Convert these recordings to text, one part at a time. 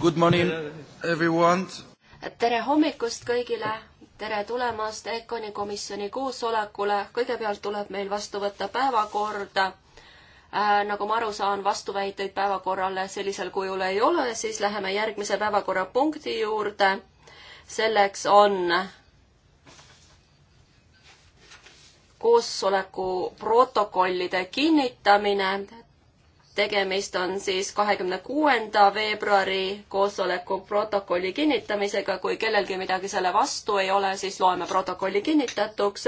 Good morning, everyone. tere hommikust kõigile, tere tulemast EKONi komisjoni koosolekule. kõigepealt tuleb meil vastu võtta päevakord. Äh, nagu ma aru saan, vastuväiteid päevakorrale sellisel kujul ei ole, siis läheme järgmise päevakorrapunkti juurde. selleks on koosoleku protokollide kinnitamine tegemist on siis kahekümne kuuenda veebruari koosoleku protokolli kinnitamisega, kui kellelgi midagi selle vastu ei ole, siis loeme protokolli kinnitatuks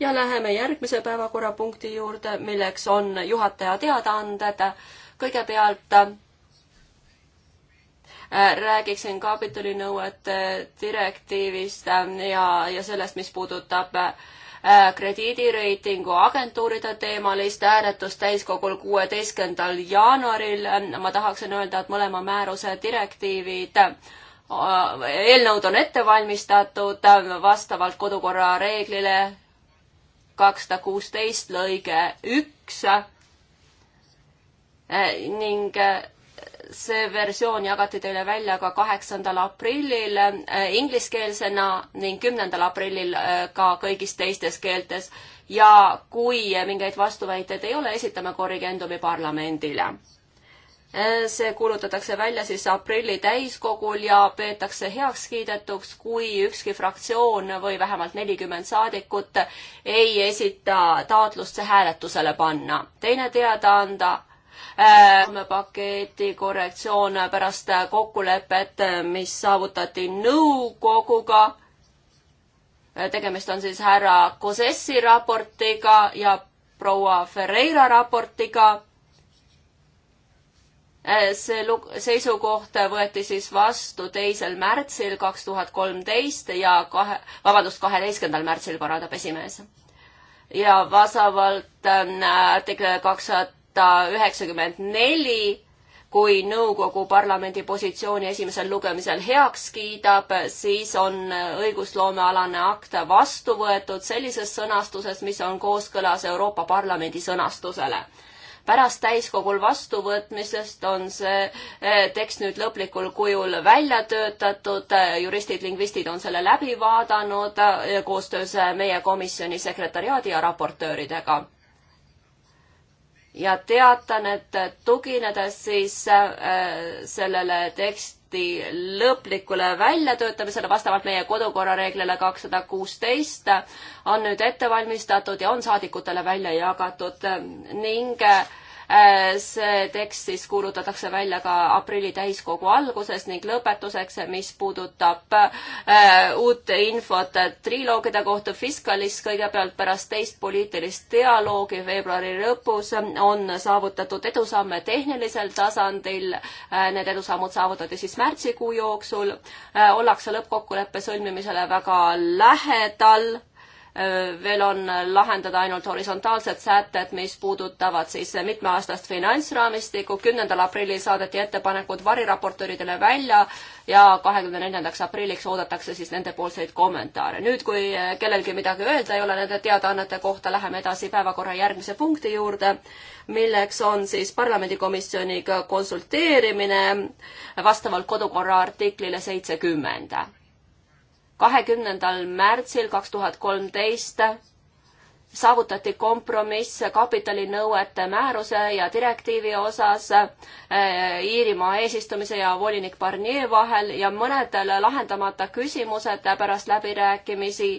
ja läheme järgmise päevakorrapunkti juurde, milleks on juhataja teadaanded. kõigepealt äh, räägiksin kapitalinõuete direktiivist äh, ja, ja sellest, mis puudutab äh, Äh, krediidireitingu agentuuride teemalist hääletust täiskogul kuueteistkümnendal jaanuaril. ma tahaksin öelda, et mõlema määruse direktiivid äh, eelnõud on ette valmistatud vastavalt kodukorra reeglile kakssada kuusteist lõige üks äh, ning see versioon jagati teile välja ka kaheksandal aprillil äh, ingliskeelsena ning kümnendal aprillil äh, ka kõigis teistes keeltes ja kui mingeid vastuväiteid ei ole, esitame korrigendumi parlamendile. Äh, see kuulutatakse välja siis aprilli täiskogul ja peetakse heakskiidetuks, kui ükski fraktsioon või vähemalt nelikümmend saadikut ei esita taotlust see hääletusele panna. teine teadaanda paketi korrektsioon pärast kokkulepet, mis saavutati nõukoguga. tegemist on siis härra Kosessi raportiga ja proua Ferreira raportiga see lug-, seisukoht võeti siis vastu teisel märtsil kaks tuhat kolmteist ja kahe, vabandust, kaheteistkümnendal märtsil korraldab esimees. ja vastavalt äh, artikkel kakssada võtta üheksakümmend neli, kui nõukogu parlamendi positsiooni esimesel lugemisel heaks kiidab, siis on õigusloomealane akt vastu võetud sellises sõnastuses, mis on kooskõlas Euroopa Parlamendi sõnastusele. pärast täiskogul vastuvõtmisest on see eh, tekst nüüd lõplikul kujul välja töötatud, juristid-lingvistid on selle läbi vaadanud eh, koostöös eh, meie komisjoni sekretariaadi ja raportööridega ja teatan, et tuginedes siis äh, sellele teksti lõplikule väljatöötamisele vastavalt meie kodukorra reeglile kakssada kuusteist on nüüd ette valmistatud ja on saadikutele välja jagatud ning äh, Äh, see tekst siis kuulutatakse välja ka aprilli täiskogu alguses ning lõpetuseks, mis puudutab äh, uut infot triloogide kohta Fiskalis kõigepealt pärast teist poliitilist dialoogi veebruari lõpus on saavutatud edusamme tehnilisel tasandil. Äh, need edusammud saavutati siis märtsikuu jooksul. ollakse lõppkokkuleppe sõlmimisele väga lähedal veel on lahendada ainult horisontaalsed sätted, mis puudutavad siis mitmeaastast finantsraamistikku. kümnendal aprillil saadeti ettepanekud variraportööridele välja ja kahekümne neljandaks aprilliks oodatakse siis nendepoolseid kommentaare. nüüd, kui kellelgi midagi öelda ei ole nende teadaannete kohta, läheme edasi päevakorra järgmise punkti juurde, milleks on siis parlamendikomisjoniga konsulteerimine vastavalt kodukorra artiklile seitsekümmend kahekümnendal märtsil kaks tuhat kolmteist saavutati kompromiss kapitalinõuete määruse ja direktiivi osas eh, Iirimaa eesistumise ja volinik Barnier vahel ja mõned lahendamata küsimused pärast läbirääkimisi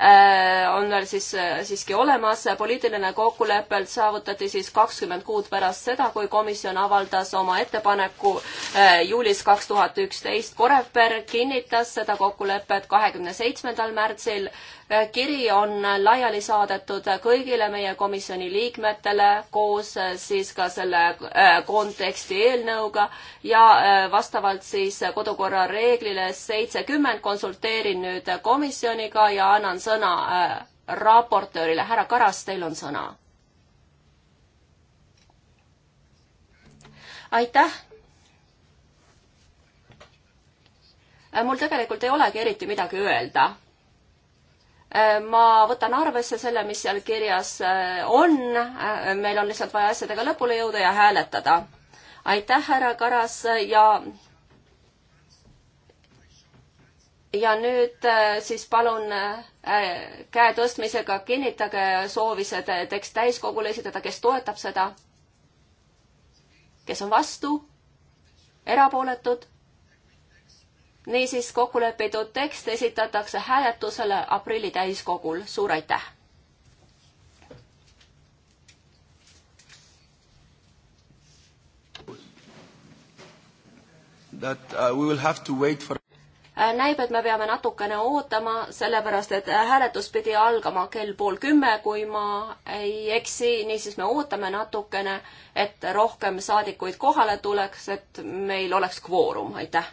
Äh, on veel siis äh, siiski olemas. poliitiline kokkulepe saavutati siis kakskümmend kuud pärast seda, kui komisjon avaldas oma ettepaneku äh, juulis kaks tuhat üksteist. Koreper kinnitas seda kokkulepet kahekümne seitsmendal märtsil Äh, kiri on laiali saadetud kõigile meie komisjoni liikmetele koos äh, siis ka selle äh, konteksti eelnõuga ja vastavalt siis kodukorra reeglile seitsekümmend konsulteerin nüüd komisjoniga ja annan sõna raportöörile. härra Karas, teil on sõna. aitäh mul tegelikult ei olegi eriti midagi öelda. Äh, ma võtan arvesse selle, mis seal kirjas äh, on, äh, meil on lihtsalt vaja asjadega lõpule jõuda ja hääletada. aitäh, härra Karas ja ja nüüd siis palun käe tõstmisega kinnitage soovi see tekst täiskogule esitada, kes toetab seda, kes on vastu, erapooletud niisiis, kokkulepitud tekst esitatakse hääletusele aprilli täiskogul. suur aitäh! That uh, we will have to wait for äh, näib, et me peame natukene ootama, sellepärast et äh, hääletus pidi algama kell pool kümme, kui ma ei eksi, niisiis me ootame natukene, et rohkem saadikuid kohale tuleks, et meil oleks kvoorum, aitäh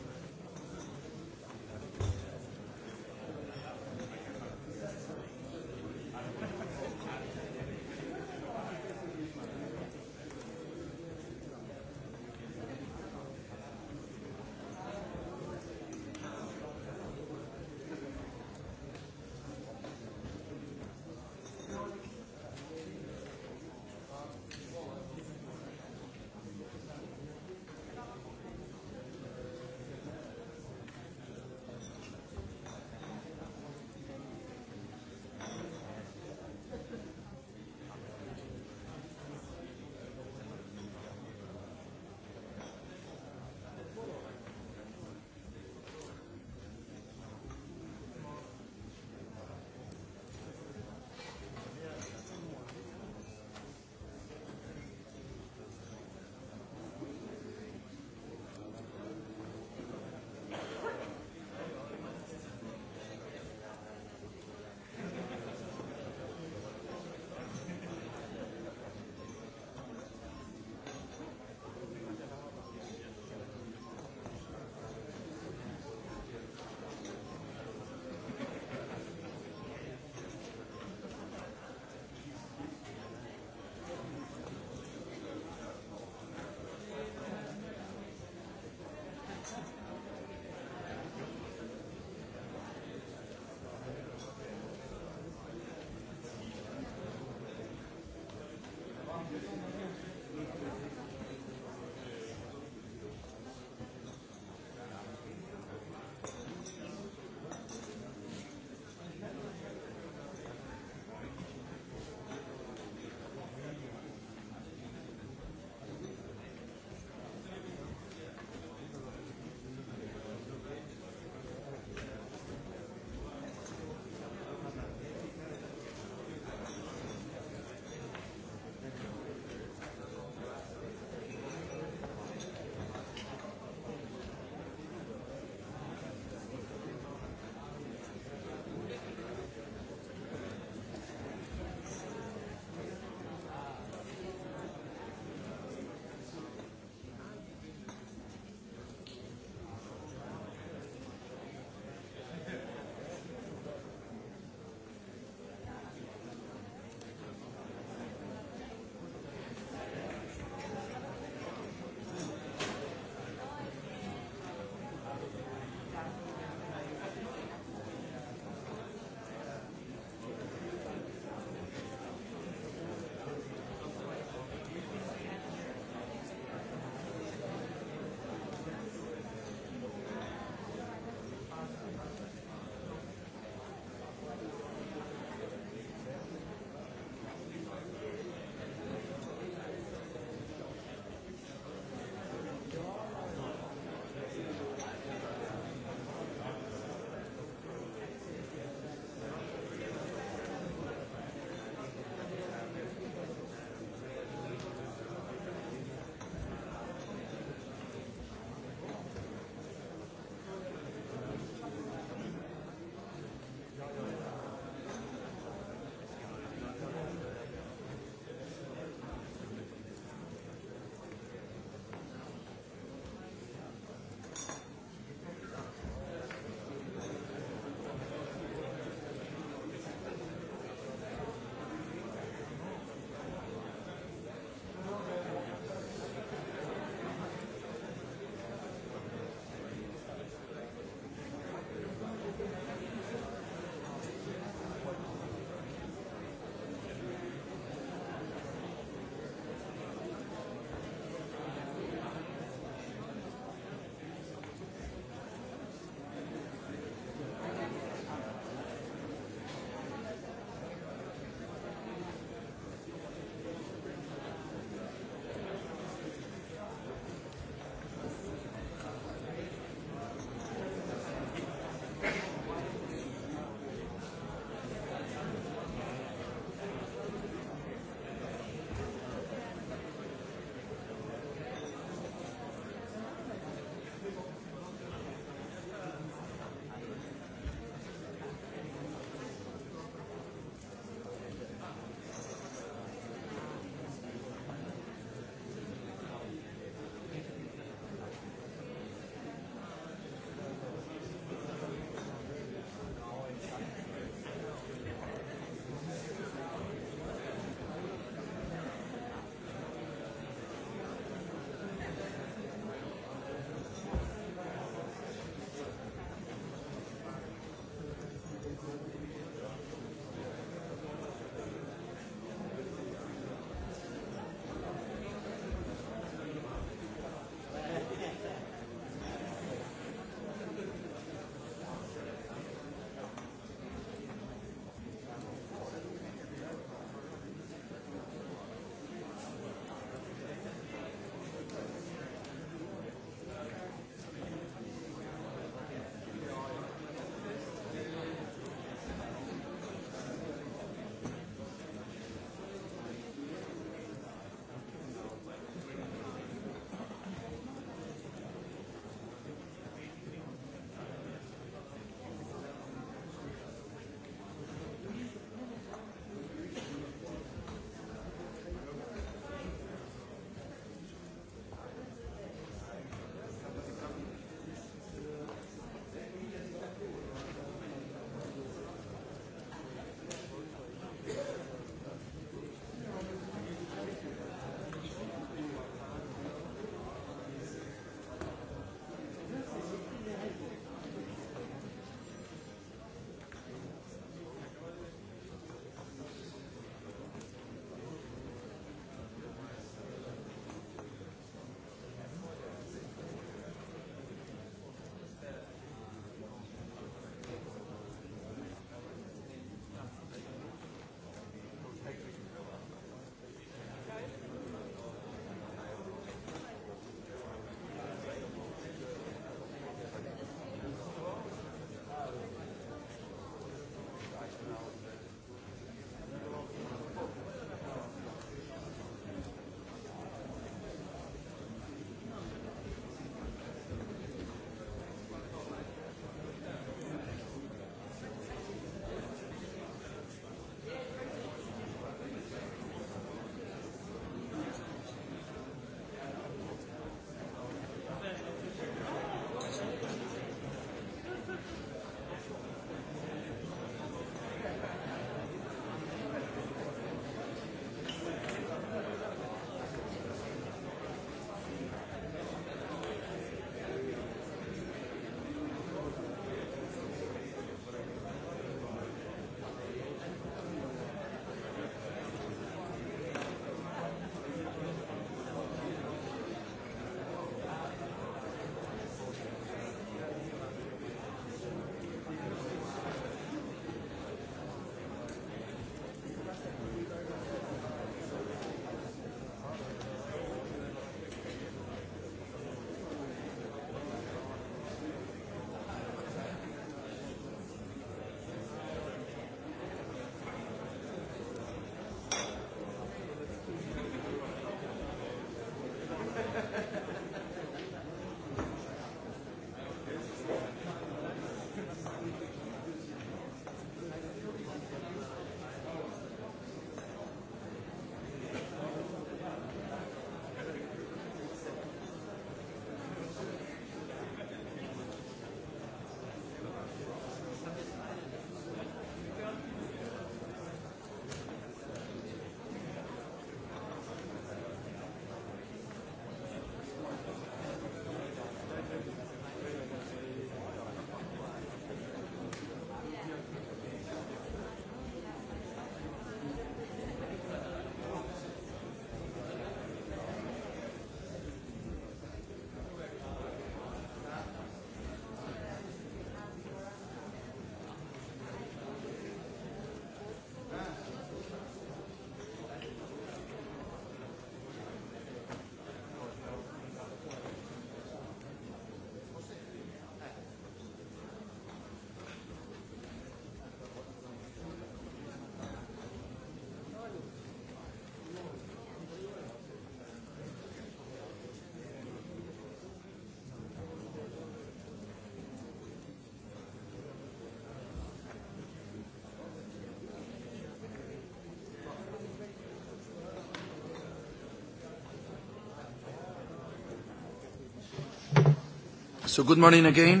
So good morning again.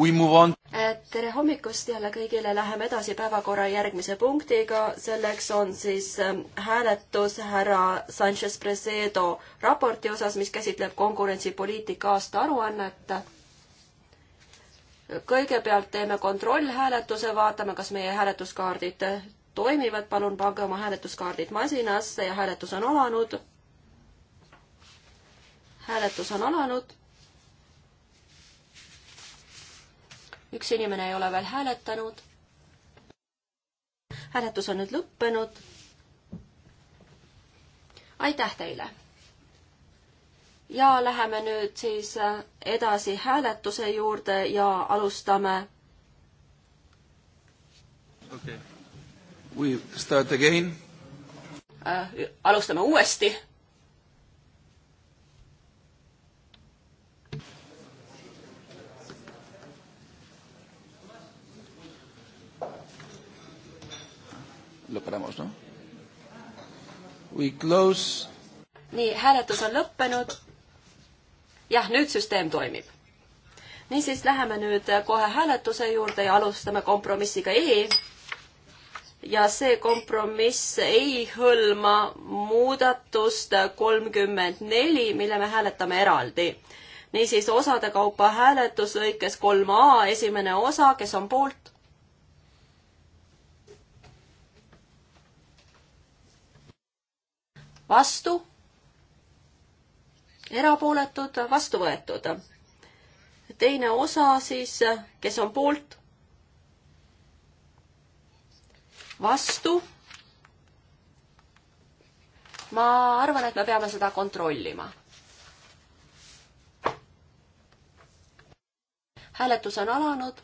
We move on. Eh, tere hommikust jälle kõigile, läheme edasi päevakorra järgmise punktiga, selleks on siis ehm, hääletus härra Sanchez Presedo raporti osas, mis käsitleb konkurentsipoliitika aasta aruannet. kõigepealt teeme kontrollhääletuse, vaatame, kas meie hääletuskaardid eh, toimivad, palun pange oma hääletuskaardid masinasse ja hääletus on alanud. hääletus on alanud üks inimene ei ole veel hääletanud. hääletus on nüüd lõppenud. aitäh teile! ja läheme nüüd siis edasi hääletuse juurde ja alustame. okei okay.. We start again. Äh, alustame uuesti lo paramos, no? We close. nii, hääletus on lõppenud. jah, nüüd süsteem toimib. niisiis, läheme nüüd kohe hääletuse juurde ja alustame kompromissiga E. ja see kompromiss ei hõlma muudatust kolmkümmend neli, mille me hääletame eraldi niisiis osade kaupa hääletus lõikes kolm A, esimene osa, kes on poolt, vastu, erapooletud, vastu võetud. teine osa siis, kes on poolt, vastu. ma arvan, et me peame seda kontrollima. hääletus on alanud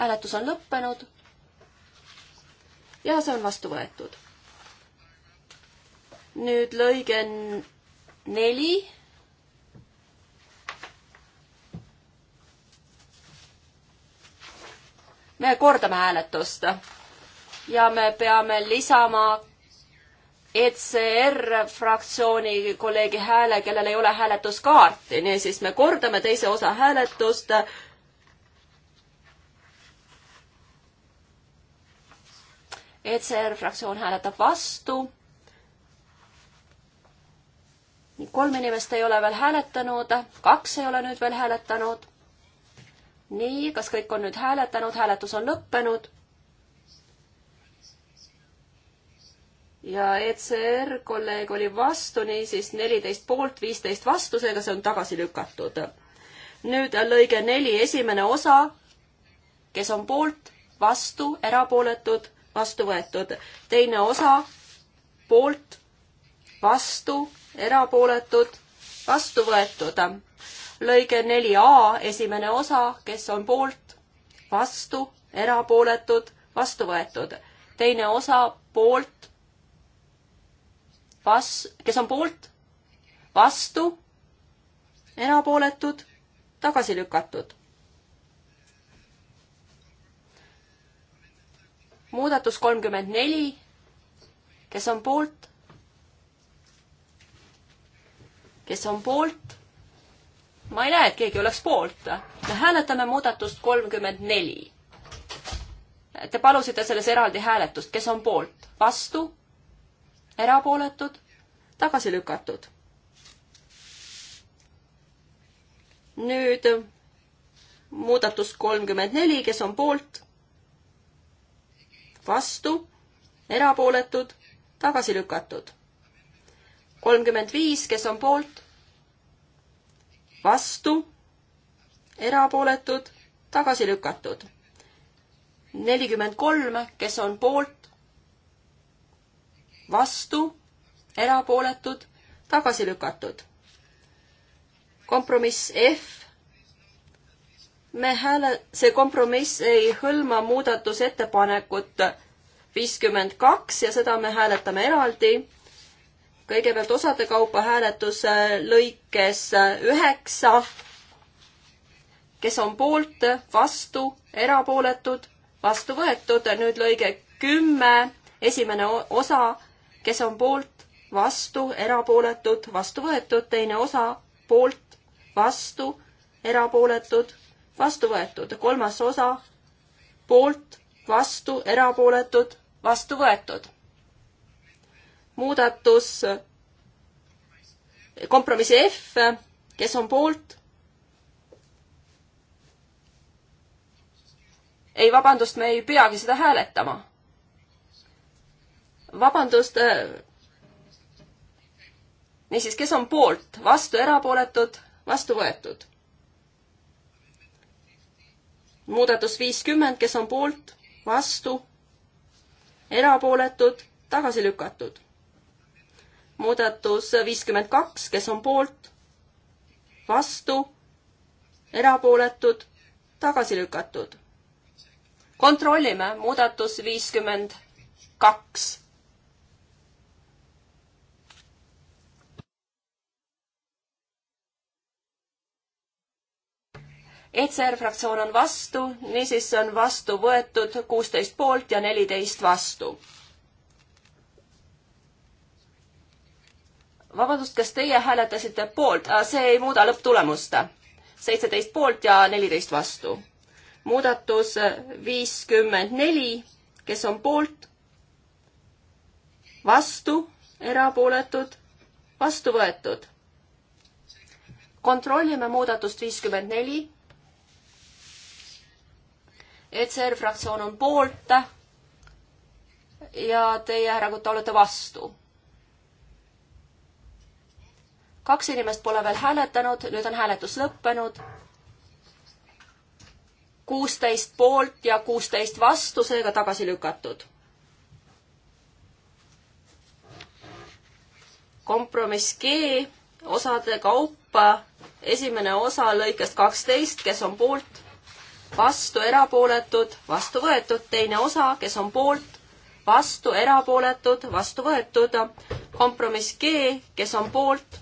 hääletus on lõppenud ja see on vastu võetud. nüüd lõige neli. me kordame hääletust ja me peame lisama ECR fraktsiooni kolleegi hääle, kellel ei ole hääletuskaarti, niisiis me kordame teise osa hääletust ECR fraktsioon hääletab vastu. kolm inimest ei ole veel hääletanud, kaks ei ole nüüd veel hääletanud. nii, kas kõik on nüüd hääletanud, hääletus on lõppenud ja ECR kolleeg oli vastu, niisiis neliteist poolt, viisteist vastu, seega see on tagasi lükatud. nüüd lõige neli, esimene osa, kes on poolt, vastu, erapooletud, vastu võetud. teine osa poolt, vastu, erapooletud, vastu võetud. lõige neli A, esimene osa, kes on poolt, vastu, erapooletud, vastu võetud. teine osa poolt, vas-, kes on poolt, vastu, erapooletud, tagasi lükatud. muudatus kolmkümmend neli, kes on poolt? kes on poolt? ma ei näe, et keegi oleks poolt. me hääletame muudatust kolmkümmend neli. Te palusite selles eraldi hääletust, kes on poolt, vastu, erapooletud, tagasi lükatud. nüüd muudatus kolmkümmend neli, kes on poolt, vastu, erapooletud, tagasi lükatud. kolmkümmend viis, kes on poolt, vastu, erapooletud, tagasi lükatud. nelikümmend kolm, kes on poolt, vastu, erapooletud, tagasi lükatud. kompromiss F me hääle, see kompromiss ei hõlma muudatusettepanekut viiskümmend kaks ja seda me hääletame eraldi. kõigepealt osade kaupa hääletus lõikes üheksa. kes on poolt, vastu, erapooletud, vastu võetud, nüüd lõige kümme, esimene osa, kes on poolt, vastu, erapooletud, vastu võetud, teine osa, poolt, vastu, erapooletud, vastu võetud, kolmas osa poolt, vastu, erapooletud, vastu võetud. muudatus, kompromiss F, kes on poolt? ei, vabandust, me ei peagi seda hääletama. vabandust. Äh, niisiis, kes on poolt, vastu, erapooletud, vastu võetud muudatus viiskümmend, kes on poolt, vastu, erapooletud, tagasi lükatud. muudatus viiskümmend kaks, kes on poolt, vastu, erapooletud, tagasi lükatud. kontrollime, muudatus viiskümmend kaks ECR fraktsioon on vastu, niisiis on vastu võetud kuusteist poolt ja neliteist vastu. vabandust, kas teie hääletasite poolt, see ei muuda lõpptulemust. seitseteist poolt ja neliteist vastu. muudatus viiskümmend neli, kes on poolt, vastu, erapooletud, vastu võetud kontrollime muudatust viiskümmend neli. ECR fraktsioon on poolt ja teie, härra Kuta, olete vastu. kaks inimest pole veel hääletanud, nüüd on hääletus lõppenud. kuusteist poolt ja kuusteist vastu, seega tagasi lükatud kompromiss G osade kaupa, esimene osa lõikest kaksteist, kes on poolt, vastu erapooletud, vastu võetud, teine osa, kes on poolt, vastu erapooletud, vastu võetud, kompromiss G, kes on poolt,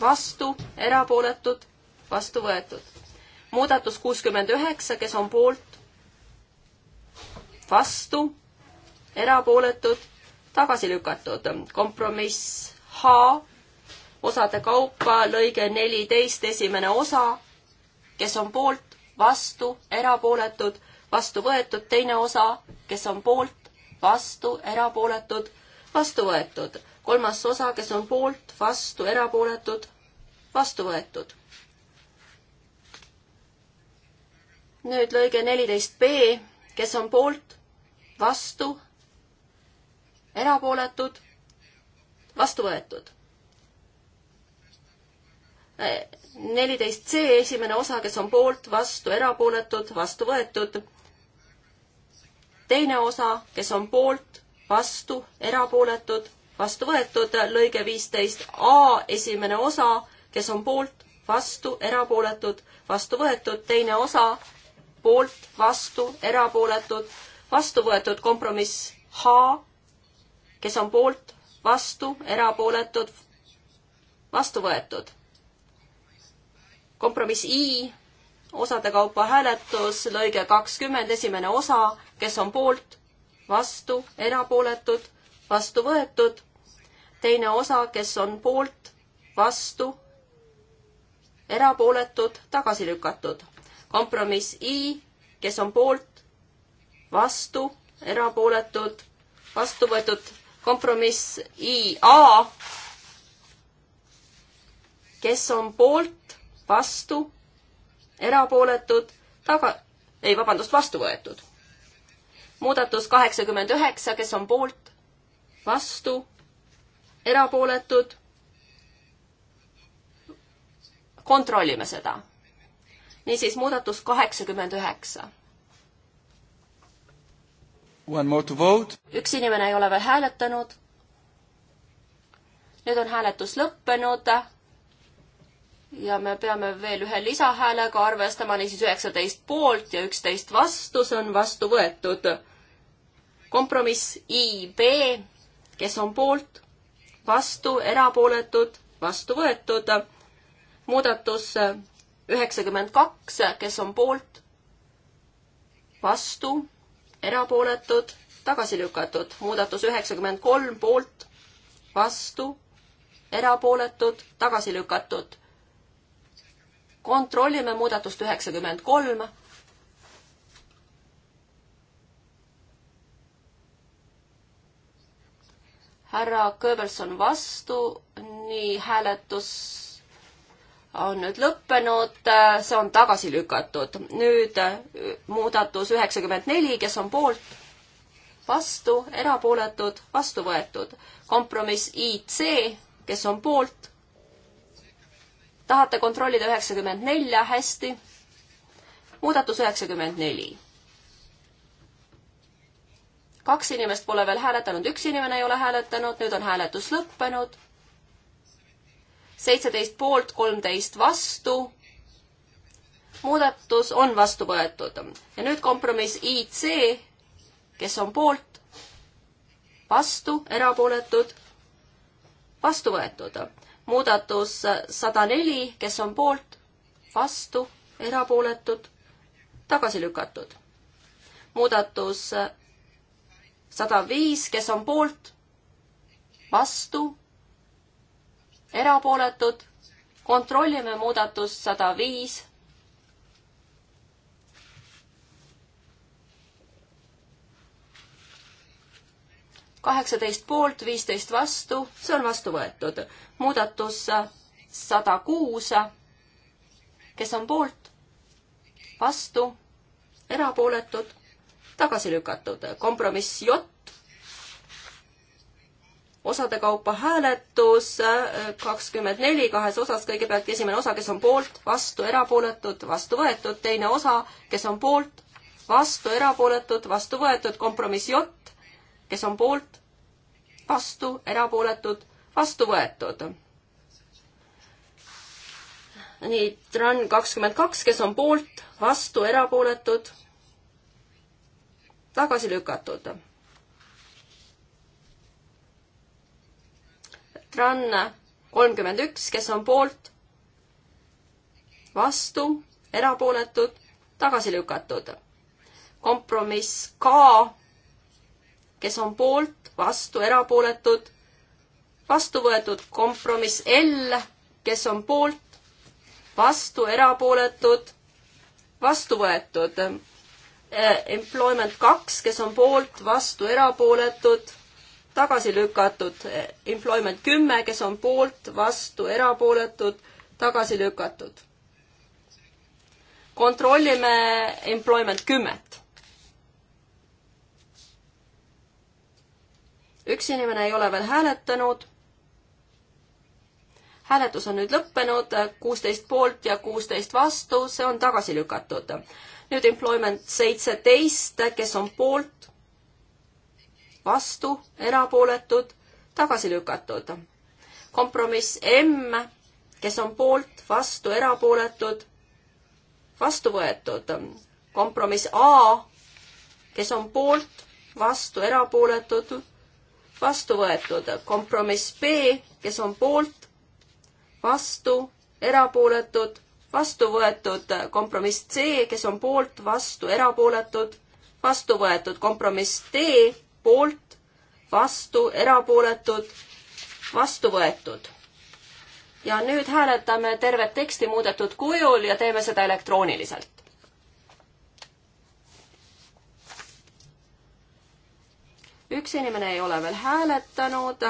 vastu erapooletud, vastu võetud. muudatus kuuskümmend üheksa, kes on poolt, vastu, erapooletud, tagasi lükatud. kompromiss H, osade kaupa, lõige neliteist, esimene osa, kes on poolt, vastu, erapooletud, vastu võetud, teine osa, kes on poolt, vastu, erapooletud, vastu võetud. kolmas osa, kes on poolt, vastu, erapooletud, vastu võetud. nüüd lõige neliteist B, kes on poolt, vastu, erapooletud, vastu võetud neliteist C esimene osa, kes on poolt, vastu, erapooletud, vastu võetud. teine osa, kes on poolt, vastu, erapooletud, vastu võetud, lõige viisteist A esimene osa, kes on poolt, vastu, erapooletud, vastu võetud, teine osa, poolt, vastu, erapooletud, vastu võetud kompromiss H, kes on poolt, vastu, erapooletud, vastu võetud kompromiss I, osade kaupa hääletus, lõige kakskümmend, esimene osa, kes on poolt, vastu, erapooletud, vastu võetud. teine osa, kes on poolt, vastu, erapooletud, tagasi lükatud. kompromiss I, kes on poolt, vastu, erapooletud, vastu võetud. kompromiss IA, kes on poolt, vastu, erapooletud, taga, ei, vabandust, vastu võetud. muudatus kaheksakümmend üheksa, kes on poolt, vastu, erapooletud. kontrollime seda. niisiis, muudatus kaheksakümmend üheksa. One more to vote. üks inimene ei ole veel hääletanud. nüüd on hääletus lõppenud ja me peame veel ühe lisahäälega arvestama, niisiis üheksateist poolt ja üksteist vastu, see on vastu võetud. kompromiss IB, kes on poolt, vastu, erapooletud, vastu võetud. muudatus üheksakümmend kaks, kes on poolt, vastu, erapooletud, tagasi lükatud. muudatus üheksakümmend kolm poolt, vastu, erapooletud, tagasi lükatud kontrollime muudatust üheksakümmend kolm. härra Goebbels on vastu, nii hääletus on nüüd lõppenud, see on tagasi lükatud. nüüd äh, muudatus üheksakümmend neli, kes on poolt, vastu, erapooletud, vastu võetud. kompromiss IC, kes on poolt tahate kontrollida üheksakümmend nelja, hästi. muudatus üheksakümmend neli. kaks inimest pole veel hääletanud, üks inimene ei ole hääletanud, nüüd on hääletus lõppenud. seitseteist poolt, kolmteist vastu. muudatus on vastu võetud ja nüüd kompromiss IC, kes on poolt, vastu, erapooletud, vastu võetud muudatus sada neli, kes on poolt, vastu, erapooletud, tagasi lükatud. muudatus sada viis, kes on poolt, vastu, erapooletud, kontrollime muudatust sada viis kaheksateist poolt, viisteist vastu, see on vastu võetud. muudatus sada kuus, kes on poolt, vastu, erapooletud, tagasi lükatud. kompromiss J, osade kaupa hääletus kakskümmend neli kahes osas, kõigepealt esimene osa, kes on poolt, vastu, erapooletud, vastu võetud, teine osa, kes on poolt, vastu, erapooletud, vastu võetud, kompromiss J kes on poolt, vastu, erapooletud, vastu võetud. nii, Tran kakskümmend kaks, kes on poolt, vastu, erapooletud, tagasi lükatud. Tran kolmkümmend üks, kes on poolt, vastu, erapooletud, tagasi lükatud. kompromiss ka kes on poolt, vastu, erapooletud, vastu võetud kompromiss L, kes on poolt, vastu, erapooletud, vastu võetud. Äh, employment kaks, kes on poolt, vastu, erapooletud, tagasi lükatud. Äh, employment kümme, kes on poolt, vastu, erapooletud, tagasi lükatud. kontrollime employment kümmet üks inimene ei ole veel hääletanud. hääletus on nüüd lõppenud, kuusteist poolt ja kuusteist vastu, see on tagasi lükatud. nüüd employment seitseteist, kes on poolt, vastu, erapooletud, tagasi lükatud. kompromiss M, kes on poolt, vastu, erapooletud, vastu võetud. kompromiss A, kes on poolt, vastu, erapooletud vastu võetud. kompromiss B, kes on poolt, vastu, erapooletud, vastu võetud. kompromiss C, kes on poolt, vastu, erapooletud, vastu võetud. kompromiss D, poolt, vastu, erapooletud, vastu võetud. ja nüüd hääletame tervet teksti muudetud kujul ja teeme seda elektrooniliselt. üks inimene ei ole veel hääletanud.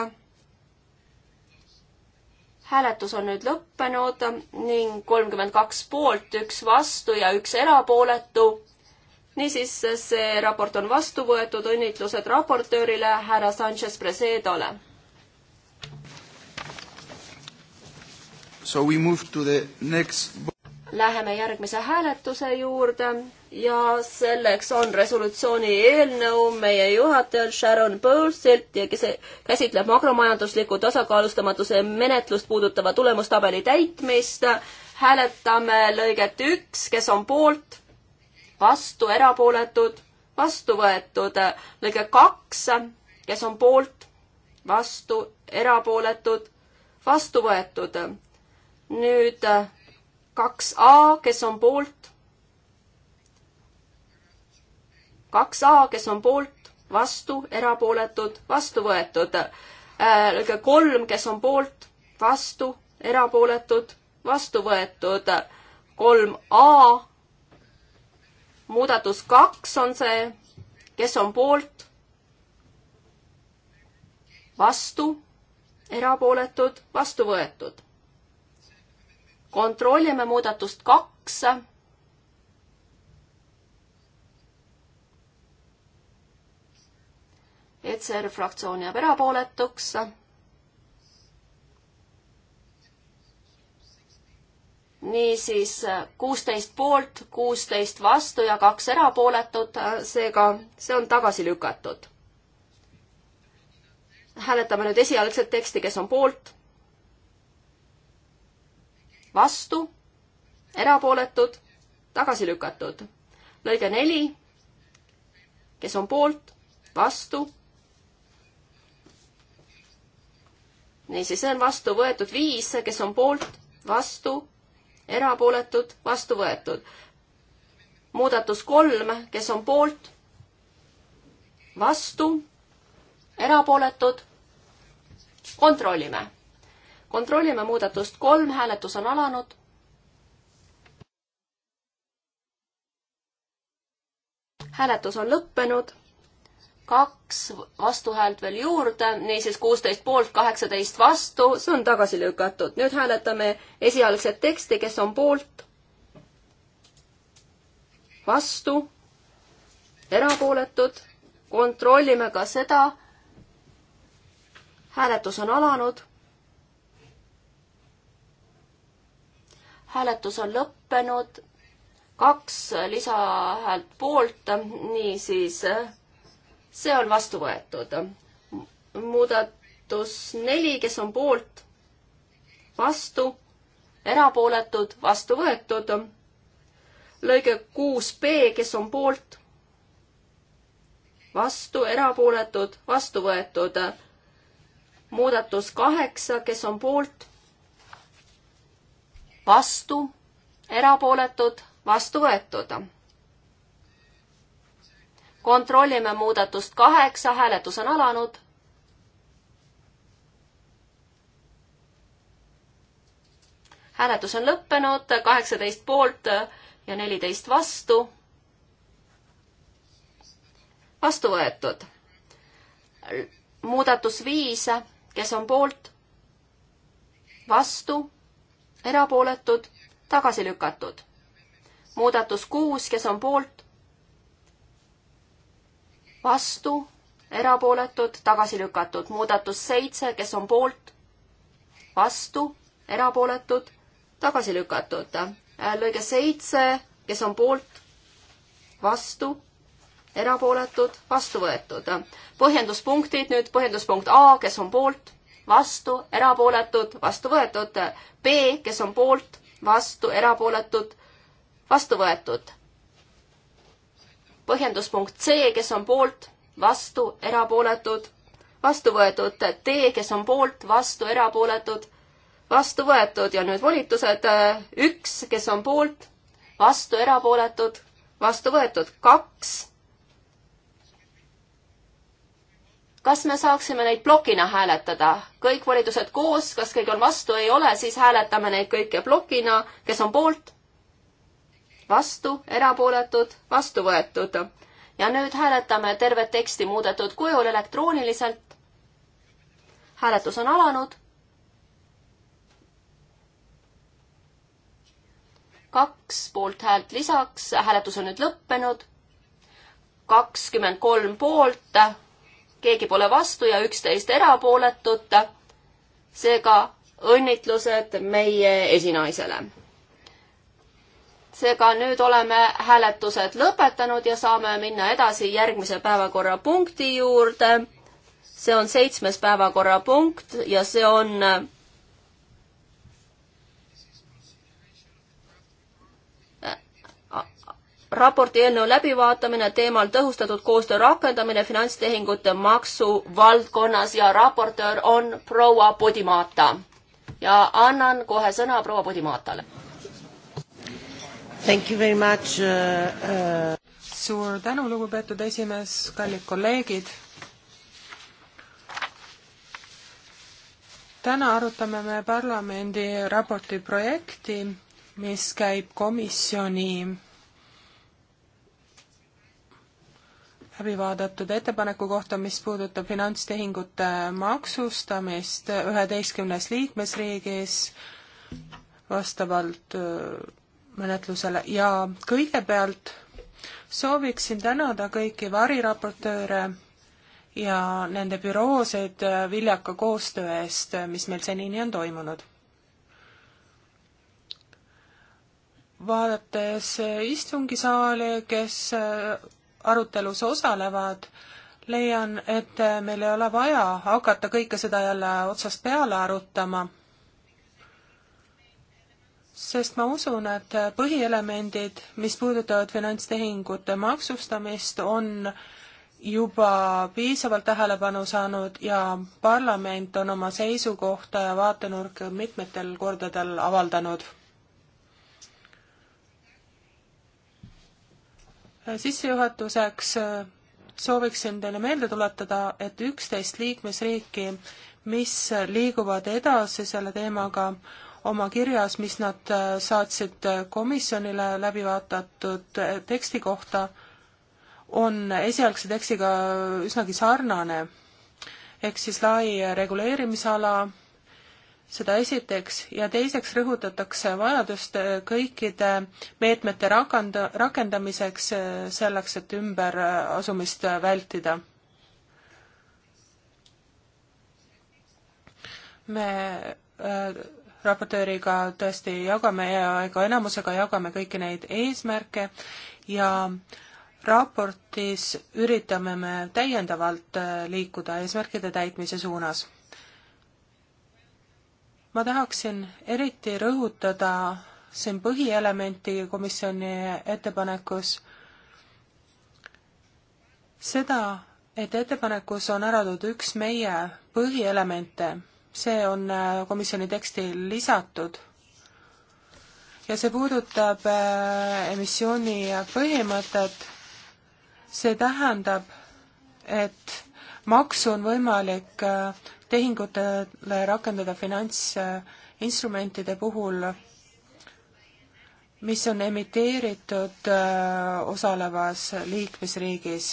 hääletus on nüüd lõppenud ning kolmkümmend kaks poolt, üks vastu ja üks erapooletu. niisiis, see raport on vastu võetud, õnnitlused raportöörile, härra Sanchez Presedole. So we move to the next Läheme järgmise hääletuse juurde ja selleks on resolutsiooni eelnõu meie juhatajal Sharon Bowlesilt ja kes käsitleb makromajandusliku tasakaalustamatuse menetlust puudutava tulemustabeli täitmist. hääletame lõiget üks, kes on poolt, vastu, erapooletud, vastu võetud. lõige kaks, kes on poolt, vastu, erapooletud, vastu võetud. nüüd kaks A, kes on poolt kaks A, kes on poolt, vastu, erapooletud, vastu võetud. Äh, lõige kolm, kes on poolt, vastu, erapooletud, vastu võetud. kolm A, muudatus kaks on see, kes on poolt, vastu, erapooletud, vastu võetud. kontrollime muudatust kaks ECR fraktsioon jääb erapooletuks. niisiis kuusteist poolt, kuusteist vastu ja kaks erapooletut, seega see on tagasi lükatud. hääletame nüüd esialgset teksti, kes on poolt, vastu, erapooletud, tagasi lükatud. lõige neli, kes on poolt, vastu, niisiis, see on vastu võetud viis, kes on poolt, vastu, erapooletud, vastu võetud. muudatus kolm, kes on poolt, vastu, erapooletud, kontrollime. kontrollime muudatust kolm, hääletus on alanud. hääletus on lõppenud kaks vastuhäält veel juurde, niisiis kuusteist poolt, kaheksateist vastu, see on tagasi lükatud. nüüd hääletame esialgset teksti, kes on poolt, vastu, erapooletud, kontrollime ka seda. hääletus on alanud. hääletus on lõppenud, kaks lisahäält poolt, niisiis see on vastu võetud. muudatus neli, kes on poolt, vastu, erapooletud, vastu võetud. lõige kuus B, kes on poolt, vastu, erapooletud, vastu võetud. muudatus kaheksa, kes on poolt, vastu, erapooletud, vastu võetud kontrollime muudatust kaheksa, hääletus on alanud. hääletus on lõppenud, kaheksateist poolt ja neliteist vastu. vastu võetud. muudatus viis, kes on poolt, vastu, erapooletud, tagasi lükatud. muudatus kuus, kes on poolt, vastu, erapooletud, tagasi lükatud. muudatus seitse, kes on poolt, vastu, erapooletud, tagasi lükatud. Äh, lõige seitse, kes on poolt, vastu, erapooletud, vastu võetud. põhjenduspunktid nüüd, põhjenduspunkt A, kes on poolt, vastu, erapooletud, vastu võetud. B, kes on poolt, vastu, erapooletud, vastu võetud põhjenduspunkt C, kes on poolt, vastu, erapooletud, vastu võetud D, kes on poolt, vastu, erapooletud, vastu võetud ja nüüd volitused üks, kes on poolt, vastu, erapooletud, vastu võetud kaks. kas me saaksime neid plokina hääletada, kõik volitused koos, kas keegi on vastu, ei ole, siis hääletame neid kõiki plokina, kes on poolt vastu, erapooletud, vastu võetud. ja nüüd hääletame tervet teksti muudetud kujul elektrooniliselt. hääletus on alanud. kaks poolthäält lisaks, hääletus on nüüd lõppenud. kakskümmend kolm poolt, keegi pole vastu ja üksteist erapooletut. seega õnnitlused meie esinaisele seega nüüd oleme hääletused lõpetanud ja saame minna edasi järgmise päevakorrapunkti juurde. see on seitsmes päevakorrapunkt ja see on äh, raporti eelnõu läbivaatamine teemal tõhustatud koostöö rakendamine finantstehingute maksu valdkonnas ja raportöör on proua Podimata. ja annan kohe sõna proua Podimatale Thank you very much uh,. Uh... suur tänu, lugupeetud esimees, kallid kolleegid. täna arutame me parlamendi raporti projekti, mis käib komisjoni läbi vaadatud ettepaneku kohta, mis puudutab finantstehingute maksustamist üheteistkümnes liikmesriigis vastavalt äh, menetlusele ja kõigepealt sooviksin tänada kõiki variraportööre ja nende büroosid viljaka koostöö eest, mis meil senini on toimunud. vaadates istungisaali, kes arutelus osalevad, leian, et meil ei ole vaja hakata kõike seda jälle otsast peale arutama sest ma usun, et põhielemendid, mis puudutavad finantstehingute maksustamist, on juba piisavalt tähelepanu saanud ja parlament on oma seisukohta ja vaatenurka mitmetel kordadel avaldanud. sissejuhatuseks sooviksin teile meelde tuletada, et üksteist liikmesriiki, mis liiguvad edasi selle teemaga, oma kirjas, mis nad äh, saatsid äh, komisjonile läbi vaadatud äh, teksti kohta, on esialgse tekstiga üsnagi sarnane. ehk siis lai reguleerimisala, seda esiteks, ja teiseks rõhutatakse vajadust kõikide meetmete rakenda, rakendamiseks selleks, et ümberasumist vältida me raportööriga tõesti jagame ja ka enamusega jagame kõiki neid eesmärke ja raportis üritame me täiendavalt äh, liikuda eesmärkide täitmise suunas. ma tahaksin eriti rõhutada siin põhielementi komisjoni ettepanekus, seda, et ettepanekus on ära toodud üks meie põhielemente see on äh, komisjoni teksti lisatud ja see puudutab äh, emissiooni põhimõtet. see tähendab, et maksu on võimalik äh, tehingutele rakendada finantsinstrumentide puhul, mis on emiteeritud osalevas liikmesriigis.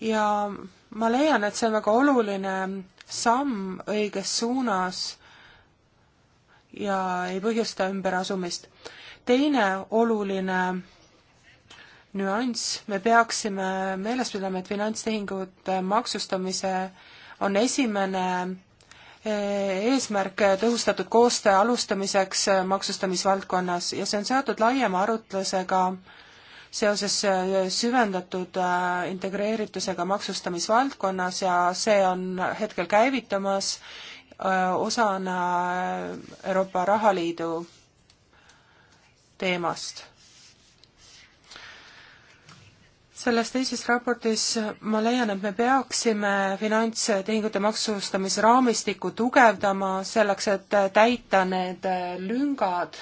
ja ma leian, et see on väga oluline samm õiges suunas ja ei põhjusta ümberasumist. teine oluline nüanss, me peaksime meeles pidama, et finantstehingute maksustamise on esimene e, eesmärk tõhustatud koostöö alustamiseks maksustamisvaldkonnas ja see on seotud laiema arutlusega äh, seoses äh, süvendatud äh, integreeritusega maksustamisvaldkonnas ja see on hetkel käivitumas äh, osana Euroopa Rahaliidu teemast. selles teises raportis ma leian, et me peaksime finantstehingute maksustamisraamistikku tugevdama selleks, et täita need lüngad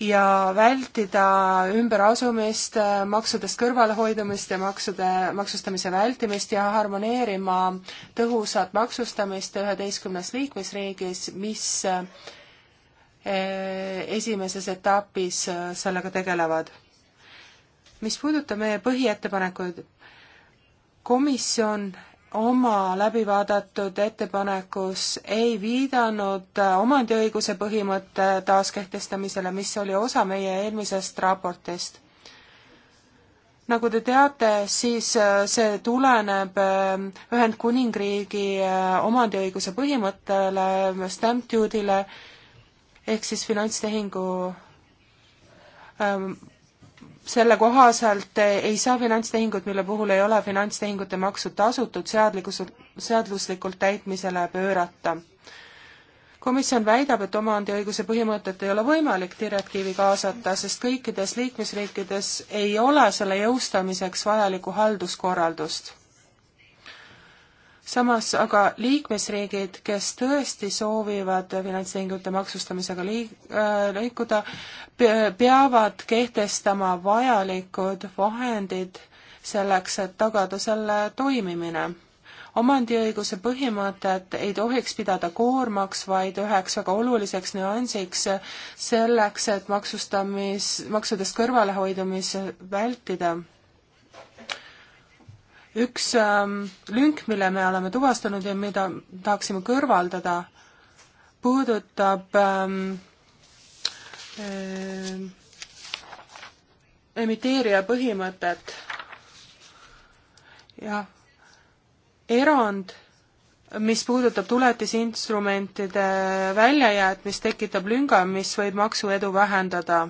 ja vältida ümberasumist, maksudest kõrvalehoidumist ja maksude, maksustamise vältimist ja harmoneerima tõhusat maksustamist üheteistkümnes liikmesriigis, mis eh, esimeses etapis eh, sellega tegelevad. mis puudutab meie põhiettepanekuid, komisjon oma läbivaadatud ettepanekus ei viidanud äh, omandiõiguse põhimõtte taaskehtestamisele, mis oli osa meie eelmisest raportist. nagu te teate, siis äh, see tuleneb äh, Ühendkuningriigi omandiõiguse põhimõttele, stamp duty'le ehk siis finantstehingu ähm, selle kohaselt ei saa finantstehingut, mille puhul ei ole finantstehingute maksu tasutud, seadlikult, seaduslikult täitmisele pöörata. komisjon väidab, et omandiõiguse põhimõtet ei ole võimalik direktiivi kaasata, sest kõikides liikmesriikides ei ole selle jõustamiseks vajalikku halduskorraldust samas aga liikmesriigid, kes tõesti soovivad finantstehingute maksustamisega liik-, äh, liikuda, peavad kehtestama vajalikud vahendid selleks, et tagada selle toimimine. omandiõiguse põhimõtet ei tohiks pidada koormaks, vaid üheks väga oluliseks nüansiks selleks, et maksustamis, maksudest kõrvalehoidumist vältida üks ähm, lünk, mille me oleme tuvastanud ja mida tahaksime kõrvaldada, puudutab ähm, äh, emiteerija põhimõtet. jah, erand, mis puudutab tuletisinstrumentide väljajäätmist, tekitab lünga, mis võib maksuedu vähendada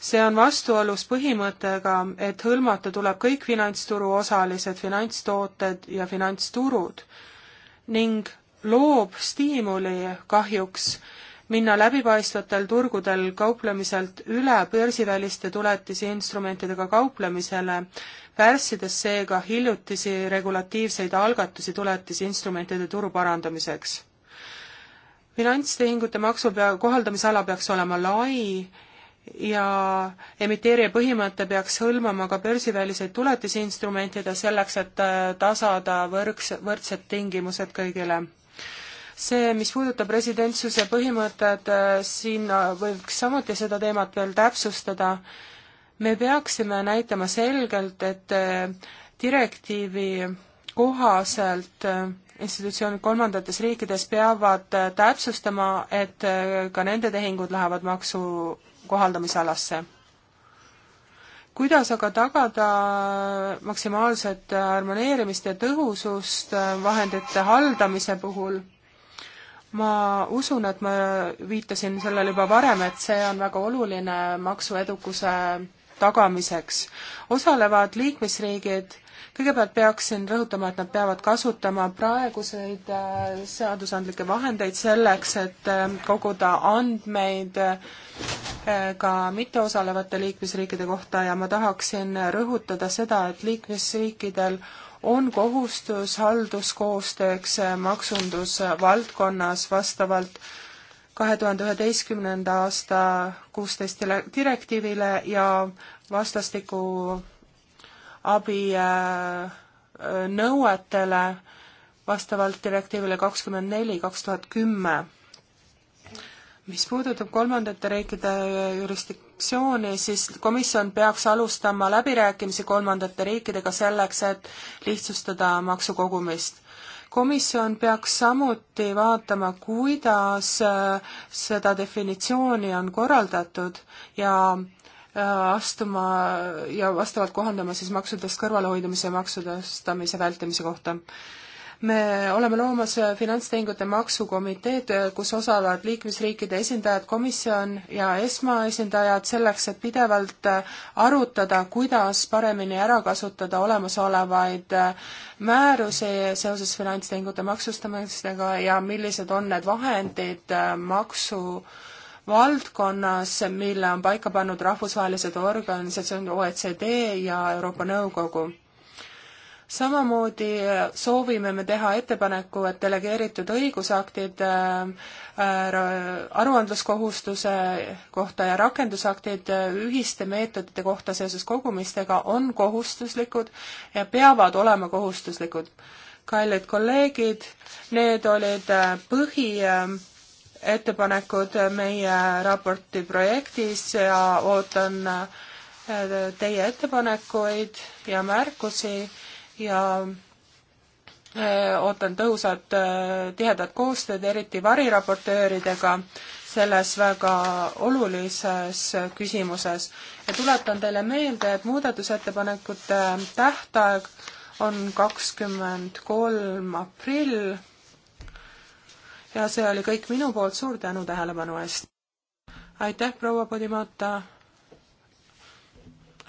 see on vastuolus põhimõttega, et hõlmata tuleb kõik finantsturu osalised, finantstooted ja finantsturud ning loob stiimuli kahjuks minna läbipaistvatel turgudel kauplemiselt üle börsiväliste tuletisinstrumentidega kauplemisele, pärssides seega hiljutisi regulatiivseid algatusi tuletisinstrumentide turu parandamiseks finantstehingute maksu pea, kohaldamisala peaks olema lai ja emiteerija põhimõte peaks hõlmama ka börsiväliseid tuletisinstrumentide selleks, et äh, tasada võrks, võrdsed tingimused kõigile. see, mis puudutab residentsuse põhimõtet, äh, siin äh, võiks samuti seda teemat veel täpsustada. me peaksime näitama selgelt, et direktiivi kohaselt institutsioonid kolmandates riikides peavad täpsustama, et ka nende tehingud lähevad maksu kohaldamisalasse. kuidas aga tagada maksimaalset harmoneerimist ja tõhusust vahendite haldamise puhul? ma usun, et ma viitasin sellele juba varem, et see on väga oluline maksuedukuse tagamiseks. osalevad liikmesriigid kõigepealt peaksin rõhutama, et nad peavad kasutama praeguseid äh, seadusandlikke vahendeid selleks, et ähm, koguda andmeid äh, ka mitteosalevate liikmesriikide kohta ja ma tahaksin rõhutada seda, et liikmesriikidel on kohustus halduskoostööks äh, maksundusvaldkonnas vastavalt kahe tuhande üheteistkümnenda aasta kuusteist direktiivile ja vastastiku abi äh, äh, nõuetele vastavalt direktiivile kakskümmend neli, kaks tuhat kümme. mis puudutab kolmandate riikide jurisdiktsiooni, siis komisjon peaks alustama läbirääkimisi kolmandate riikidega selleks, et lihtsustada maksukogumist komisjon peaks samuti vaatama, kuidas äh, seda definitsiooni on korraldatud ja Äh, astuma ja vastavalt kohandama siis maksudest kõrvalehoidumise ja maksustamise vältimise kohta. me oleme loomas äh, finantstehingute maksukomiteed, äh, kus osalevad liikmesriikide esindajad, komisjon ja ESMA esindajad selleks, et pidevalt arutada, kuidas paremini ära kasutada olemasolevaid määrusi seoses finantstehingute maksustamisega ja millised on need vahendid maksu äh, valdkonnas, mille on paika pannud rahvusvahelised organisatsioonid OECD ja Euroopa Nõukogu. samamoodi äh, soovime me teha ettepaneku, et delegeeritud õigusaktid äh, äh, aruandluskohustuse kohta ja rakendusaktid ühiste meetodite kohta seoses kogumistega on kohustuslikud ja peavad olema kohustuslikud kallid kolleegid, need olid põhi ettepanekud meie raporti projektis ja ootan äh, teie ettepanekuid ja märkusi ja äh, ootan tõhusat äh, tihedat koostööd, eriti variraportööridega, selles väga olulises küsimuses. ja tuletan teile meelde, et muudatusettepanekute tähtaeg on kakskümmend kolm aprill ja see oli kõik minu poolt, suur tänu tähelepanu eest! aitäh, proua Podimata!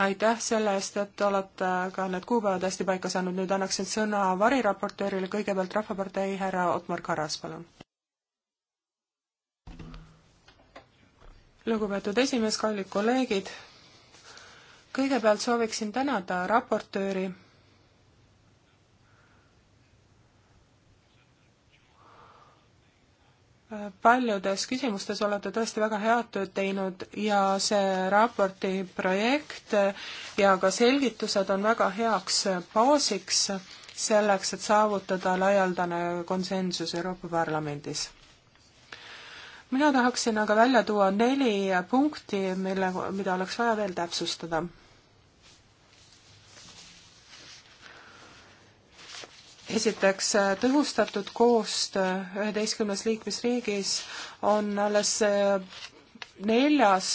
aitäh selle eest, et olete ka need kuupäevad hästi paika saanud, nüüd annaksin sõna variraportöörile, kõigepealt Rahvapartei härra Otmar Karas, palun. lugupeetud esimees, kallid kolleegid, kõigepealt sooviksin tänada raportööri paljudes küsimustes olete tõesti väga head tööd teinud ja see raporti projekt ja ka selgitused on väga heaks baasiks selleks, et saavutada laialdane konsensus Euroopa Parlamendis. mina tahaksin aga välja tuua neli punkti, mille, mida oleks vaja veel täpsustada esiteks, äh, tõhustatud koostöö üheteistkümnes liikmesriigis on alles äh, neljas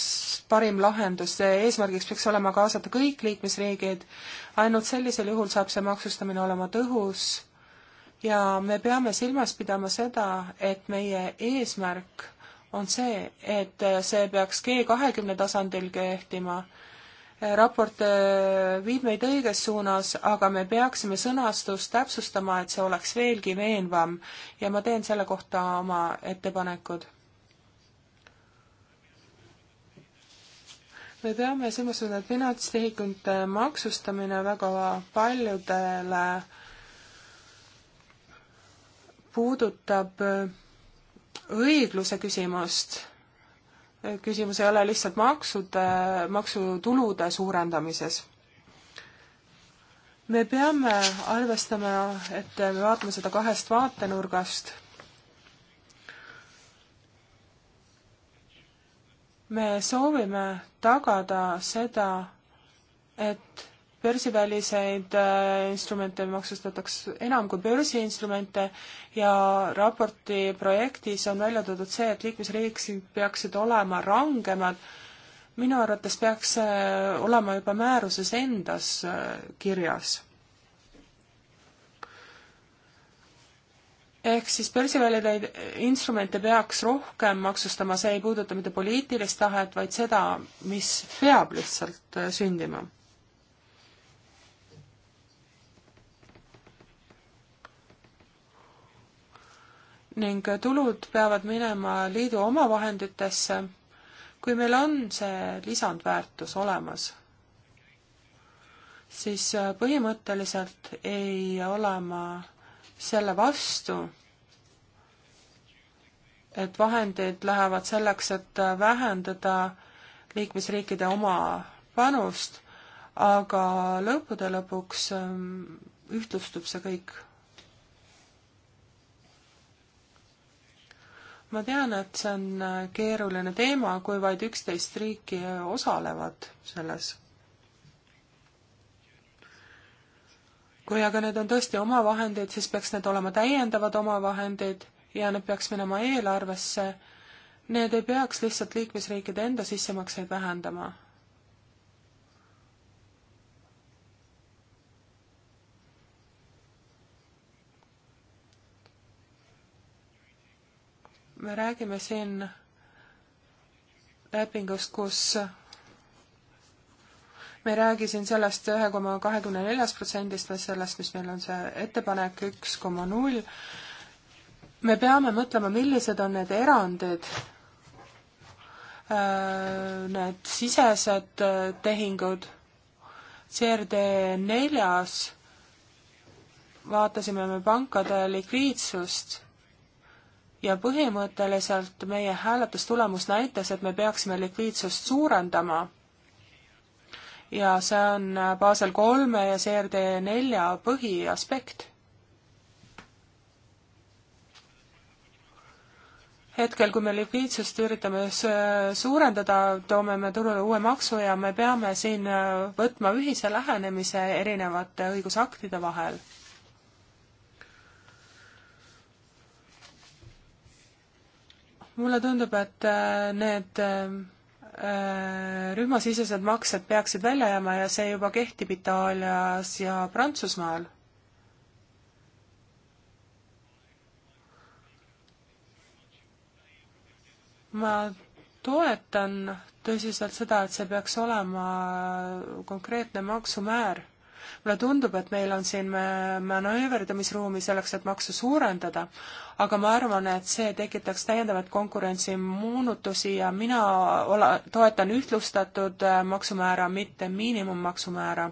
parim lahendus, eesmärgiks peaks olema kaasata kõik liikmesriigid, ainult sellisel juhul saab see maksustamine olema tõhus ja me peame silmas pidama seda, et meie eesmärk on see, et äh, see peaks G kahekümne tasandil kehtima raport äh, viib meid õiges suunas, aga me peaksime sõnastust täpsustama, et see oleks veelgi veenvam ja ma teen selle kohta oma ettepanekud. me peame silmas pidama, et finantstehingute maksustamine väga paljudele puudutab õigluse küsimust küsimus ei ole lihtsalt maksude, maksutulude suurendamises. me peame arvestama, et me vaatame seda kahest vaatenurgast. me soovime tagada seda, et börsiväliseid äh, instrumente maksustatakse enam kui börsiinstrumente ja raporti projektis on välja toodud see, et liikmesriigid peaksid olema rangemad. minu arvates peaks see olema juba määruses endas äh, kirjas ehk siis börsiväljade äh, instrumente peaks rohkem maksustama, see ei puuduta mitte poliitilist tahet, vaid seda, mis peab lihtsalt sündima. ning tulud peavad minema liidu omavahenditesse, kui meil on see lisandväärtus olemas, siis äh, põhimõtteliselt ei ole ma selle vastu, et vahendid lähevad selleks, et äh, vähendada liikmesriikide oma panust, aga lõppude lõpuks ähm, ühtlustub see kõik ma tean, et see on äh, keeruline teema, kui vaid üksteist riiki äh, osalevad selles. kui aga need on tõesti omavahendid, siis peaks need olema täiendavad omavahendid ja need peaks minema eelarvesse. Need ei peaks lihtsalt liikmesriikide enda sissemakseid vähendama me räägime siin lepingust, kus me ei räägi siin sellest ühe koma kahekümne neljast protsendist, vaid sellest, mis meil on see ettepanek üks koma null. me peame mõtlema, millised on need erandid, äh, need sisesed äh, tehingud, CRD neljas vaatasime me pankade likviidsust ja põhimõtteliselt meie hääletustulemus näitas, et me peaksime likviidsust suurendama. ja see on Basel kolme ja CRD nelja põhiaspekt. hetkel, kui me likviidsust üritame suurendada, toome me turule uue maksu ja me peame siin võtma ühise lähenemise erinevate õigusaktide vahel mulle tundub, et äh, need äh, äh, rühmasisesed maksed peaksid välja jääma ja see juba kehtib Itaalias ja Prantsusmaal. ma toetan tõsiselt seda, et see peaks olema konkreetne maksumäär mulle tundub, et meil on siin manööverdamisruumi selleks, et maksu suurendada, aga ma arvan, et see tekitaks täiendavat konkurentsimoonutusi ja mina ola-, toetan ühtlustatud äh, maksumäära, mitte miinimummaksumäära.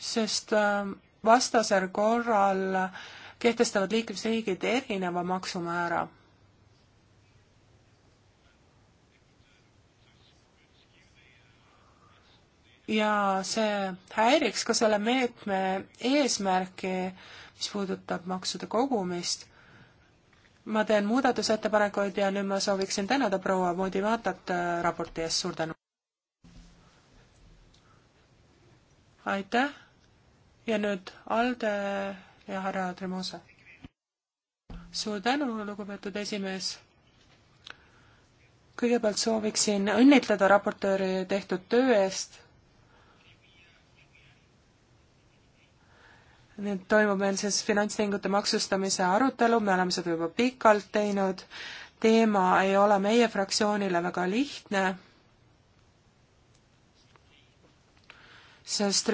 sest äh, vastasel korral kehtestavad liikmesriigid erineva maksumäära ja see häiriks ka selle meetme eesmärki, mis puudutab maksude kogumist. ma teen muudatusettepanekuid ja nüüd ma sooviksin tänada proua Modivatat äh, raporti eest, suur tänu! aitäh ja nüüd Alde ja härra Tremose. suur tänu, lugupeetud esimees! kõigepealt sooviksin õnnitleda raportööri tehtud töö eest nüüd toimub meil siis finantstehingute maksustamise arutelu, me oleme seda juba pikalt teinud, teema ei ole meie fraktsioonile väga lihtne, sest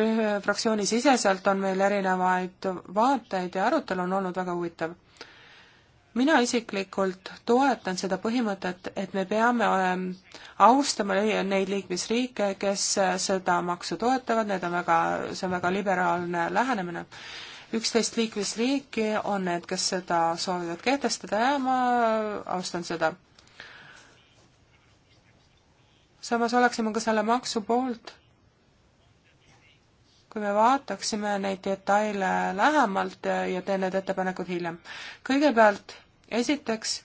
fraktsioonisiseselt on meil erinevaid vaateid ja arutelu on olnud väga huvitav mina isiklikult toetan seda põhimõtet, et me peame ähm, austama neid liikmesriike, kes äh, seda maksu toetavad, need on väga, see on väga liberaalne lähenemine. üksteist liikmesriiki on need, kes seda soovivad kehtestada ja ma äh, austan seda. samas oleksime ka selle maksu poolt kui me vaataksime neid detaile lähemalt ja teen need ettepanekud hiljem. kõigepealt esiteks,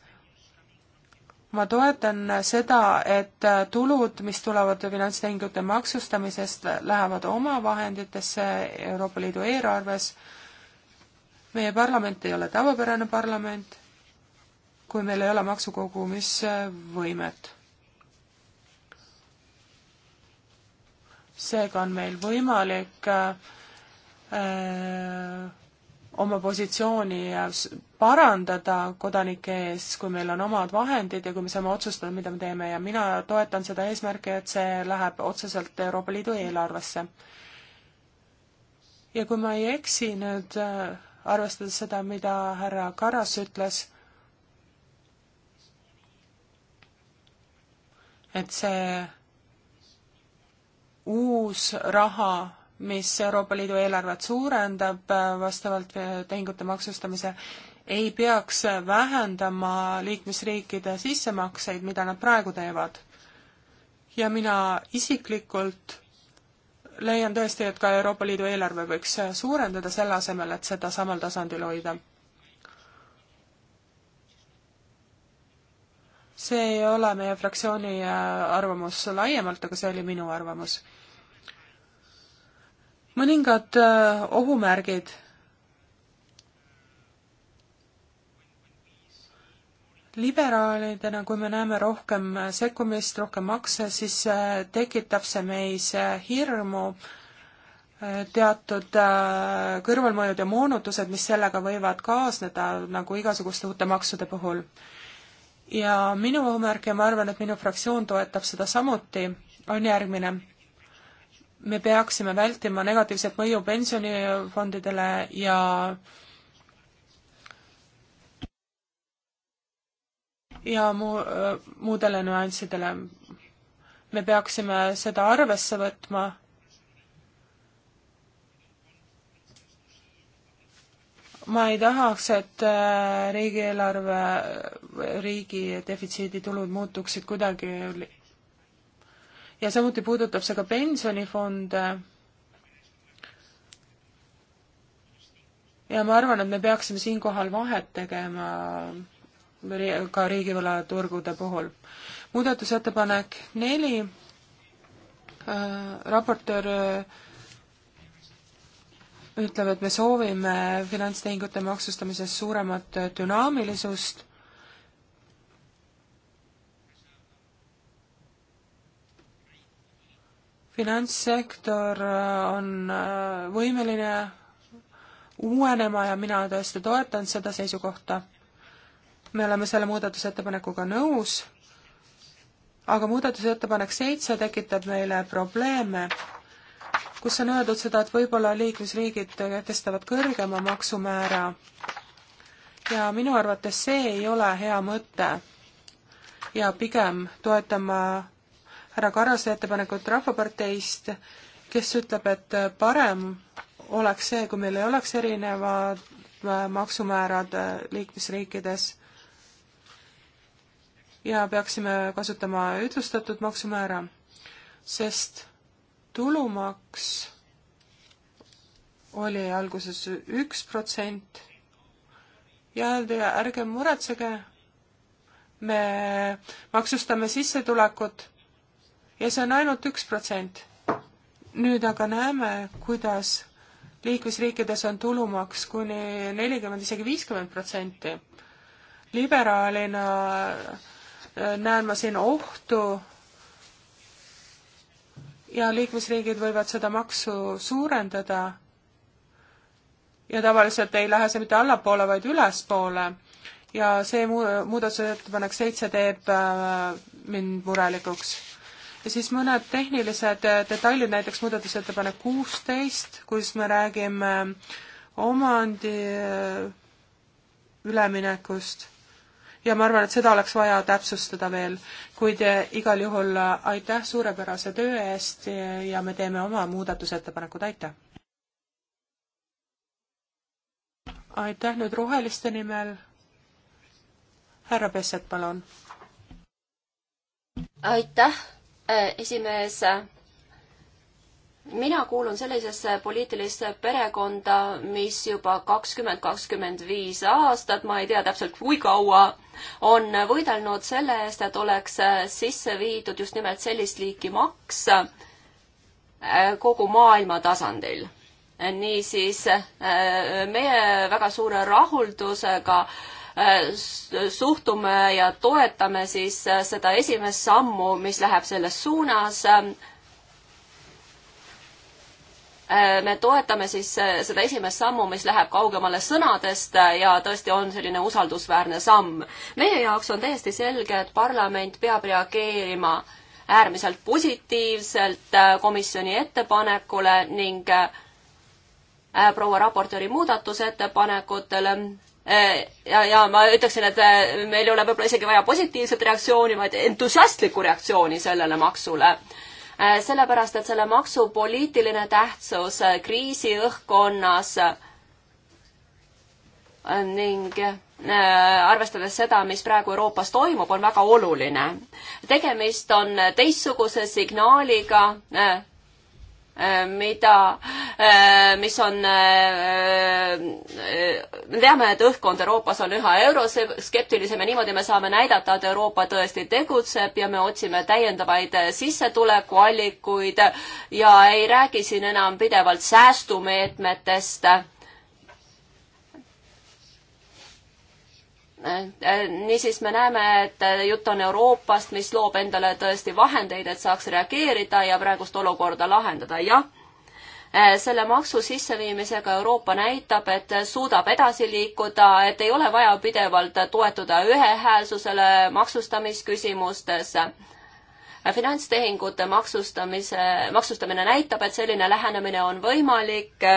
ma toetan seda, et tulud, mis tulevad finantstehingute maksustamisest, lähevad omavahenditesse Euroopa Liidu eelarves. meie parlament ei ole tavapärane parlament, kui meil ei ole maksukogumisvõimet. seega on meil võimalik äh, oma positsiooni parandada kodanike ees, kui meil on omad vahendid ja kui me saame otsustada, mida me teeme ja mina toetan seda eesmärki, et see läheb otseselt Euroopa Liidu eelarvesse. ja kui ma ei eksi nüüd, äh, arvestades seda, mida härra Karas ütles, et see uus raha mis Euroopa Liidu eelarvet suurendab äh, vastavalt äh, tehingute maksustamise, ei peaks vähendama liikmesriikide sissemakseid, mida nad praegu teevad. ja mina isiklikult leian tõesti, et ka Euroopa Liidu eelarve võiks suurendada selle asemel, et seda samal tasandil hoida. see ei ole meie fraktsiooni äh, arvamus laiemalt, aga see oli minu arvamus mõningad äh, ohumärgid. liberaalidena, kui me näeme rohkem äh, sekkumist, rohkem makse, siis äh, tekitab see meis hirmu, teatud kõrvalmõjud ja moonutused, mis sellega võivad kaasneda, nagu igasuguste uute maksude puhul. ja minu ohumärk ja ma arvan, et minu fraktsioon toetab seda samuti, on järgmine me peaksime vältima negatiivset mõju pensionifondidele ja ja muu, muudele nüanssidele. me peaksime seda arvesse võtma ma ei tahaks, et äh, riigieelarve, äh, riigi defitsiiditulud muutuksid kuidagi ja samuti puudutab see ka pensionifonde. ja ma arvan, et me peaksime siinkohal vahet tegema ka riigivõlaturgude puhul. muudatusettepanek neli äh,, raportöör äh, ütleb, et me soovime finantstehingute maksustamises suuremat äh, dünaamilisust finantssektor äh, on äh, võimeline uuenema ja mina tõesti toetan seda seisukohta. me oleme selle muudatusettepanekuga nõus, aga muudatusettepanek seitse tekitab meile probleeme, kus on öeldud seda, et võib-olla liikmesriigid kehtestavad kõrgema maksumäära ja minu arvates see ei ole hea mõte. ja pigem toetan ma härra Karase ettepanekut Rahvaparteist, kes ütleb, et parem oleks see, kui meil ei oleks erinevad äh, maksumäärad äh, liikmesriikides ja peaksime kasutama ühtlustatud maksumäära, sest tulumaks oli alguses üks protsent ja öeldi, ärge muretsege, me maksustame sissetulekut ja see on ainult üks protsent. nüüd aga näeme, kuidas liikmesriikides on tulumaks kuni nelikümmend, isegi viiskümmend protsenti. liberaalina äh, näen ma siin ohtu ja liikmesriigid võivad seda maksu suurendada ja tavaliselt ei lähe see mitte allapoole, vaid ülespoole. ja see muudatusettepanek seitse teeb äh, mind murelikuks ja siis mõned tehnilised äh, detailid, näiteks muudatusettepanek kuusteist, kus me räägime äh, omandi äh, üleminekust ja ma arvan, et seda oleks vaja täpsustada veel, kuid igal juhul aitäh suurepärase töö eest ja me teeme oma muudatusettepanekud, aitäh! aitäh nüüd roheliste nimel, härra Pesset, palun! aitäh! Äh, esimees. mina kuulun sellisesse poliitilisse perekonda, mis juba kakskümmend, kakskümmend viis aastat, ma ei tea täpselt, kui kaua, on võidelnud selle eest, et oleks sisse viidud just nimelt sellist liiki maks äh, kogu maailma tasandil niisiis äh, meie väga suure rahuldusega äh, Äh, suhtume ja toetame siis äh, seda esimest sammu, mis läheb selles suunas. Ähm, äh, me toetame siis seda esimest sammu, mis läheb kaugemale sõnadest ja tõesti on selline usaldusväärne samm. meie jaoks on täiesti selge, et parlament peab reageerima äärmiselt positiivselt komisjoni ettepanekule ning proua raportööri muudatusettepanekutele Äh, ja, ja ma ütleksin, et äh, meil ei ole võib-olla isegi vaja positiivset reaktsiooni, vaid entusiastlikku reaktsiooni sellele maksule. Äh, sellepärast, et selle maksu poliitiline tähtsus kriisiõhkkonnas ning arvestades seda, mis praegu Euroopas toimub, on väga oluline. tegemist on teistsuguse signaaliga Äh, mida, äh, mis on, äh, me teame, et õhkkond Euroopas on üha euroskeptilisem ja niimoodi me saame näidata, et Euroopa tõesti tegutseb ja me otsime täiendavaid sissetulekuallikuid ja ei räägi siin enam pidevalt säästumeetmetest Äh, niisiis me näeme, et äh, jutt on Euroopast, mis loob endale tõesti vahendeid, et saaks reageerida ja praegust olukorda lahendada, jah. Äh, selle maksu sisseviimisega Euroopa näitab, et suudab edasi liikuda, et ei ole vaja pidevalt toetuda ühehäälsusele maksustamisküsimustes. finantstehingute maksustamise, maksustamine näitab, et selline lähenemine on võimalik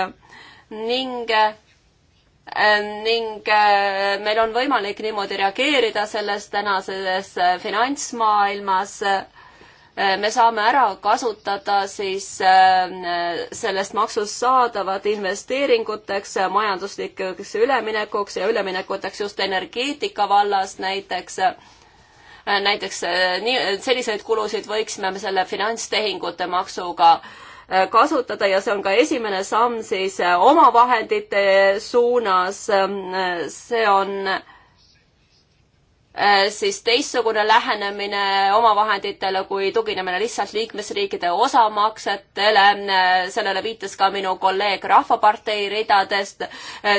ning Ehm, ning äh, meil on võimalik niimoodi reageerida selles tänases äh, finantsmaailmas. Ehm, me saame ära kasutada siis ehm, sellest maksust saadavat investeeringuteks, äh, majanduslikeks üleminekuks ja üleminekuteks just energeetika vallas näiteks näiteks nii, selliseid kulusid võiksime me selle finantstehingute maksuga äh, Äh, kasutada ja see on ka esimene samm siis äh, omavahendite suunas. Ähm, äh, see on siis teistsugune lähenemine omavahenditele kui tuginemine lihtsalt liikmesriikide osamaksetele. sellele viitas ka minu kolleeg Rahvapartei ridadest.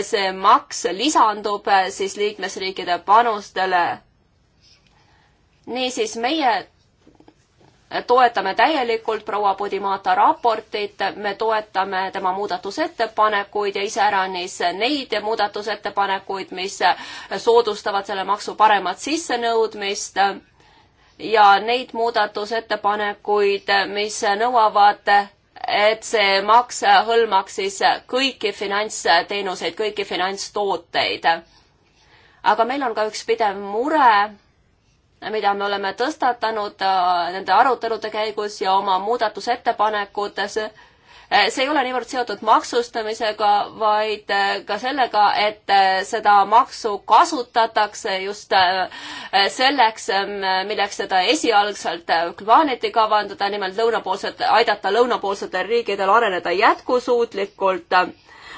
see maks lisandub siis liikmesriikide panustele niisiis meie toetame täielikult proua Podimata raportit, me toetame tema muudatusettepanekuid ja iseäranis neid muudatusettepanekuid, mis soodustavad selle maksu paremat sissenõudmist ja neid muudatusettepanekuid, mis nõuavad et see maks hõlmaks siis kõiki finantsteenuseid, kõiki finantstooteid. aga meil on ka üks pidev mure mida me oleme tõstatanud äh, nende arutelude käigus ja oma muudatusettepanekutes. Äh, see ei ole niivõrd seotud maksustamisega, vaid äh, ka sellega, et seda maksu kasutatakse just selleks, ähm, milleks seda esialgselt plaaniti kavandada, nimelt lõunapoolsed, aidata lõunapoolsetel riikidel areneda jätkusuutlikult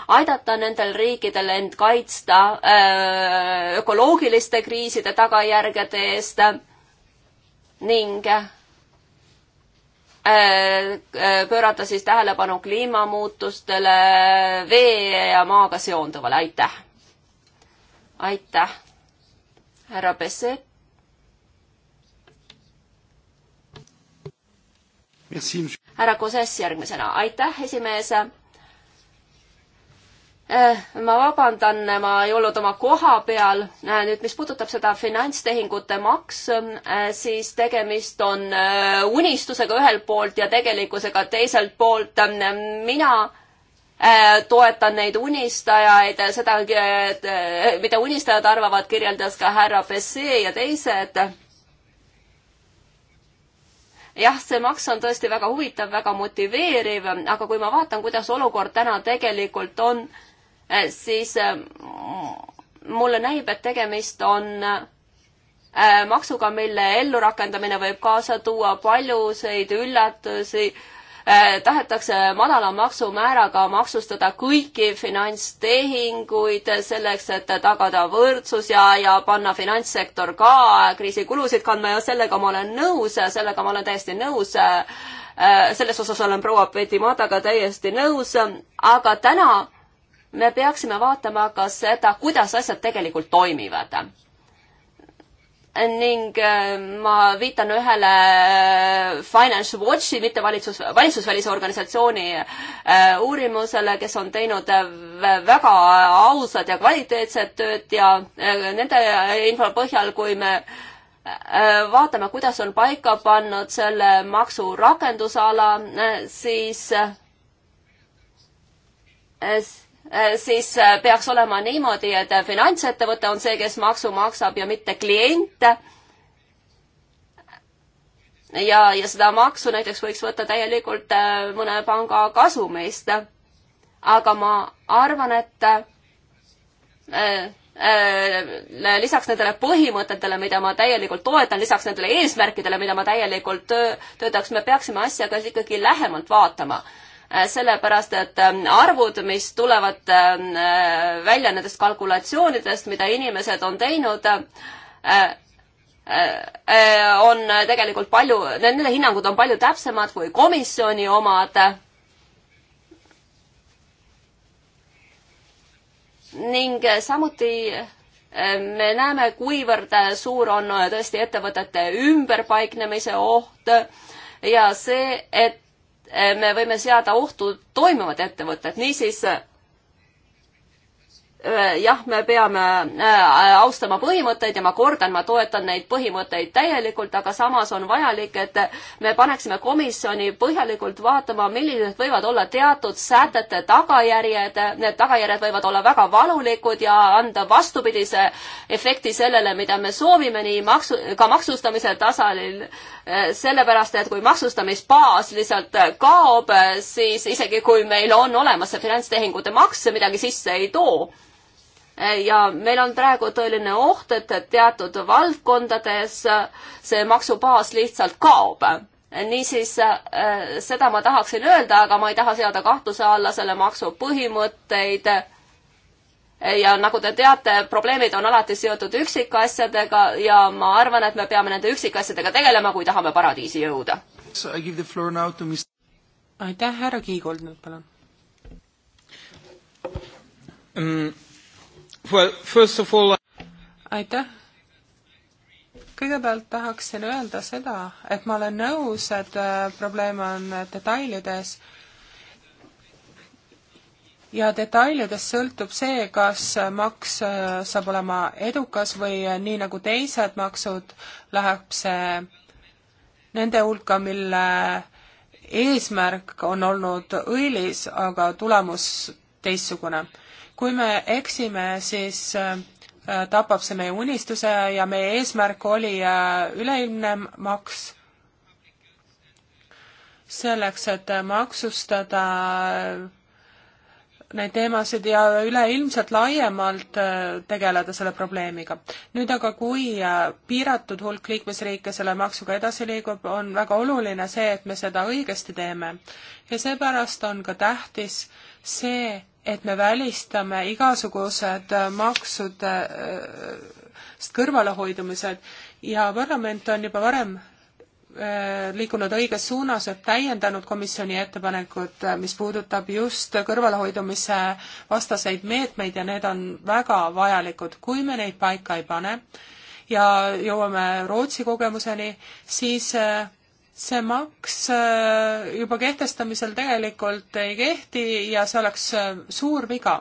aidata nendel riikidel end kaitsta äh, ökoloogiliste kriiside tagajärgede eest ning äh, äh, pöörata siis tähelepanu kliimamuutustele, vee ja maaga seonduvale, aitäh! aitäh, härra Pesset! härra Koses järgmisena, aitäh, esimees! Äh, ma vabandan, ma ei olnud oma koha peal. Äh, nüüd, mis puudutab seda finantstehingute maks, äh, siis tegemist on unistusega ühelt poolt ja tegelikkusega teiselt poolt. mina toetan neid unistajaid, seda, mida unistajad arvavad, kirjeldas ka härra Bessee ja teised. jah, see maks on tõesti väga huvitav, väga motiveeriv, aga kui ma vaatan, kuidas olukord täna tegelikult on, Äh, siis ähm, mulle näib, et tegemist on äh, maksuga, mille ellurakendamine võib kaasa tuua paljusid üllatusi. Äh, tahetakse madala maksumääraga maksustada kõiki finantstehinguid selleks, et tagada võrdsus ja, ja panna finantssektor ka kriisikulusid kandma ja sellega ma olen nõus, sellega ma olen täiesti nõus selles osas olen proua Petimataga täiesti nõus, aga täna me peaksime vaatama ka seda, kuidas asjad tegelikult toimivad. ning äh, ma viitan ühele äh, Finance Watchi, mitte valitsus, valitsusvälise organisatsiooni äh, uurimusele, kes on teinud väga ausad ja kvaliteetsed tööd ja nende info põhjal, kui me vaatame, kuidas on paika pannud selle maksu rakendusala, siis Äh, siis äh, peaks olema niimoodi, et äh, finantsettevõte on see, kes maksu maksab ja mitte klient. ja, ja seda maksu näiteks võiks võtta täielikult mõne panga kasumist. aga ma arvan, et äh, äh, lisaks nendele põhimõtetele, mida ma täielikult toetan, lisaks nendele eesmärkidele, mida ma täielikult töötaks, me peaksime asja ka ikkagi lähemalt vaatama Äh, sellepärast et ähm, arvud, mis tulevad ähm, äh, välja nendest kalkulatsioonidest, mida inimesed on teinud, äh, on tegelikult palju, nende hinnangud on palju täpsemad kui komisjoni omad. ning samuti me näeme, kuivõrd suur on tõesti ettevõtete ümberpaiknemise oht ja see, et Äh, me võime seada ohtu toimivad ettevõtted, niisiis äh, jah, me peame äh, austama põhimõtteid ja ma kordan, ma toetan neid põhimõtteid täielikult, aga samas on vajalik, et me paneksime komisjoni põhjalikult vaatama, millised võivad olla teatud sätete tagajärjed. Need tagajärjed võivad olla väga valulikud ja anda vastupidise efekti sellele, mida me soovime nii maksu, ka maksustamise tasandil Äh, sellepärast, et kui maksustamisbaas lihtsalt äh, kaob, äh, siis isegi kui meil on olemas see finantstehingute maks, see midagi sisse ei too. ja meil on praegu tõeline oht, et teatud valdkondades see maksubaas lihtsalt kaob niisiis seda ma tahaksin öelda, aga ma ei taha seada kahtluse alla selle maksu põhimõtteid ja nagu te teate, probleemid on alati seotud üksikasjadega ja ma arvan, et me peame nende üksikasjadega tegelema, kui tahame paradiisi jõuda. aitäh, härra Kiigold nüüd palun um,. Well, first of all aitäh! kõigepealt tahaksin öelda seda, et ma olen nõus, et äh, probleem on detailides ja detailidest sõltub see, kas maks äh, saab olema edukas või äh, nii nagu teised maksud, läheb see nende hulka, mille eesmärk on olnud õilis, aga tulemus teistsugune. kui me eksime, siis äh, tapab see meie unistuse ja meie eesmärk oli üleilmne maks. selleks, et maksustada neid teemasid ja üleilmselt laiemalt äh, tegeleda selle probleemiga. nüüd aga, kui äh, piiratud hulk liikmesriike selle maksuga edasi liigub, on väga oluline see, et me seda õigesti teeme. ja seepärast on ka tähtis see, et me välistame igasugused äh, maksudest kõrvalehoidumised ja parlament on juba varem Äh, liikunud õiges suunas, et täiendanud komisjoni ettepanekut, äh, mis puudutab just kõrvalehoidumise vastaseid meetmeid ja need on väga vajalikud. kui me neid paika ei pane ja jõuame Rootsi kogemuseni, siis äh, see maks juba kehtestamisel tegelikult ei kehti ja see oleks suur viga.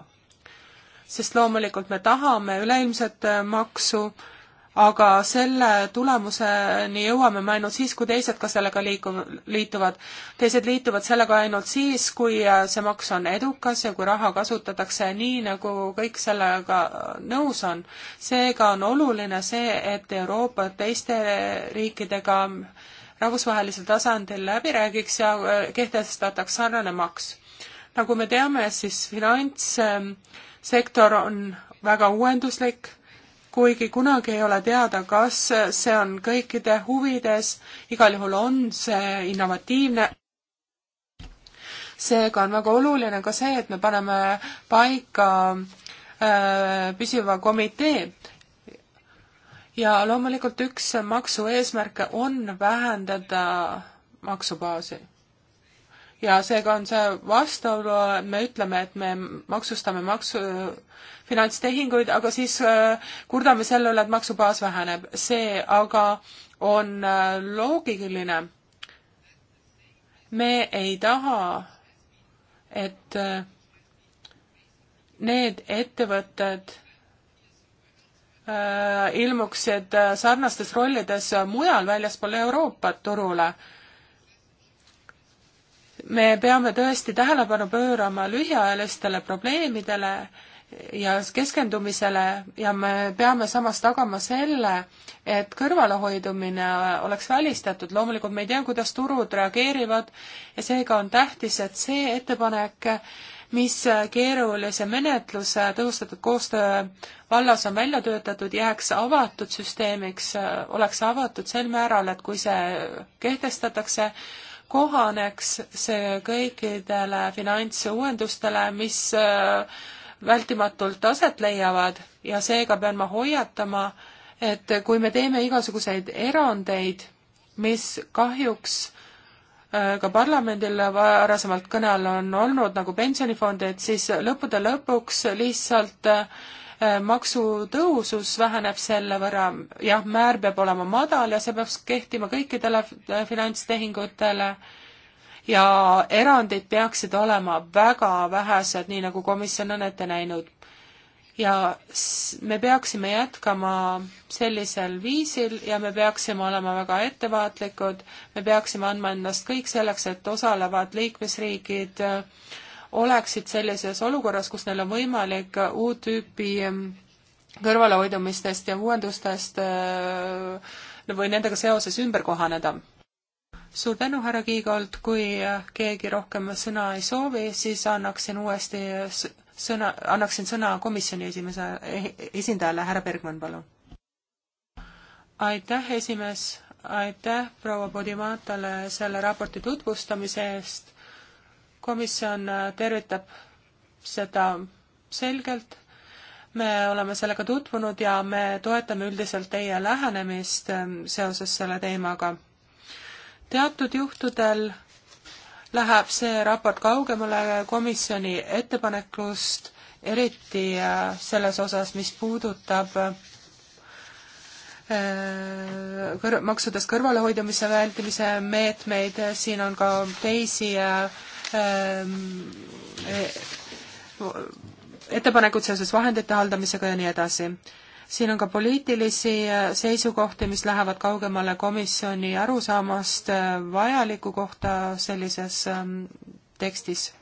sest loomulikult me tahame üleilmset maksu aga selle tulemuseni jõuame me ainult siis, kui teised ka sellega liiku-, liituvad. teised liituvad sellega ainult siis, kui see maks on edukas ja kui raha kasutatakse nii, nagu kõik sellega nõus on. seega on oluline see, et Euroopa teiste riikidega rahvusvahelisel tasandil läbi räägiks ja äh, kehtestataks sarnane maks. nagu me teame, siis finantssektor ähm, on väga uuenduslik kuigi kunagi ei ole teada, kas see on kõikide huvides, igal juhul on see innovatiivne. seega on väga oluline ka see, et me paneme paika äh, püsiva komitee ja loomulikult üks maksu eesmärke on vähendada maksubaasi ja seega on see vastuolu, me ütleme, et me maksustame maksu, finantstehinguid, aga siis äh, kurdame selle üle, et maksubaas väheneb. see aga on äh, loogiline. me ei taha, et äh, need ettevõtted ilmuksid sarnastes rollides mujal väljaspool Euroopat turule me peame tõesti tähelepanu pöörama lühiajalistele probleemidele ja keskendumisele ja me peame samas tagama selle, et kõrvalehoidumine oleks välistatud. loomulikult me ei tea, kuidas turud reageerivad ja seega on tähtis, et see ettepanek, mis keerulise menetluse tõhustatud koostöö vallas on välja töötatud, jääks avatud süsteemiks, oleks avatud sel määral, et kui see kehtestatakse, kohaneks see kõikidele finantsuuendustele, mis äh, vältimatult aset leiavad ja seega pean ma hoiatama, et kui me teeme igasuguseid erandeid, mis kahjuks äh, ka parlamendil varasemalt kõne all on olnud, nagu pensionifondid, siis lõppude lõpuks lihtsalt äh, Äh, maksutõusus väheneb selle võrra, jah, määr peab olema madal ja see peaks kehtima kõikidele finantstehingutele ja erandid peaksid olema väga vähesed, nii nagu komisjon on ette näinud. ja me peaksime jätkama sellisel viisil ja me peaksime olema väga ettevaatlikud, me peaksime andma endast kõik selleks, et osalevad liikmesriigid äh, oleksid sellises olukorras, kus neil on võimalik uut tüüpi kõrvalehoidumistest ja uuendustest äh, või nendega seoses ümber kohaneda. suur tänu, härra Kiigolt, kui äh, keegi rohkem sõna ei soovi, siis annaksin uuesti äh, sõna, annaksin sõna komisjoni esimese, eh, esindajale, härra Bergmann, palun. aitäh, esimees, aitäh proua Podimatale selle raporti tutvustamise eest komisjon äh, tervitab seda selgelt, me oleme sellega tutvunud ja me toetame üldiselt teie lähenemist ähm, seoses selle teemaga. teatud juhtudel läheb see raport kaugemale komisjoni ettepanekust, eriti äh, selles osas, mis puudutab äh, kõr-, maksudest kõrvalehoidumise vältimise meetmeid, siin on ka teisi Ehm, e, ettepanekud seoses vahendite haldamisega ja nii edasi. siin on ka poliitilisi e, seisukohti, mis lähevad kaugemale komisjoni arusaamast e, vajaliku kohta sellises tekstis.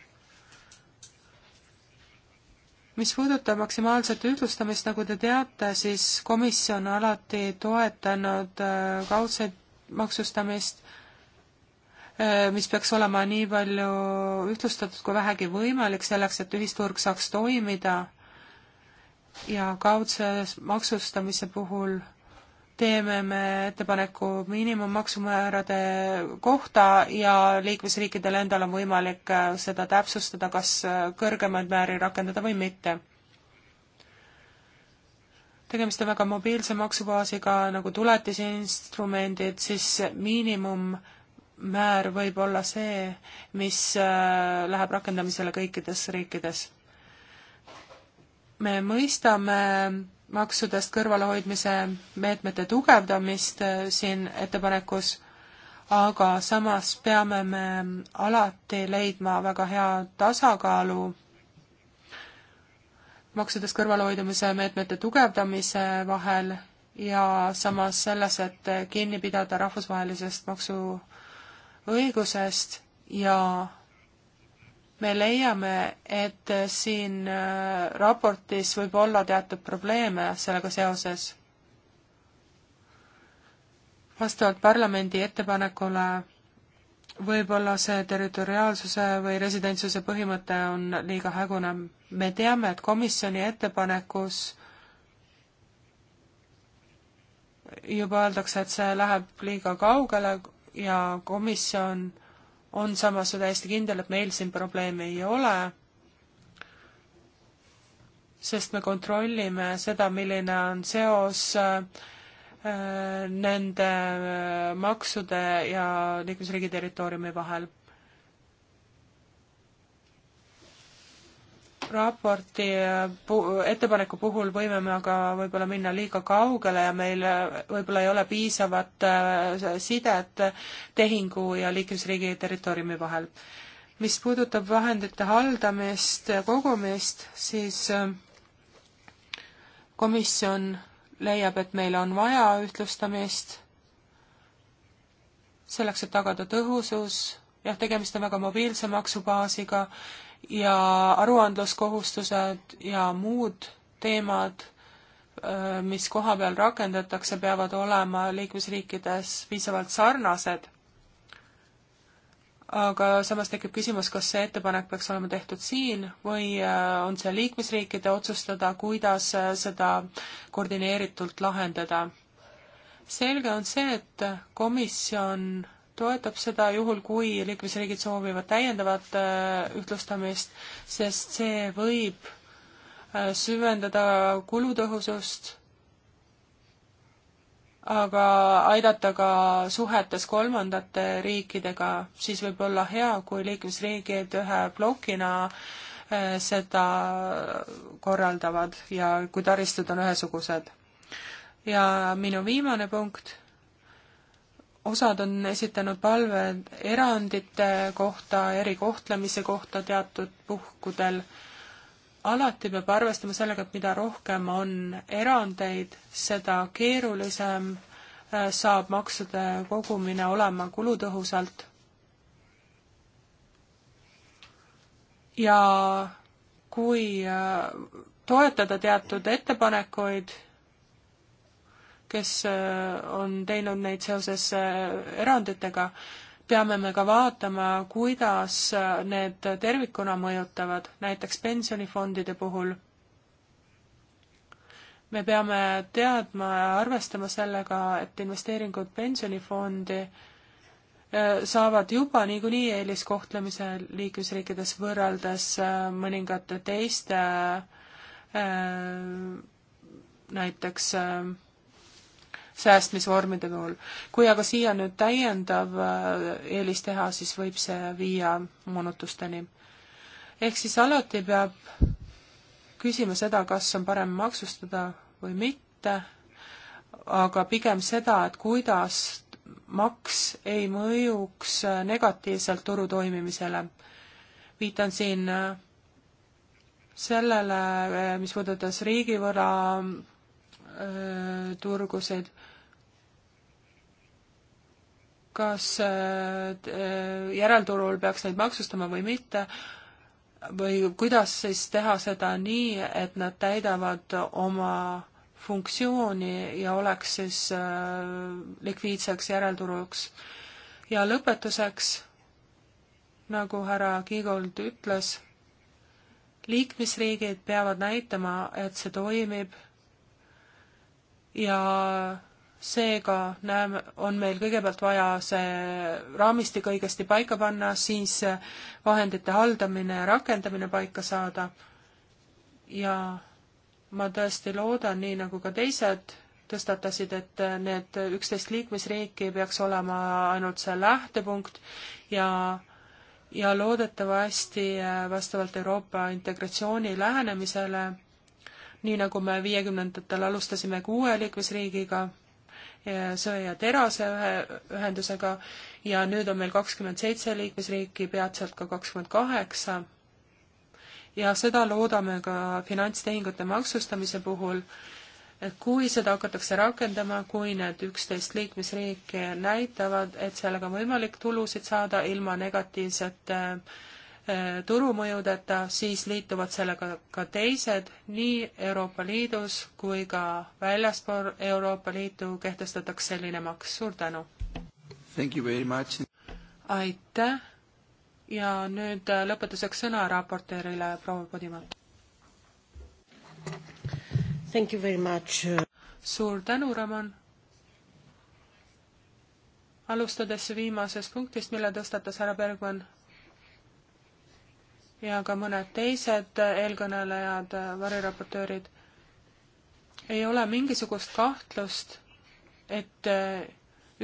mis puudutab maksimaalset ühtlustamist, nagu te teate, siis komisjon on alati toetanud kaudset maksustamist Äh, mis peaks olema nii palju ühtlustatud kui vähegi võimalik selleks, et ühisturg saaks toimida ja kaudse maksustamise puhul teeme me ettepaneku miinimummaksumäärade kohta ja liikmesriikidel endal on võimalik äh, seda täpsustada, kas äh, kõrgemaid määri rakendada või mitte. tegemist on väga mobiilse maksubaasiga, nagu tuletisinstrumendid, siis miinimum määr võib olla see, mis äh, läheb rakendamisele kõikides riikides. me mõistame maksudest kõrvalehoidmise meetmete tugevdamist äh, siin ettepanekus, aga samas peame me alati leidma väga hea tasakaalu maksudest kõrvalehoidumise meetmete tugevdamise vahel ja samas selles, et kinni pidada rahvusvahelisest maksu õigusest ja me leiame, et siin äh, raportis võib olla teatud probleeme sellega seoses. vastavalt parlamendi ettepanekule võib-olla see territoriaalsuse või residentsuse põhimõte on liiga hägune. me teame, et komisjoni ettepanekus juba öeldakse, et see läheb liiga kaugele ja komisjon on samas täiesti kindel, et meil siin probleeme ei ole, sest me kontrollime seda, milline on seos äh, nende äh, maksude ja liikmesriigi territooriumi vahel raporti äh, pu-, ettepaneku puhul võime me aga võib-olla minna liiga kaugele ja meil äh, võib-olla ei ole piisavat äh, sidet tehingu ja liikmesriigi territooriumi vahel. mis puudutab vahendite haldamist ja kogumist, siis komisjon leiab, et meil on vaja ühtlustamist selleks, et tagada tõhusus, jah, tegemist on väga mobiilse maksubaasiga ja aruandluskohustused ja muud teemad, mis koha peal rakendatakse, peavad olema liikmesriikides piisavalt sarnased. aga samas tekib küsimus, kas see ettepanek peaks olema tehtud siin või on see liikmesriikide otsustada, kuidas seda koordineeritult lahendada. selge on see, et komisjon toetab seda juhul, kui liikmesriigid soovivad täiendavat äh, ühtlustamist, sest see võib äh, süvendada kulutõhusust, aga aidata ka suhetes kolmandate riikidega, siis võib olla hea, kui liikmesriigid ühe plokina äh, seda korraldavad ja kui taristud on ühesugused. ja minu viimane punkt osad on esitanud palve erandite kohta, erikohtlemise kohta teatud puhkudel. alati peab arvestama sellega, et mida rohkem on erandeid, seda keerulisem äh, saab maksude kogumine olema kulutõhusalt. ja kui äh, toetada teatud ettepanekuid, kes äh, on teinud neid seoses äh, eranditega, peame me ka vaatama, kuidas äh, need tervikuna mõjutavad, näiteks pensionifondide puhul. me peame teadma ja arvestama sellega, et investeeringud pensionifondi saavad juba niikuinii eeliskohtlemise liikmesriikides võrreldes mõningate teiste näiteks säästmisvormide puhul. kui aga siia nüüd täiendav äh, eelis teha, siis võib see viia moonutusteni. ehk siis alati peab küsima seda, kas on parem maksustada või mitte, aga pigem seda, et kuidas maks ei mõjuks äh, negatiivselt turu toimimisele. viitan siin äh, sellele, mis puudutas riigivõla turgusid. kas äh, järelturul peaks neid maksustama või mitte või kuidas siis teha seda nii, et nad täidavad oma funktsiooni ja oleks siis äh, likviidseks järelturuks. ja lõpetuseks, nagu härra Kiigold ütles, liikmesriigid peavad näitama, et see toimib ja seega näeme, on meil kõigepealt vaja see raamistik õigesti paika panna, siis vahendite haldamine ja rakendamine paika saada. ja ma tõesti loodan, nii nagu ka teised tõstatasid, et need üksteist liikmesriiki peaks olema ainult see lähtepunkt ja ja loodetavasti vastavalt Euroopa integratsiooni lähenemisele nii nagu me viiekümnendatel alustasime kuue liikmesriigiga, söe- ja terase ühe ühendusega ja nüüd on meil kakskümmend seitse liikmesriiki, peatselt ka kakskümmend kaheksa. ja seda loodame ka finantstehingute maksustamise puhul, et kui seda hakatakse rakendama, kui need üksteist liikmesriiki näitavad, et sellega on võimalik tulusid saada ilma negatiivsete äh, Eh, turumõjudeta, siis liituvad sellega ka teised, nii Euroopa Liidus kui ka väljaspool Euroopa Liitu kehtestatakse selline maks. suur tänu! aitäh ja nüüd eh, lõpetuseks sõna raportöörile proua Podimaa. suur tänu, Ramon! alustades viimasest punktist, mille tõstatas härra Bergmann ja ka mõned teised eelkõnelejad, variraportöörid, ei ole mingisugust kahtlust, et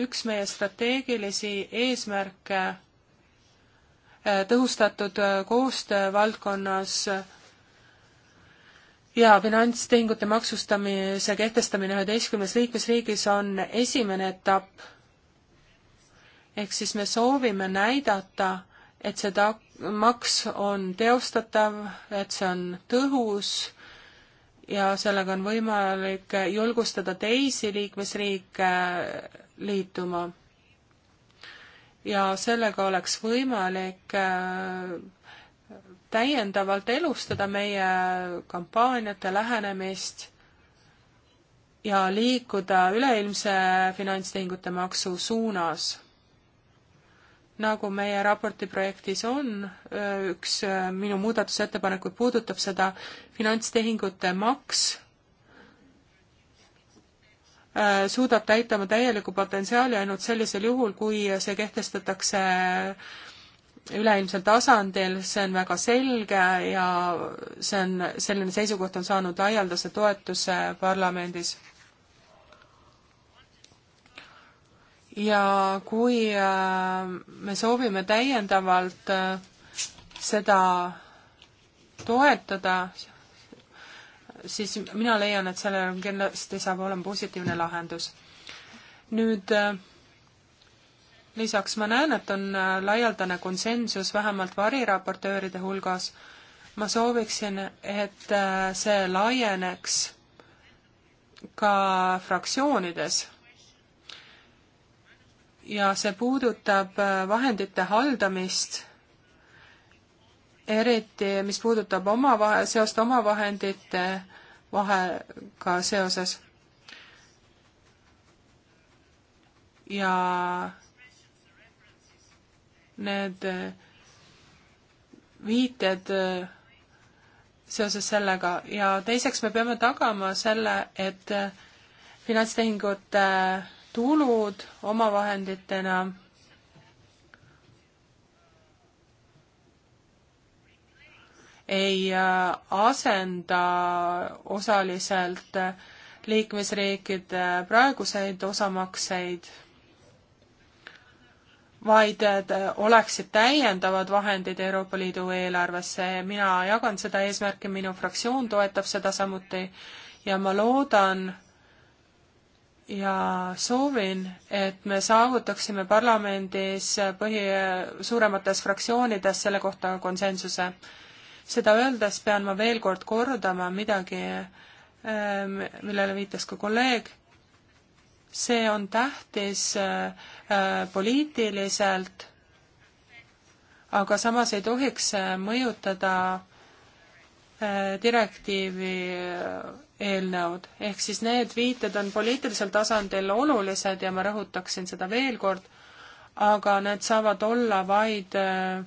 üks meie strateegilisi eesmärke eh, tõhustatud eh, koostöö valdkonnas eh, ja finantstehingute maksustamise kehtestamine üheteistkümnes liikmesriigis on esimene etapp. ehk siis me soovime näidata, et see tak-, maks on teostatav, et see on tõhus ja sellega on võimalik julgustada teisi liikmesriike liituma. ja sellega oleks võimalik äh, täiendavalt elustada meie kampaaniate lähenemist ja liikuda üleilmse finantstehingute maksu suunas nagu meie raporti projektis on, üks äh, minu muudatusettepanekuid puudutab seda finantstehingute maks, äh, suudab täita oma täielikku potentsiaali ainult sellisel juhul, kui see kehtestatakse äh, üleilmsel tasandil, see on väga selge ja see on, selline seisukoht on saanud laialdase toetuse parlamendis ja kui äh, me soovime täiendavalt äh, seda toetada, siis mina leian, et sellel on kindlasti saab olema positiivne lahendus. nüüd äh, lisaks ma näen, et on laialdane konsensus vähemalt variraportööride hulgas. ma sooviksin, et see laieneks ka fraktsioonides ja see puudutab äh, vahendite haldamist, eriti mis puudutab omavahe, seost omavahendite vahega seoses. ja need äh, viited äh, seoses sellega ja teiseks me peame tagama selle, et finantstehingute äh, tulud omavahenditena ei äh, asenda osaliselt äh, liikmesriikide praeguseid osamakseid, vaid äh, oleksid täiendavad vahendid Euroopa Liidu eelarvesse. mina jagan seda eesmärki, minu fraktsioon toetab seda samuti ja ma loodan, ja soovin, et me saavutaksime parlamendis põhi, suuremates fraktsioonides selle kohta konsensuse. seda öeldes pean ma veel kord kordama midagi, ähm, millele viitas ka kolleeg. see on tähtis äh, poliitiliselt, aga samas ei tohiks mõjutada äh, direktiivi eelnõud, ehk siis need viited on poliitilisel tasandil olulised ja ma rõhutaksin seda veel kord, aga need saavad olla vaid äh,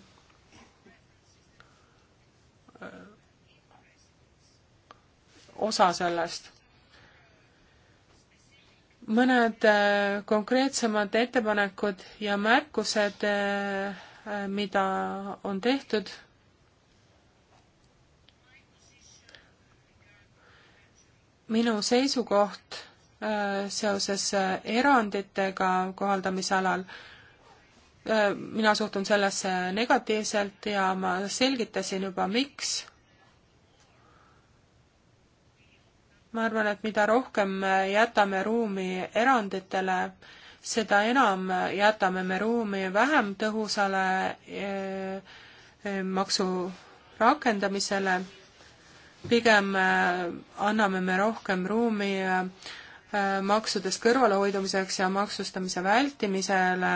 osa sellest. mõned äh, konkreetsemad ettepanekud ja märkused, äh, mida on tehtud minu seisukoht äh, seoses äh, eranditega kohaldamisalal, äh, mina suhtun sellesse negatiivselt ja ma selgitasin juba, miks ma arvan, et mida rohkem jätame ruumi eranditele, seda enam jätame me ruumi vähem tõhusale maksu rakendamisele pigem äh, anname me rohkem ruumi äh, äh, maksudest kõrvalehoidumiseks ja maksustamise vältimisele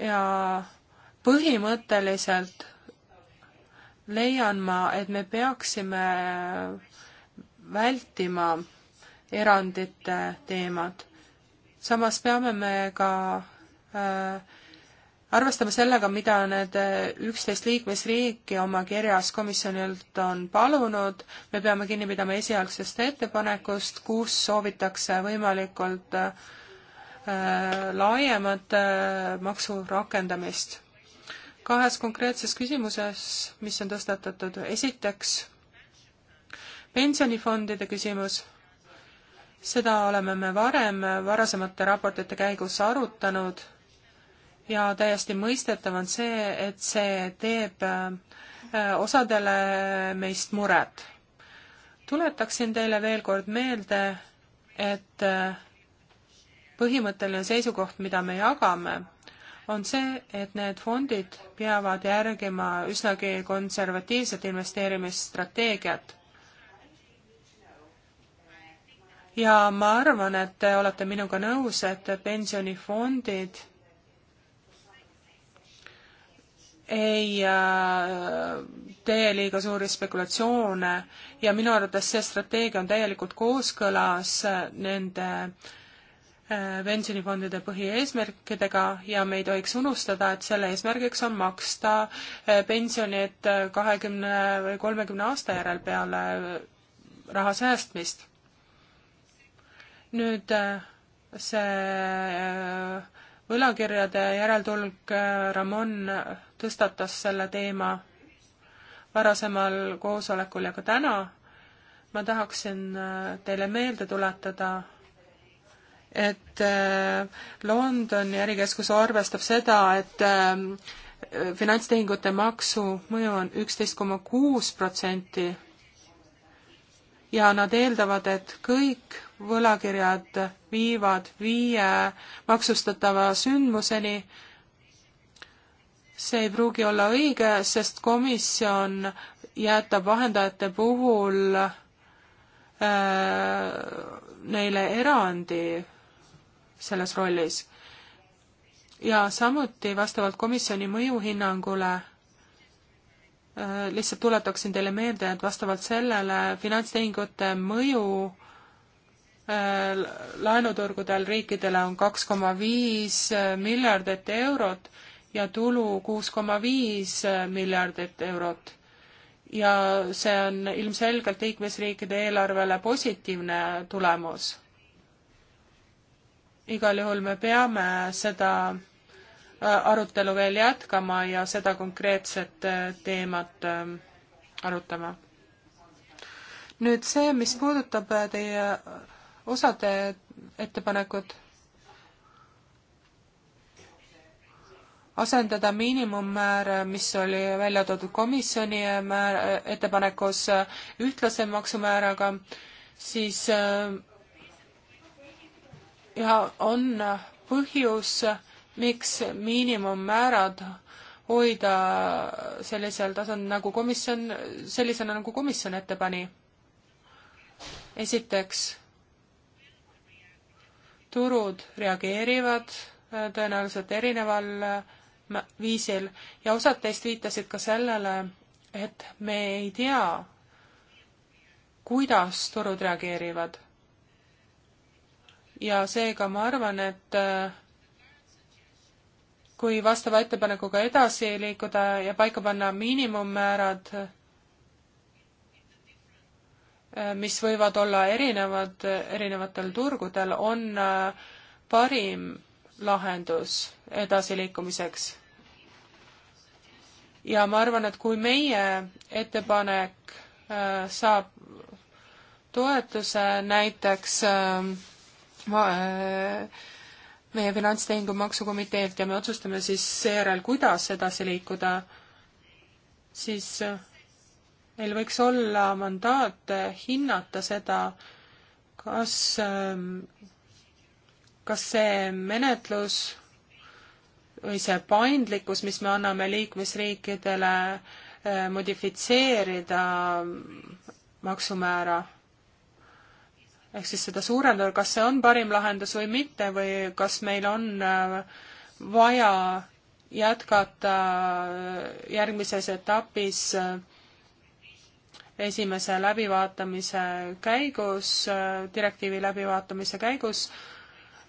ja põhimõtteliselt leian ma, et me peaksime vältima erandite teemat. samas peame me ka äh, arvestame sellega, mida need eh, üksteist liikmesriiki oma kirjas komisjonilt on palunud, me peame kinni pidama esialgsest ettepanekust, kus soovitakse võimalikult äh, laiemat äh, maksu rakendamist. kahes konkreetses küsimuses, mis on tõstatatud, esiteks pensionifondide küsimus seda oleme me varem varasemate raportite käigus arutanud ja täiesti mõistetav on see, et see teeb äh, äh, osadele meist muret. tuletaksin teile veel kord meelde, et äh, põhimõtteline seisukoht, mida me jagame, on see, et need fondid peavad järgima üsnagi konservatiivset investeerimisstrateegiat ja ma arvan, et te olete minuga nõus, et pensionifondid ei äh, tee liiga suuri spekulatsioone ja minu arvates see strateegia on täielikult kooskõlas äh, nende äh, pensionifondide põhieesmärkidega ja me ei tohiks unustada, et selle eesmärgiks on maksta pensionid kahekümne või kolmekümne aasta järel peale raha säästmist. nüüd see võlakirjade järeltulg, äh, Ramon tõstatas selle teema varasemal koosolekul ja ka täna. ma tahaksin äh, teile meelde tuletada, et äh, Londoni ärikeskus arvestab seda, et finantstehingute maksu mõju on üksteist koma kuus protsenti ja nad eeldavad, et kõik võlakirjad viivad viie maksustatava sündmuseni. see ei pruugi olla õige, sest komisjon jätab vahendajate puhul äh, neile erandi selles rollis. ja samuti vastavalt komisjoni mõjuhinnangule äh, lihtsalt tuletaksin teile meelde, et vastavalt sellele finantstehingute mõju Äh, laenuturgudel riikidele on kaks koma viis äh, miljardit eurot ja tulu kuus koma viis äh, miljardit eurot. ja see on ilmselgelt liikmesriikide eelarvele positiivne tulemus. igal juhul me peame seda arutelu veel jätkama ja seda konkreetset teemat arutama. nüüd see, mis puudutab teie osad ettepanekud asendada miinimummäär, mis oli välja toodud komisjoni määr, ettepanekus ühtlase maksumääraga, siis äh, ja on põhjus, miks miinimummäärad hoida sellisel tasandil, nagu komisjon, sellisena, nagu komisjon ette pani. esiteks turud reageerivad äh, tõenäoliselt erineval äh, viisil ja osad teist viitasid ka sellele, et me ei tea, kuidas turud reageerivad. ja seega ma arvan, et äh, kui vastava ettepanekuga edasi liikuda ja paika panna miinimummäärad, Äh, mis võivad olla erinevad, erinevatel turgudel, on äh, parim lahendus edasiliikumiseks. ja ma arvan, et kui meie ettepanek äh, saab toetuse näiteks meie finantstehingu maksukomiteelt ja me otsustame siis seejärel, kuidas edasi liikuda, siis meil võiks olla mandaat hinnata seda, kas, ähm, kas see menetlus või see paindlikkus, mis me anname liikmesriikidele äh, modifitseerida maksumäära, ehk siis seda suurendada, kas see on parim lahendus või mitte või kas meil on äh, vaja jätkata äh, järgmises etapis äh, esimese läbivaatamise käigus, direktiivi läbivaatamise käigus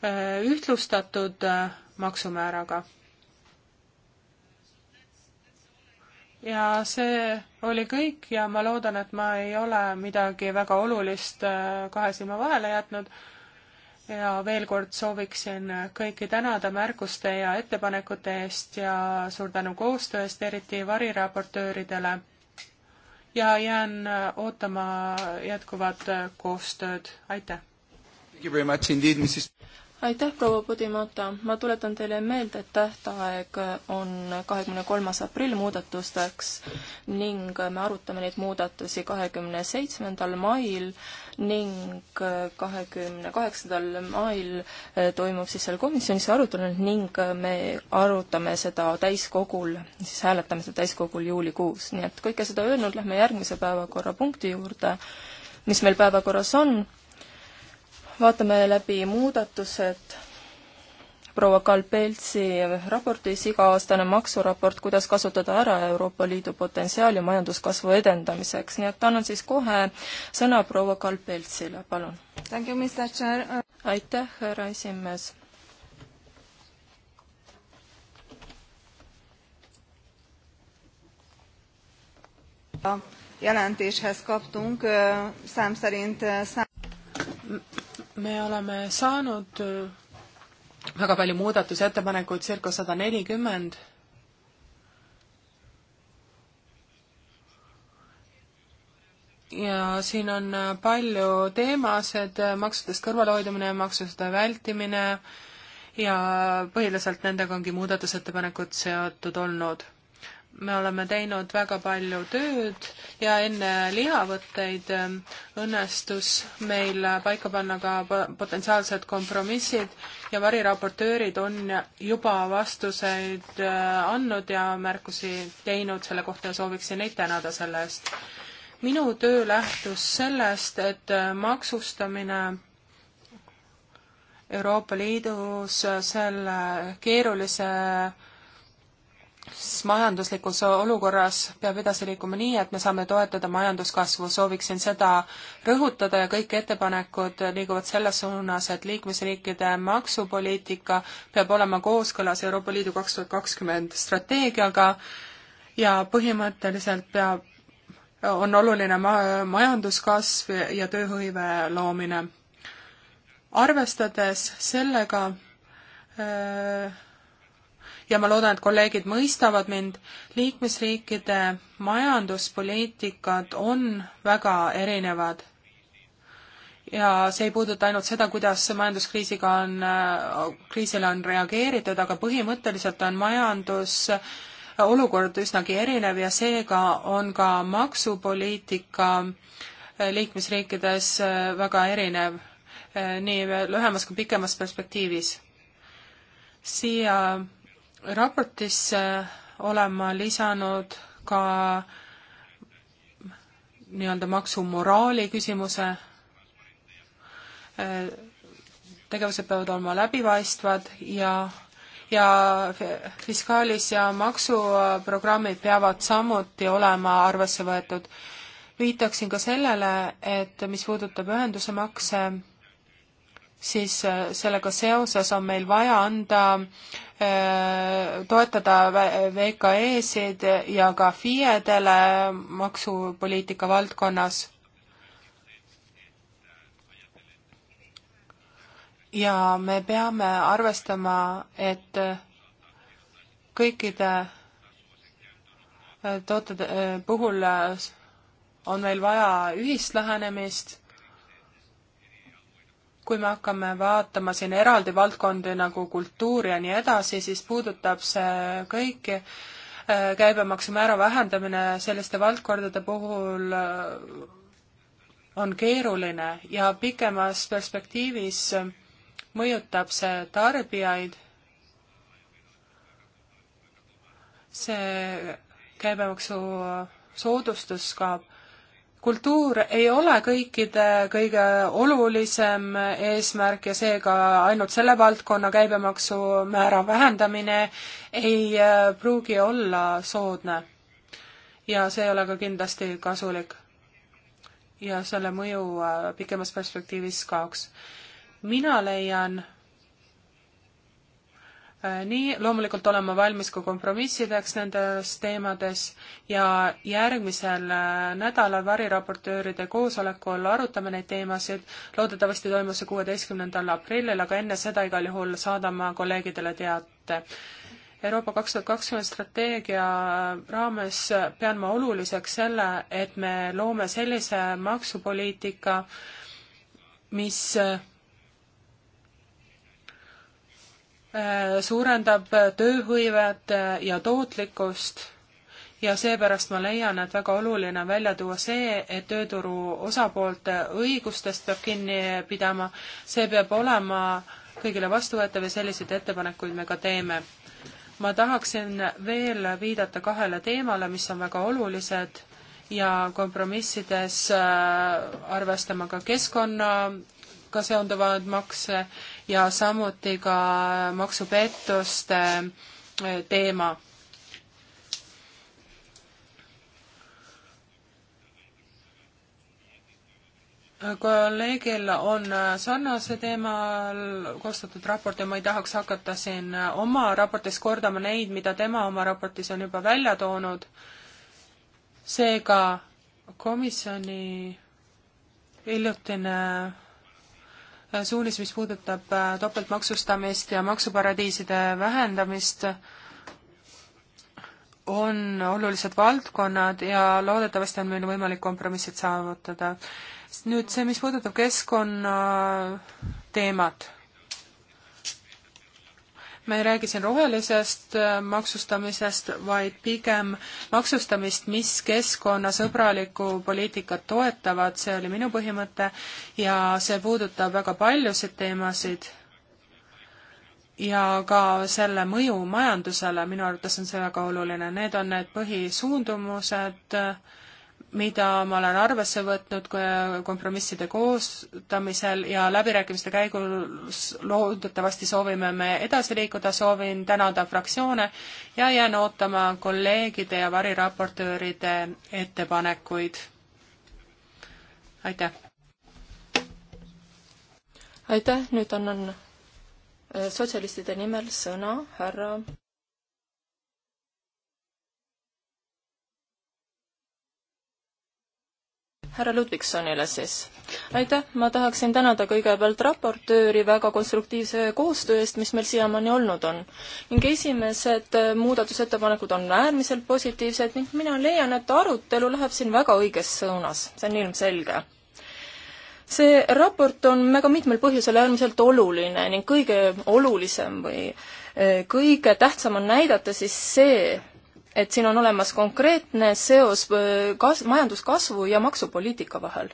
äh, ühtlustatud äh, maksumääraga. ja see oli kõik ja ma loodan, et ma ei ole midagi väga olulist äh, kahe silma vahele jätnud ja veel kord sooviksin kõiki tänada märkuste ja ettepanekute eest ja suur tänu koostöö eest, eriti variraportööridele ja jään äh, ootama jätkuvat äh, koostööd, aitäh! aitäh, proua Pudimata, ma tuletan teile meelde, et tähtaeg on kahekümne kolmas aprill muudatusteks ning me arutame neid muudatusi kahekümne seitsmendal mail ning kahekümne kaheksandal mail toimub siis seal komisjonis arutelu ning me arutame seda täiskogul, siis hääletame seda täiskogul juulikuus, nii et kõike seda öelnud, lähme järgmise päevakorrapunkti juurde, mis meil päevakorras on vaatame läbi muudatused proua Kalpeltsi raportis iga-aastane maksuraport, kuidas kasutada ära Euroopa Liidu potentsiaali majanduskasvu edendamiseks, nii et annan siis kohe sõna proua Kalpeltsile, palun. aitäh, härra esimees. jelentéshez kaptunk szám szerint szám me oleme saanud äh, väga palju muudatusettepanekuid, circa sada nelikümmend. ja siin on äh, palju teemasid, äh, maksudest kõrvalehoidumine, maksude vältimine ja põhiliselt nendega ongi muudatusettepanekud seotud olnud me oleme teinud väga palju tööd ja enne lihavõtteid ähm, õnnestus meil paika panna ka potentsiaalsed kompromissid ja variraportöörid on juba vastuseid äh, andnud ja märkusi teinud selle kohta ja sooviksin neid tänada selle eest. minu töö lähtus sellest, et äh, maksustamine Euroopa Liidus äh, selle keerulise majanduslikus olukorras peab edasi liikuma nii, et me saame toetada majanduskasvu, sooviksin seda rõhutada ja kõik ettepanekud liiguvad selles suunas, et liikmesriikide maksupoliitika peab olema kooskõlas Euroopa Liidu kaks tuhat kakskümmend strateegiaga ja põhimõtteliselt peab, on oluline ma-, majanduskasv ja tööhõive loomine. arvestades sellega äh, ja ma loodan, et kolleegid mõistavad mind, liikmesriikide majanduspoliitikad on väga erinevad. ja see ei puuduta ainult seda, kuidas majanduskriisiga on, kriisile on reageeritud, aga põhimõtteliselt on majandus äh, olukord üsnagi erinev ja seega on ka maksupoliitika äh, liikmesriikides äh, väga erinev nii lühemas kui pikemas perspektiivis. siia raportisse äh, olen ma lisanud ka nii-öelda maksumoraali küsimuse, äh, tegevused peavad olema läbipaistvad ja, ja fiskaalis- ja maksuprogrammid peavad samuti olema arvesse võetud. viitaksin ka sellele, et mis puudutab ühenduse makse, siis äh, sellega seoses on meil vaja anda, äh, toetada VKE-sid ja ka FIE-dele maksupoliitika valdkonnas. ja me peame arvestama, et kõikide äh, tootede puhul on meil vaja ühist lähenemist kui me hakkame vaatama siin eraldi valdkondi nagu kultuur ja nii edasi, siis puudutab see kõiki äh, käibemaksumäära vähendamine selliste valdkondade puhul äh, on keeruline ja pikemas perspektiivis mõjutab see tarbijaid. see käibemaksu soodustus ka kultuur ei ole kõikide kõige olulisem eesmärk ja seega ainult selle valdkonna käibemaksumäära vähendamine ei äh, pruugi olla soodne. ja see ei ole ka kindlasti kasulik. ja selle mõju äh, pikemas perspektiivis kaoks. mina leian, Äh, nii, loomulikult olen ma valmis ka kompromissideks nendes teemades ja järgmisel äh, nädalal variraportööride koosolekul arutame neid teemasid. loodetavasti toimub see kuueteistkümnendal aprillil, aga enne seda igal juhul saadan ma kolleegidele teate. Euroopa kaks tuhat kakskümmend strateegia raames pean ma oluliseks selle, et me loome sellise maksupoliitika, mis äh, Äh, suurendab tööhõivet äh, ja tootlikkust ja seepärast ma leian, et väga oluline on välja tuua see, et tööturu osapoolte õigustest peab kinni pidama, see peab olema kõigile vastuvõetav ja selliseid ettepanekuid me ka teeme. ma tahaksin veel viidata kahele teemale, mis on väga olulised ja kompromissides äh, arvestama ka keskkonnaga seonduvaid makse ja samuti ka maksupettuste eh, teema. kolleegil on eh, sarnase teemal koostatud raport ja ma ei tahaks hakata siin eh, oma raportis kordama neid, mida tema oma raportis on juba välja toonud. seega komisjoni hiljutine suunis, mis puudutab äh, topeltmaksustamist ja maksuparadiiside vähendamist, on olulised valdkonnad ja loodetavasti on meil võimalik kompromissid saavutada. nüüd see, mis puudutab keskkonna teemat me ei räägi siin rohelisest äh, maksustamisest, vaid pigem maksustamist, mis keskkonnasõbralikku poliitikat toetavad, see oli minu põhimõte ja see puudutab väga paljusid teemasid ja ka selle mõju majandusele, minu arvates on see väga oluline, need on need põhisuundumused äh,, mida ma olen arvesse võtnud kompromisside koostamisel ja läbirääkimiste käigus loodetavasti soovime me edasi liikuda, soovin tänada fraktsioone ja jään ootama kolleegide ja variraportööride ettepanekuid. aitäh! aitäh, nüüd annan äh, sotsialistide nimel sõna härra härra Ludvigsonile siis. aitäh, ma tahaksin tänada kõigepealt raportööri väga konstruktiivse koostöö eest, mis meil siiamaani olnud on. ning esimesed äh, muudatusettepanekud on äärmiselt positiivsed ning mina leian, et arutelu läheb siin väga õiges suunas, see on ilmselge see raport on väga mitmel põhjusel äärmiselt oluline ning kõige olulisem või äh, kõige tähtsam on näidata siis see, et siin on olemas konkreetne seos äh, kas-, majanduskasvu ja maksupoliitika vahel.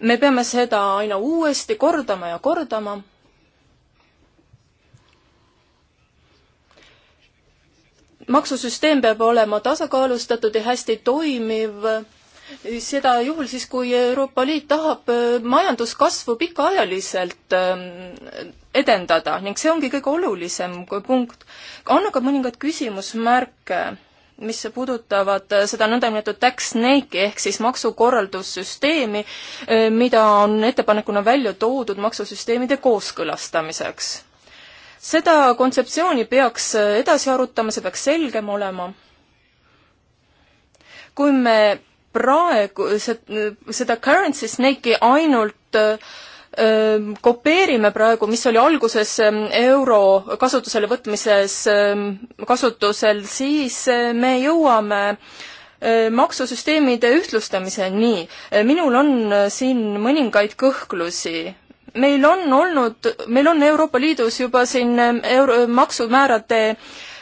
me peame seda aina uuesti kordama ja kordama maksusüsteem peab olema tasakaalustatud ja hästi toimiv, seda juhul siis, kui Euroopa Liit tahab äh, majanduskasvu pikaajaliselt ähm, edendada ning see ongi kõige olulisem kui punkt. on aga mõningad küsimusmärke, mis puudutavad äh, seda nõndanimetatud tax snake'i ehk siis maksukorraldussüsteemi, äh, mida on ettepanekuna välja toodud maksusüsteemide kooskõlastamiseks. seda kontseptsiooni peaks äh, edasi arutama, see peaks selgem olema. kui me praegu seda currency snake'i ainult äh, kopeerime praegu, mis oli alguses euro kasutusele võtmises kasutusel, siis me jõuame maksusüsteemide ühtlustamiseni. minul on siin mõningaid kõhklusi. meil on olnud, meil on Euroopa Liidus juba siin euro, maksumäärade äh,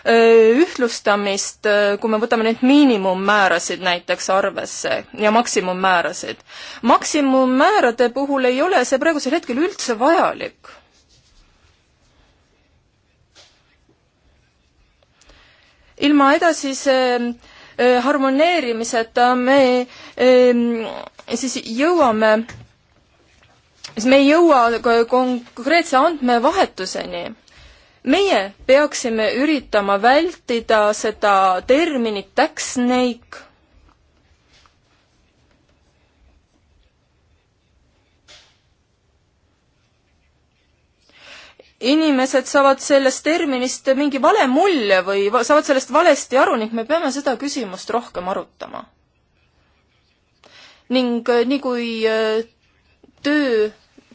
ühtlustamist, kui me võtame neid miinimummäärasid näiteks arvesse ja maksimummäärasid. maksimummäärade puhul ei ole see praegusel hetkel üldse vajalik ilma edasise äh, harmoneerimiseta me äh, siis jõuame, siis me ei jõua konkreetse andmevahetuseni meie peaksime üritama vältida seda terminit tax snake. inimesed saavad sellest terminist mingi vale mulje või saavad sellest valesti aru ning me peame seda küsimust rohkem arutama. ning eh, nii kui eh, töö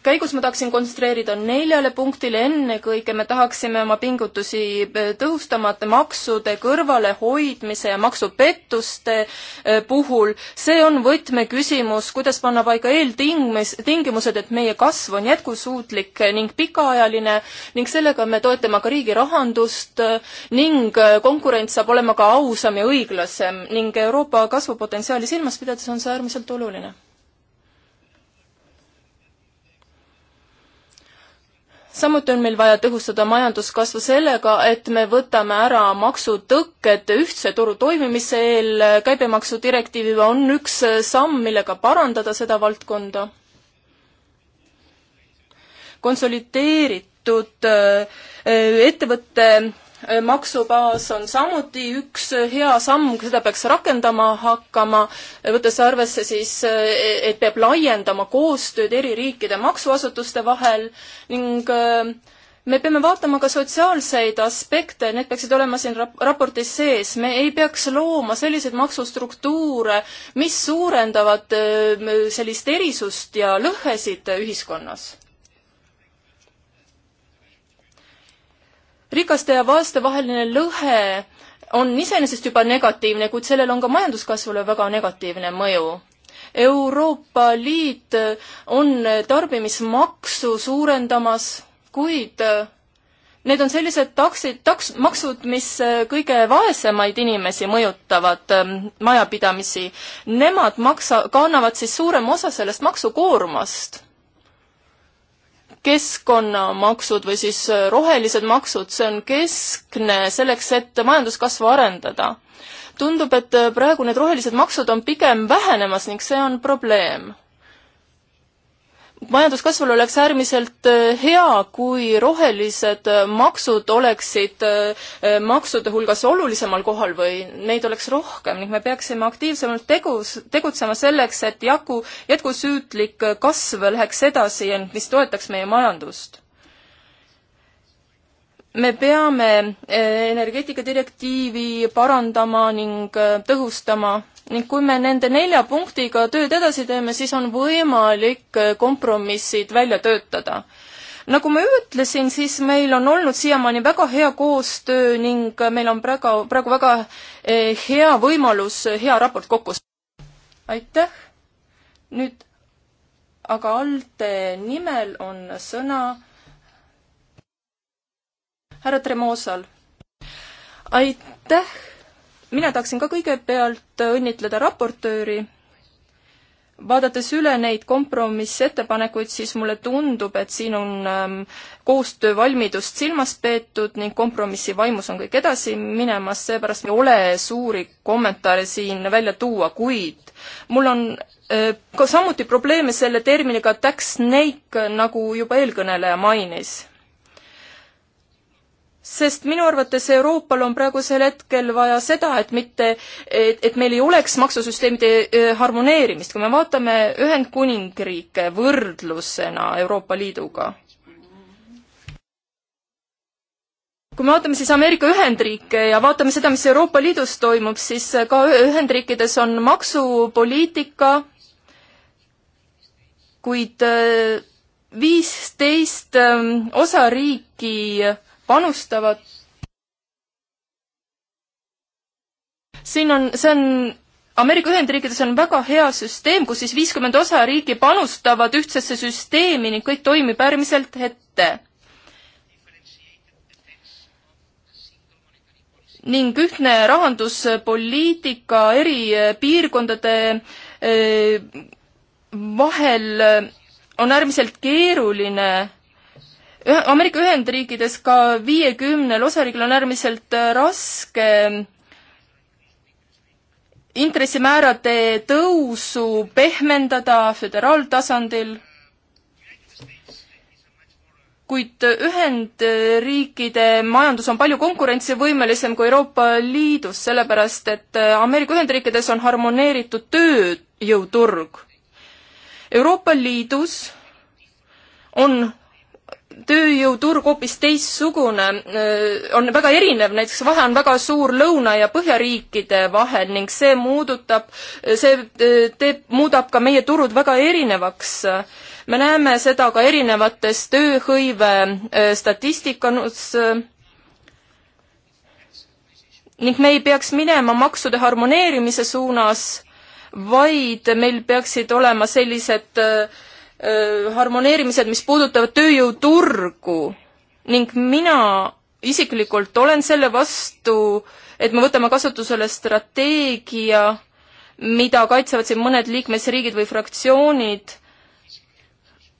käigus ma tahaksin kontsentreerida neljale punktile, ennekõike me tahaksime oma pingutusi äh, tõhustamata maksude kõrvalehoidmise ja maksupettuste äh, puhul. see on võtmeküsimus, kuidas panna paika eeltingimus, tingimused, et meie kasv on jätkusuutlik ning pikaajaline ning sellega me toetame ka riigi rahandust äh, ning konkurents saab olema ka ausam ja õiglasem ning Euroopa kasvupotentsiaali silmas pidades on see äärmiselt oluline samuti on meil vaja tõhustada majanduskasvu sellega, et me võtame ära maksutõkked ühtse turu toimimise eel, käibemaksudirektiiv on üks samm, millega parandada seda valdkonda. konsolideeritud äh, ettevõtte maksubaas on samuti üks hea samm, seda peaks rakendama hakkama, võttes arvesse siis, et peab laiendama koostööd eri riikide maksuasutuste vahel ning me peame vaatama ka sotsiaalseid aspekte, need peaksid olema siin rap-, raportis sees, me ei peaks looma selliseid maksustruktuure, mis suurendavad sellist erisust ja lõhesid ühiskonnas rikaste ja vaeste vaheline lõhe on iseenesest juba negatiivne, kuid sellel on ka majanduskasvule väga negatiivne mõju Euroopa Liit on tarbimismaksu suurendamas, kuid need on sellised taksid, taks-, maksud, mis kõige vaesemaid inimesi mõjutavad, ähm, majapidamisi. Nemad maksa-, kannavad siis suurema osa sellest maksukoormast keskkonnamaksud või siis äh, rohelised maksud, see on keskne selleks, et majanduskasvu arendada. tundub, et äh, praegu need rohelised maksud on pigem vähenemas ning see on probleem majanduskasvul oleks äärmiselt äh, hea, kui rohelised äh, maksud oleksid äh, maksude hulgas olulisemal kohal või neid oleks rohkem ning me peaksime aktiivsemalt tegus, tegutsema selleks, et jagu, jätkusüütlik kasv läheks edasi ja mis toetaks meie majandust me peame energeetikadirektiivi parandama ning tõhustama ning kui me nende nelja punktiga tööd edasi teeme, siis on võimalik äh, kompromissid välja töötada. nagu ma ütlesin, siis meil on olnud siiamaani väga hea koostöö ning äh, meil on praegu, praegu väga äh, hea võimalus hea raport kokku saada. aitäh! nüüd aga Alte nimel on sõna härra Tremosal. aitäh! mina tahaksin ka kõigepealt õnnitleda raportööri. vaadates üle neid kompromissettepanekuid, siis mulle tundub, et siin on ähm, koostöövalmidust silmas peetud ning kompromissi vaimus on kõik edasi minemas, seepärast ei ole suuri kommentaare siin välja tuua, kuid mul on äh, ka samuti probleeme selle terminiga tax snake, nagu juba eelkõneleja mainis sest minu arvates Euroopal on praegusel hetkel vaja seda, et mitte, et, et meil ei oleks maksusüsteemide eh, harmoneerimist, kui me vaatame Ühendkuningriike võrdlusena Euroopa Liiduga. kui me vaatame siis Ameerika Ühendriike ja vaatame seda, mis Euroopa Liidus toimub, siis ka Ühendriikides on maksupoliitika, kuid eh, viisteist eh, osariiki panustavad. siin on, see on Ameerika Ühendriikides on väga hea süsteem, kus siis viiskümmend osariiki panustavad ühtsesse süsteemi ning kõik toimib äärmiselt ette. ning ühtne rahanduspoliitika eri eh, piirkondade eh, vahel eh, on äärmiselt keeruline Ameerika Ühendriikides ka viiekümnel osariigil on äärmiselt äh, raske ähm, intressimäärade tõusu pehmendada föderaaltasandil, kuid äh, Ühendriikide majandus on palju konkurentsivõimelisem kui Euroopa Liidus, sellepärast et äh, Ameerika Ühendriikides on harmoneeritud tööjõuturg. Euroopa Liidus on tööjõuturg hoopis teistsugune, on väga erinev, näiteks vahe on väga suur lõuna- ja põhjariikide vahel ning see muudutab, see teeb, muudab ka meie turud väga erinevaks. me näeme seda ka erinevates tööhõive statistikas ning me ei peaks minema maksude harmoneerimise suunas, vaid meil peaksid olema sellised äh, harmoneerimised, mis puudutavad tööjõuturgu ning mina isiklikult olen selle vastu, et me võtame kasutusele strateegia, mida kaitsevad siin mõned liikmesriigid või fraktsioonid,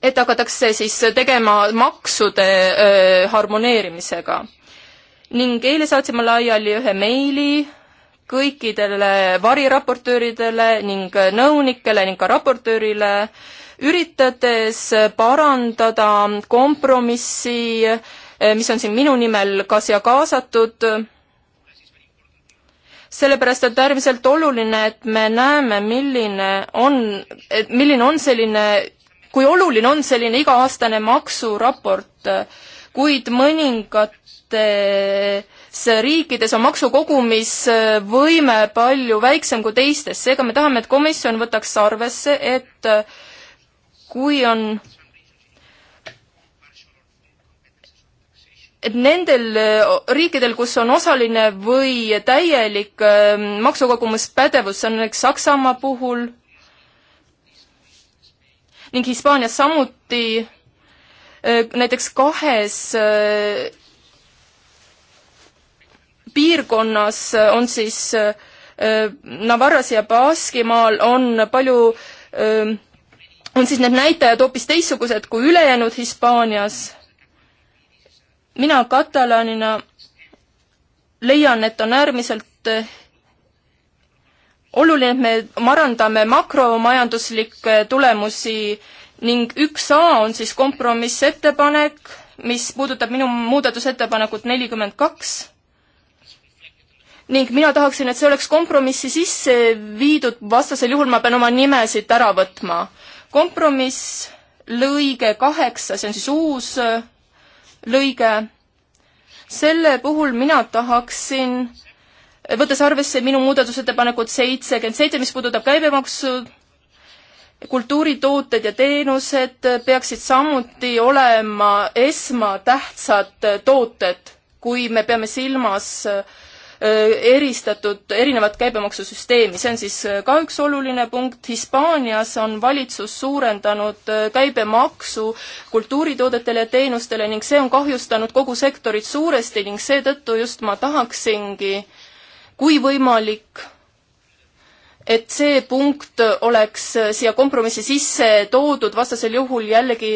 et hakatakse siis tegema maksude öö, harmoneerimisega. ning eile saatsime laiali ühe meili kõikidele variraportööridele ning nõunikele ning ka raportöörile, üritades parandada kompromissi, eh, mis on siin minu nimel ka siia kaasatud, sellepärast et äärmiselt oluline, et me näeme, milline on, et milline on selline, kui oluline on selline iga-aastane maksuraport, kuid mõningate mõnedes riikides on maksukogumisvõime palju väiksem kui teistes, seega me tahame, et komisjon võtaks arvesse, et kui on et nendel äh, riikidel, kus on osaline või täielik ähm, maksukogumispädevus, see on näiteks Saksamaa puhul ning Hispaanias samuti, äh, näiteks kahes äh, piirkonnas on siis Navarras ja Baskimaal on palju öö, ähm, on siis need näitajad hoopis teistsugused kui ülejäänud Hispaanias. mina katalaanina leian, et on äärmiselt eh, oluline, et me marandame makromajanduslikke tulemusi ning üks A on siis kompromissettepanek, mis puudutab minu muudatusettepanekut nelikümmend kaks ning mina tahaksin, et see oleks kompromissi sisse viidud, vastasel juhul ma pean oma nimesid ära võtma kompromiss lõige kaheksa, see on siis uus äh, lõige, selle puhul mina tahaksin, äh, võttes arvesse minu muudatusettepanekut seitsekümmend seitse, mis puudutab käibemaksu, kultuuritooted ja teenused äh, peaksid samuti olema esmatähtsad tooted, kui me peame silmas äh, Äh, eristatud erinevat käibemaksusüsteemi, see on siis äh, ka üks oluline punkt, Hispaanias on valitsus suurendanud äh, käibemaksu kultuuritoodetele ja teenustele ning see on kahjustanud kogu sektorit suuresti ning seetõttu just ma tahaksingi, kui võimalik, et see punkt oleks siia kompromissi sisse toodud, vastasel juhul jällegi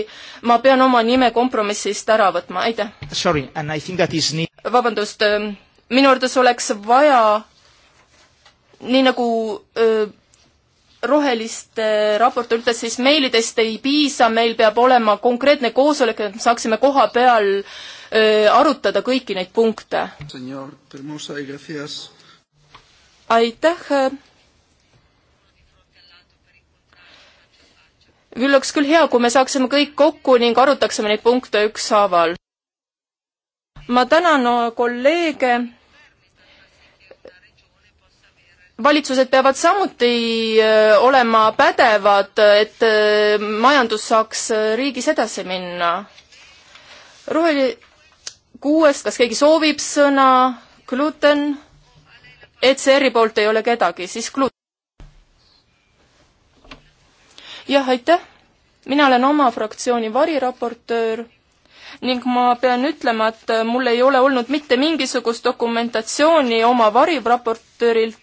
ma pean oma nime kompromissist ära võtma, aitäh. vabandust ähm, minu arvates oleks vaja, nii nagu öö, roheliste raport ütles, siis meilidest ei piisa, meil peab olema konkreetne koosolek, et me saaksime koha peal öö, arutada kõiki neid punkte. aitäh. küll oleks küll hea, kui me saaksime kõik kokku ning arutaksime neid punkte ükshaaval. ma tänan kolleege valitsused peavad samuti äh, olema pädevad, et äh, majandus saaks äh, riigis edasi minna. roheli- kuuest, kas keegi soovib sõna? gluten? ECR-i poolt ei ole kedagi, siis glu-. jah, aitäh. mina olen oma fraktsiooni variraportöör ning ma pean ütlema, et mul ei ole olnud mitte mingisugust dokumentatsiooni oma variraportöörilt,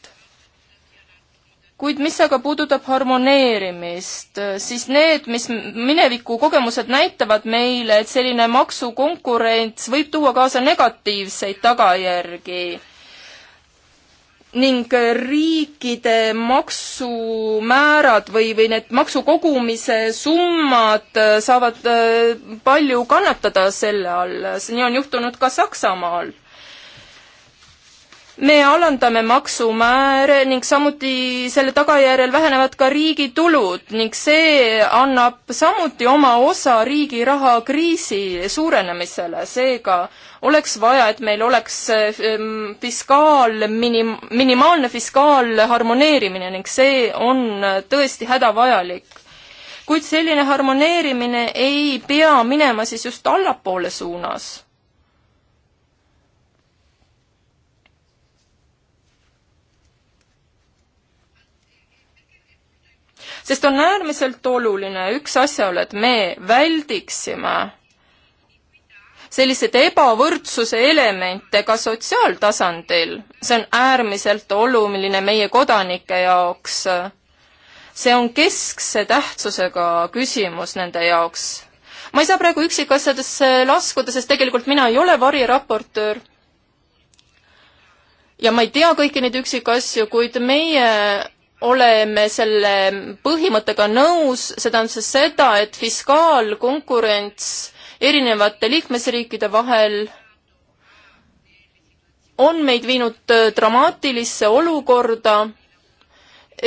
kuid mis aga puudutab harmoneerimist, äh, siis need, mis mineviku kogemused näitavad meile, et selline maksukonkurents võib tuua kaasa negatiivseid tagajärgi ning äh, riikide maksumäärad või, või need maksukogumise summad äh, saavad palju kannatada selle all, nii on juhtunud ka Saksamaal me alandame maksumääre ning samuti selle tagajärjel vähenevad ka riigi tulud ning see annab samuti oma osa riigi raha kriisi suurenemisele, seega oleks vaja, et meil oleks ehm, fiskaal, minim-, minimaalne fiskaalharmoneerimine ning see on tõesti hädavajalik. kuid selline harmoneerimine ei pea minema siis just allapoole suunas sest on äärmiselt oluline üks asjaolu, et me väldiksime selliseid ebavõrdsuse elemente ka sotsiaaltasandil. see on äärmiselt oluline meie kodanike jaoks. see on keskse tähtsusega küsimus nende jaoks. ma ei saa praegu üksikasjadesse laskuda, sest tegelikult mina ei ole variraportöör. ja ma ei tea kõiki neid üksikasju, kuid meie oleme selle põhimõttega nõus, see tähendab siis seda, et fiskaalkonkurents erinevate liikmesriikide vahel on meid viinud dramaatilisse olukorda,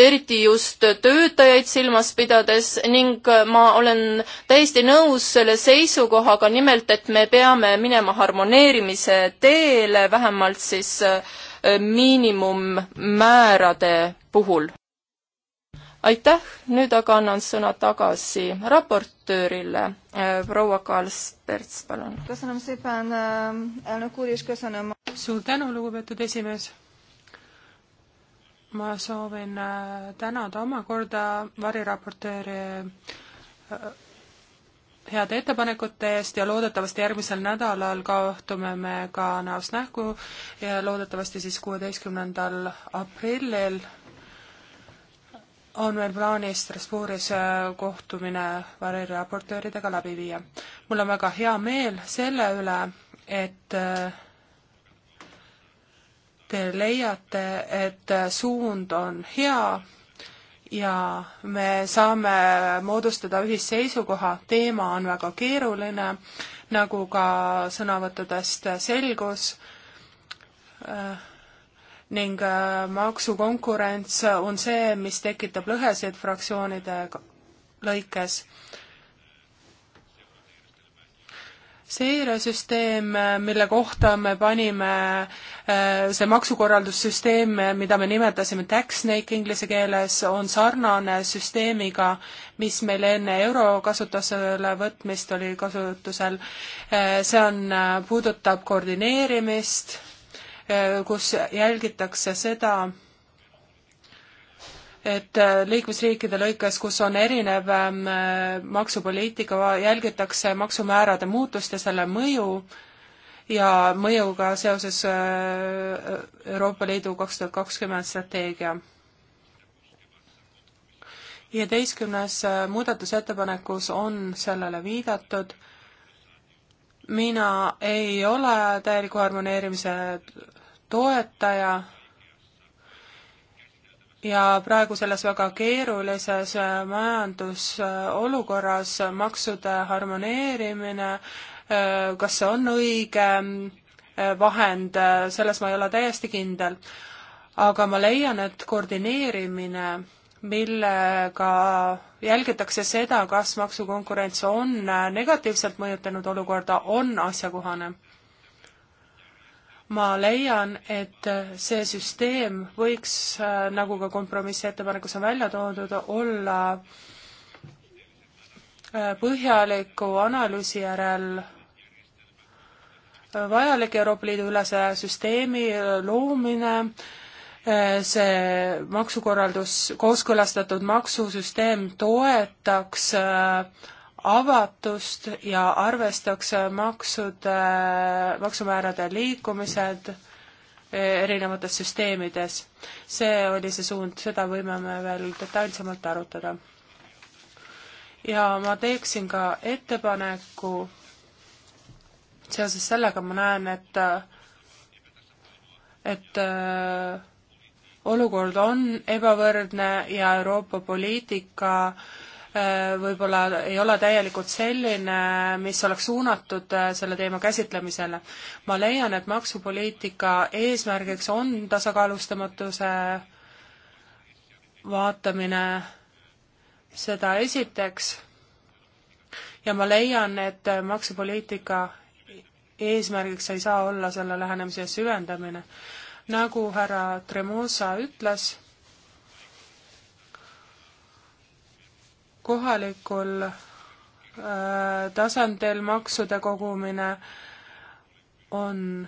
eriti just töötajaid silmas pidades ning ma olen täiesti nõus selle seisukohaga, nimelt et me peame minema harmoneerimise teele, vähemalt siis miinimummäärade puhul aitäh, nüüd aga annan sõna tagasi raportöörile, äh, proua Kalsperts, palun. suur tänu, lugupeetud esimees. ma soovin tänada omakorda variraportööri heade ettepanekute eest ja loodetavasti järgmisel nädalal kohtume me ka näost nähku ja loodetavasti siis kuueteistkümnendal aprillil on meil plaanis Strasbourgis äh, kohtumine variraportööridega läbi viia. mul on väga hea meel selle üle, et äh, te leiate, et äh, suund on hea ja me saame moodustada ühisseisukoha, teema on väga keeruline, nagu ka sõnavõttudest selgus ning äh, maksukonkurents on see, mis tekitab lõhesid fraktsioonide lõikes. seiresüsteem, mille kohta me panime, äh, see maksukorraldussüsteem, mida me nimetasime tax snake inglise keeles, on sarnane süsteemiga, mis meil enne euro kasutusele võtmist oli kasutusel. Äh, see on, puudutab koordineerimist Eh, kus jälgitakse seda, et eh, liikmesriikide lõikes, kus on erinev eh, maksupoliitika, jälgitakse maksumäärade muutust ja selle mõju ja mõjuga seoses Euroopa Liidu kaks tuhat kakskümmend strateegia. viieteistkümnes muudatusettepanekus on sellele viidatud mina ei ole täieliku harmoneerimise toetaja ja praegu selles väga keerulises äh, majandusolukorras äh, maksude harmoneerimine, äh, kas see on õige vahend, selles ma ei ole täiesti kindel. aga ma leian, et koordineerimine millega jälgitakse seda, kas maksukonkurents on negatiivselt mõjutanud olukorda, on asjakohane. ma leian, et see süsteem võiks, nagu ka kompromissettepanekus on välja toodud, olla põhjaliku analüüsi järel vajalik Euroopa Liidu ülese süsteemi loomine, Äh, see maksukorraldus, kooskõlastatud maksusüsteem toetaks äh, avatust ja arvestaks äh, maksude, maksumäärade liikumised erinevates süsteemides. see oli see suund, seda võime me veel detailsemalt arutada. ja ma teeksin ka ettepaneku, seoses sellega ma näen, et, et olukord on ebavõrdne ja Euroopa poliitika äh, võib-olla ei ole täielikult selline, mis oleks suunatud äh, selle teema käsitlemisele. ma leian, et maksupoliitika eesmärgiks on tasakaalustamatuse vaatamine, seda esiteks, ja ma leian, et maksupoliitika eesmärgiks ei saa olla selle lähenemise süvendamine nagu härra Tremosa ütles, kohalikul äh, tasandil maksude kogumine on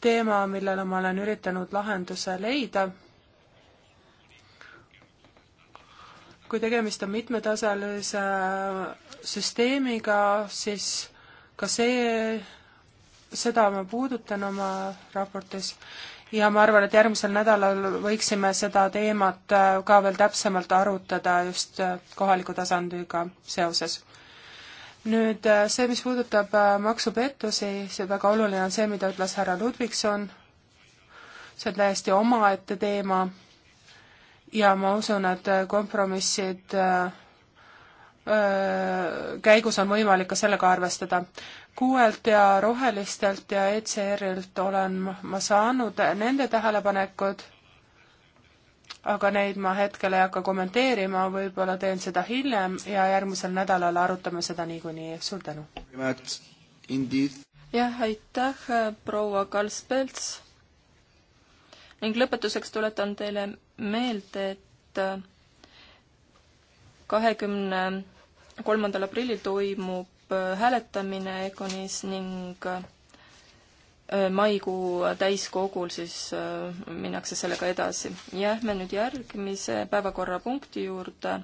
teema, millele ma olen üritanud lahenduse leida. kui tegemist on mitmetasalise süsteemiga, siis ka see seda ma puudutan oma raportis ja ma arvan, et järgmisel nädalal võiksime seda teemat äh, ka veel täpsemalt arutada just äh, kohaliku tasandiga seoses. nüüd äh, see, mis puudutab maksupettusi, see väga oluline on see, mida ütles härra Ludvigson, see on täiesti omaette teema ja ma usun, et kompromissid äh, käigus on võimalik ka sellega arvestada. kuuelt ja rohelistelt ja ECR-ilt olen ma saanud nende tähelepanekud, aga neid ma hetkel ei hakka kommenteerima, võib-olla teen seda hiljem ja järgmisel nädalal arutame seda niikuinii, suur tänu! jah, aitäh, proua Kalspelts! ning lõpetuseks tuletan teile meelde, et kahekümne 20 kolmandal aprillil toimub äh, hääletamine EKONis ning äh, maikuu täiskogul siis äh, minnakse sellega edasi. jääme nüüd järgmise päevakorrapunkti juurde.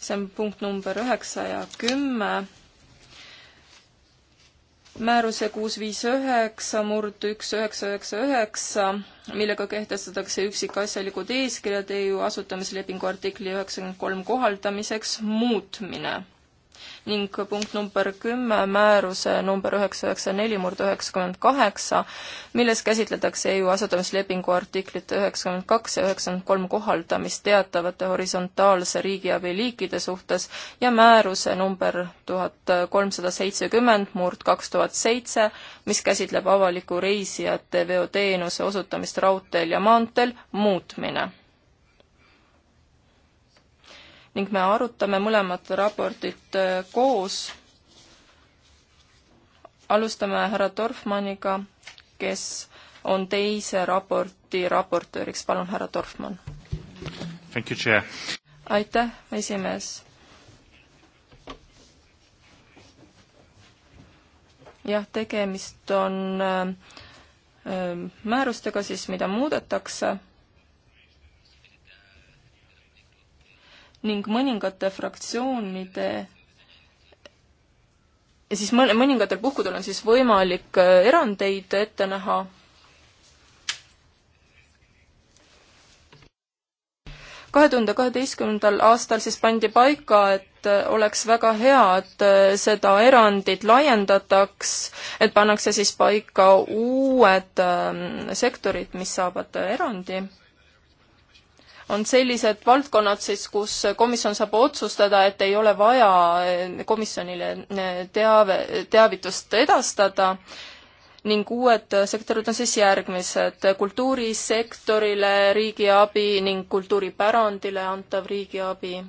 see on punkt number üheksa ja kümme. määruse kuus viis üheksa murd üks üheksa üheksa üheksa, millega kehtestatakse üksikasjalikud eeskirjad EU asutamislepingu artikli üheksakümmend kolm kohaldamiseks muutmine ning punkt number kümme määruse number üheksa üheksa neli murd üheksakümmend kaheksa, milles käsitletakse EU asutamislepingu artiklite üheksakümmend kaks ja üheksakümmend kolm kohaldamist teatavate horisontaalse riigiabi liikide suhtes ja määruse number tuhat kolmsada seitsekümmend murd kaks tuhat seitse, mis käsitleb avaliku reisijate veoteenuse osutamist raudteel ja maanteel, muutmine ning me arutame mõlemat raportit äh, koos. alustame härra Dorfmanniga, kes on teise raporti raportööriks, palun, härra Dorfmann. aitäh, esimees. jah, tegemist on äh, äh määrustega siis, mida muudetakse ning mõningate fraktsioonide ja siis mõne, mõningatel puhkudel on siis võimalik äh, erandeid ette näha. kahe tuhande kaheteistkümnendal aastal siis pandi paika, et äh, oleks väga hea, et äh, seda erandit laiendataks, et pannakse siis paika uued ähm, sektorid, mis saavad erandi on sellised valdkonnad siis, kus komisjon saab otsustada, et ei ole vaja eh, komisjonile eh, teave, teavitust edastada ning uued sektorid on siis järgmised. kultuurisektorile riigiabi ning kultuuripärandile antav riigiabi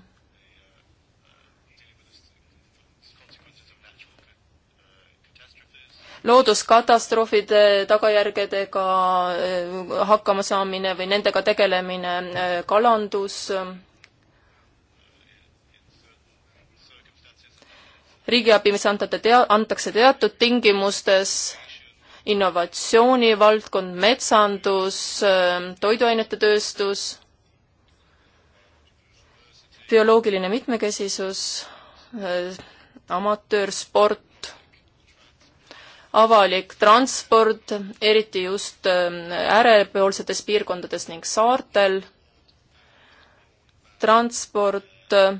looduskatastroofide tagajärgedega eh, hakkamasaamine või nendega tegelemine, eh, kalandus, riigiabi, mis antate tea-, antakse teatud tingimustes, innovatsioonivaldkond, metsandus, eh, toiduainetetööstus, bioloogiline mitmekesisus, amatöörsport, avalik transport, eriti just ähm, äärepoolsetes piirkondades ning saartel. transport äh,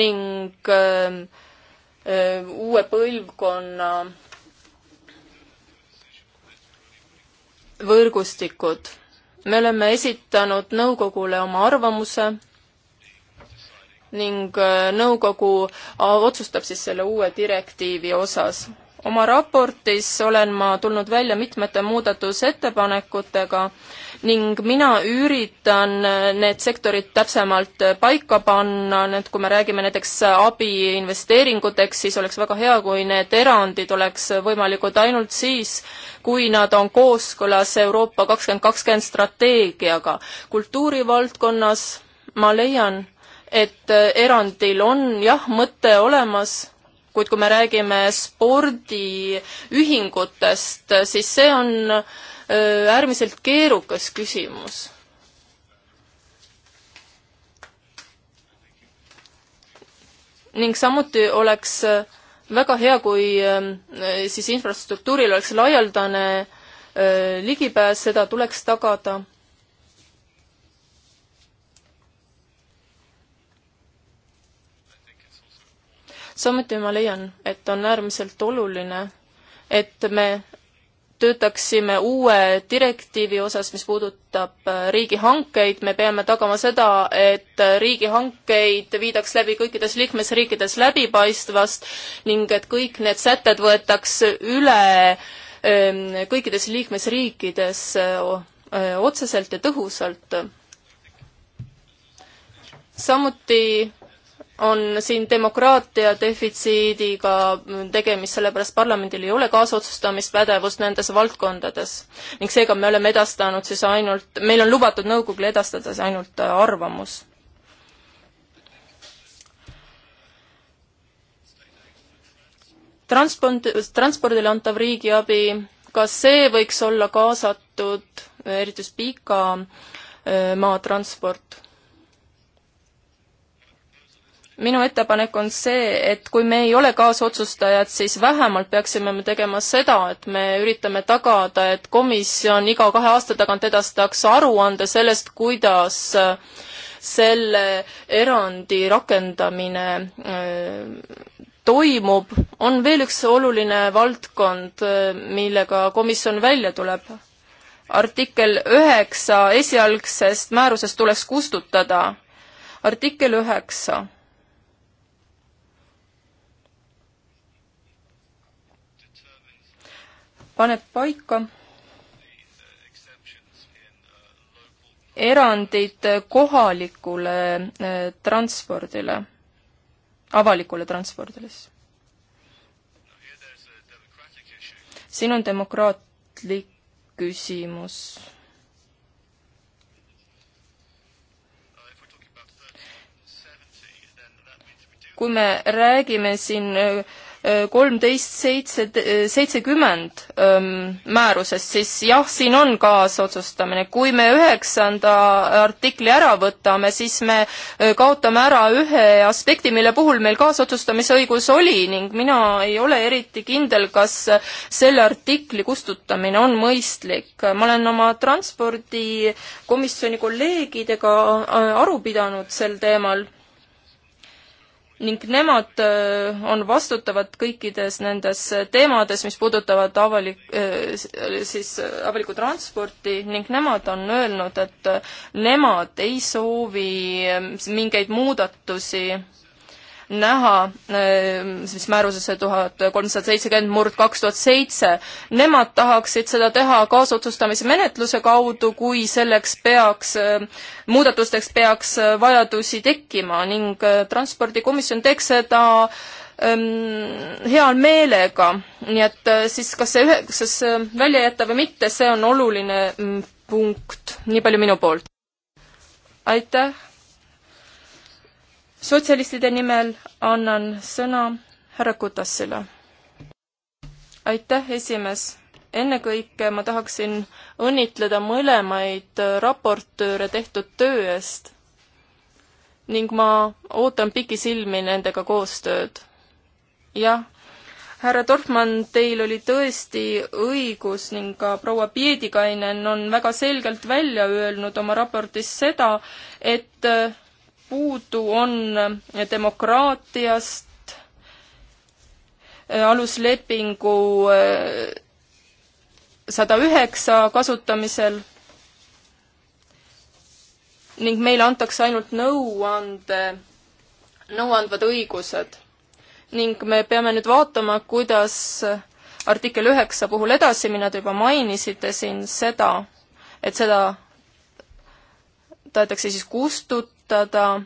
ning ähm, äh, uue põlvkonna võrgustikud. me oleme esitanud nõukogule oma arvamuse ning äh, nõukogu äh, otsustab siis selle uue direktiivi osas. oma raportis olen ma tulnud välja mitmete muudatusettepanekutega ning mina üritan äh, need sektorid täpsemalt paika panna, nii et kui me räägime näiteks abi investeeringuteks, siis oleks väga hea, kui need erandid oleks võimalikud ainult siis, kui nad on kooskõlas Euroopa kakskümmend kakskümmend strateegiaga. kultuurivaldkonnas ma leian, et eh, erandil on jah, mõte olemas, kuid kui me räägime spordiühingutest, siis see on eh, äärmiselt keerukas küsimus ning samuti oleks eh, väga hea, kui siis infrastruktuuril oleks laialdane ligipääs, seda tuleks tagada. samuti ma leian, et on äärmiselt oluline, et me töötaksime uue direktiivi osas, mis puudutab äh, riigihankeid, me peame tagama seda, et äh, riigihankeid viidaks läbi kõikides liikmesriikides läbipaistvast ning et kõik need sätted võetaks üle ähm, kõikides liikmesriikides äh, otseselt ja tõhusalt. samuti on siin demokraatia defitsiidiga tegemist, sellepärast parlamendil ei ole kaasotsustamispädevust nendes valdkondades. ning seega me oleme edastanud siis ainult, meil on lubatud nõukogule edastada siis ainult äh, arvamus. transport, transpordile antav riigiabi, kas see võiks olla kaasatud, eriti just pikamaa äh, transport? minu ettepanek on see, et kui me ei ole kaasotsustajad, siis vähemalt peaksime me tegema seda, et me üritame tagada, et komisjon iga kahe aasta tagant edastaks aruande sellest, kuidas äh, selle erandi rakendamine äh, toimub, on veel üks oluline valdkond, äh, millega komisjon välja tuleb. artikkel üheksa esialgsest määrusest tuleks kustutada. artikkel üheksa paneb paika erandid kohalikule eh, transpordile, avalikule transpordile siis. siin on demokraatlik küsimus. kui me räägime siin eh, kolmteist seitse, seitsekümmend ähm, määrusest, siis jah, siin on kaasotsustamine. kui me üheksanda artikli ära võtame, siis me äh, kaotame ära ühe aspekti, mille puhul meil kaasotsustamise õigus oli ning mina ei ole eriti kindel, kas selle artikli kustutamine on mõistlik. ma olen oma transpordikomisjoni kolleegidega äh, aru pidanud sel teemal ning nemad äh, on vastutavad kõikides nendes teemades, mis puudutavad avalik, äh, siis äh, avalikku transporti ning nemad on öelnud, et nemad ei soovi mingeid muudatusi näha, eh, siis määrusesse tuhat kolmsada seitsekümmend murd kaks tuhat seitse. Nemad tahaksid seda teha kaasotsustamise menetluse kaudu, kui selleks peaks, eh, muudatusteks peaks eh, vajadusi tekkima ning transpordikomisjon teeks seda ehm, heal meelega, nii et siis kas see üheksas välja jätta või mitte, see on oluline mm, punkt, nii palju minu poolt. aitäh! sotsialistide nimel annan sõna härra Kutasile. aitäh, esimees! ennekõike ma tahaksin õnnitleda mõlemaid raportööre tehtud töö eest ning ma ootan pikisilmi nendega koostööd. jah, härra Dorfmann, teil oli tõesti õigus ning ka proua Piedikainen on väga selgelt välja öelnud oma raportis seda, et puudu on demokraatiast, äh, aluslepingu äh, sada üheksa kasutamisel ning meile antakse ainult nõuande, nõuandvad õigused. ning me peame nüüd vaatama, kuidas artikkel üheksa puhul edasi minna, te juba mainisite siin seda, et seda tahetakse siis kustutada, arutada,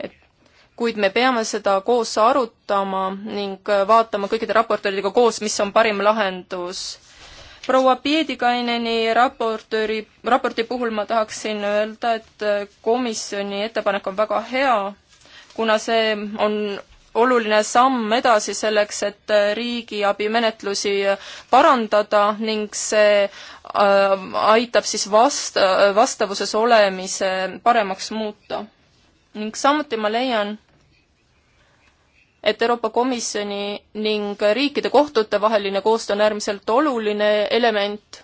et kuid me peame seda koos arutama ning vaatama kõikide raportööridega koos, mis on parim lahendus. proua Piedikaineni raportööri, raporti puhul ma tahaksin öelda, et komisjoni ettepanek on väga hea, kuna see on oluline samm edasi selleks, et äh, riigiabimenetlusi äh, parandada ning see äh, aitab siis vast-, vastavuses olemise paremaks muuta. ning samuti ma leian, et Euroopa Komisjoni ning riikide kohtute vaheline koostöö on äärmiselt oluline element,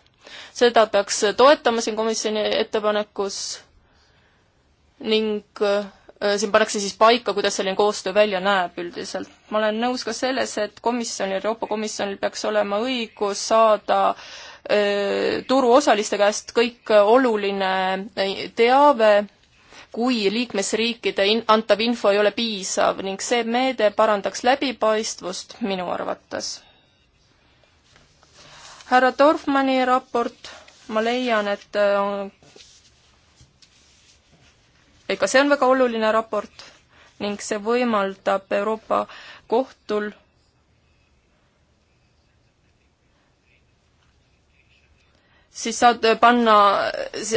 seda peaks toetama siin komisjoni ettepanekus ning Äh, siin pannakse siis paika, kuidas selline koostöö välja näeb üldiselt. ma olen nõus ka selles, et komisjonil, Euroopa Komisjonil peaks olema õigus saada äh, turuosaliste käest kõik oluline äh, teave, kui liikmesriikide in-, antav info ei ole piisav ning see meede parandaks läbipaistvust minu arvates. härra Dorfmanni raport, ma leian, et ka see on väga oluline raport ning see võimaldab Euroopa kohtul siis saad panna,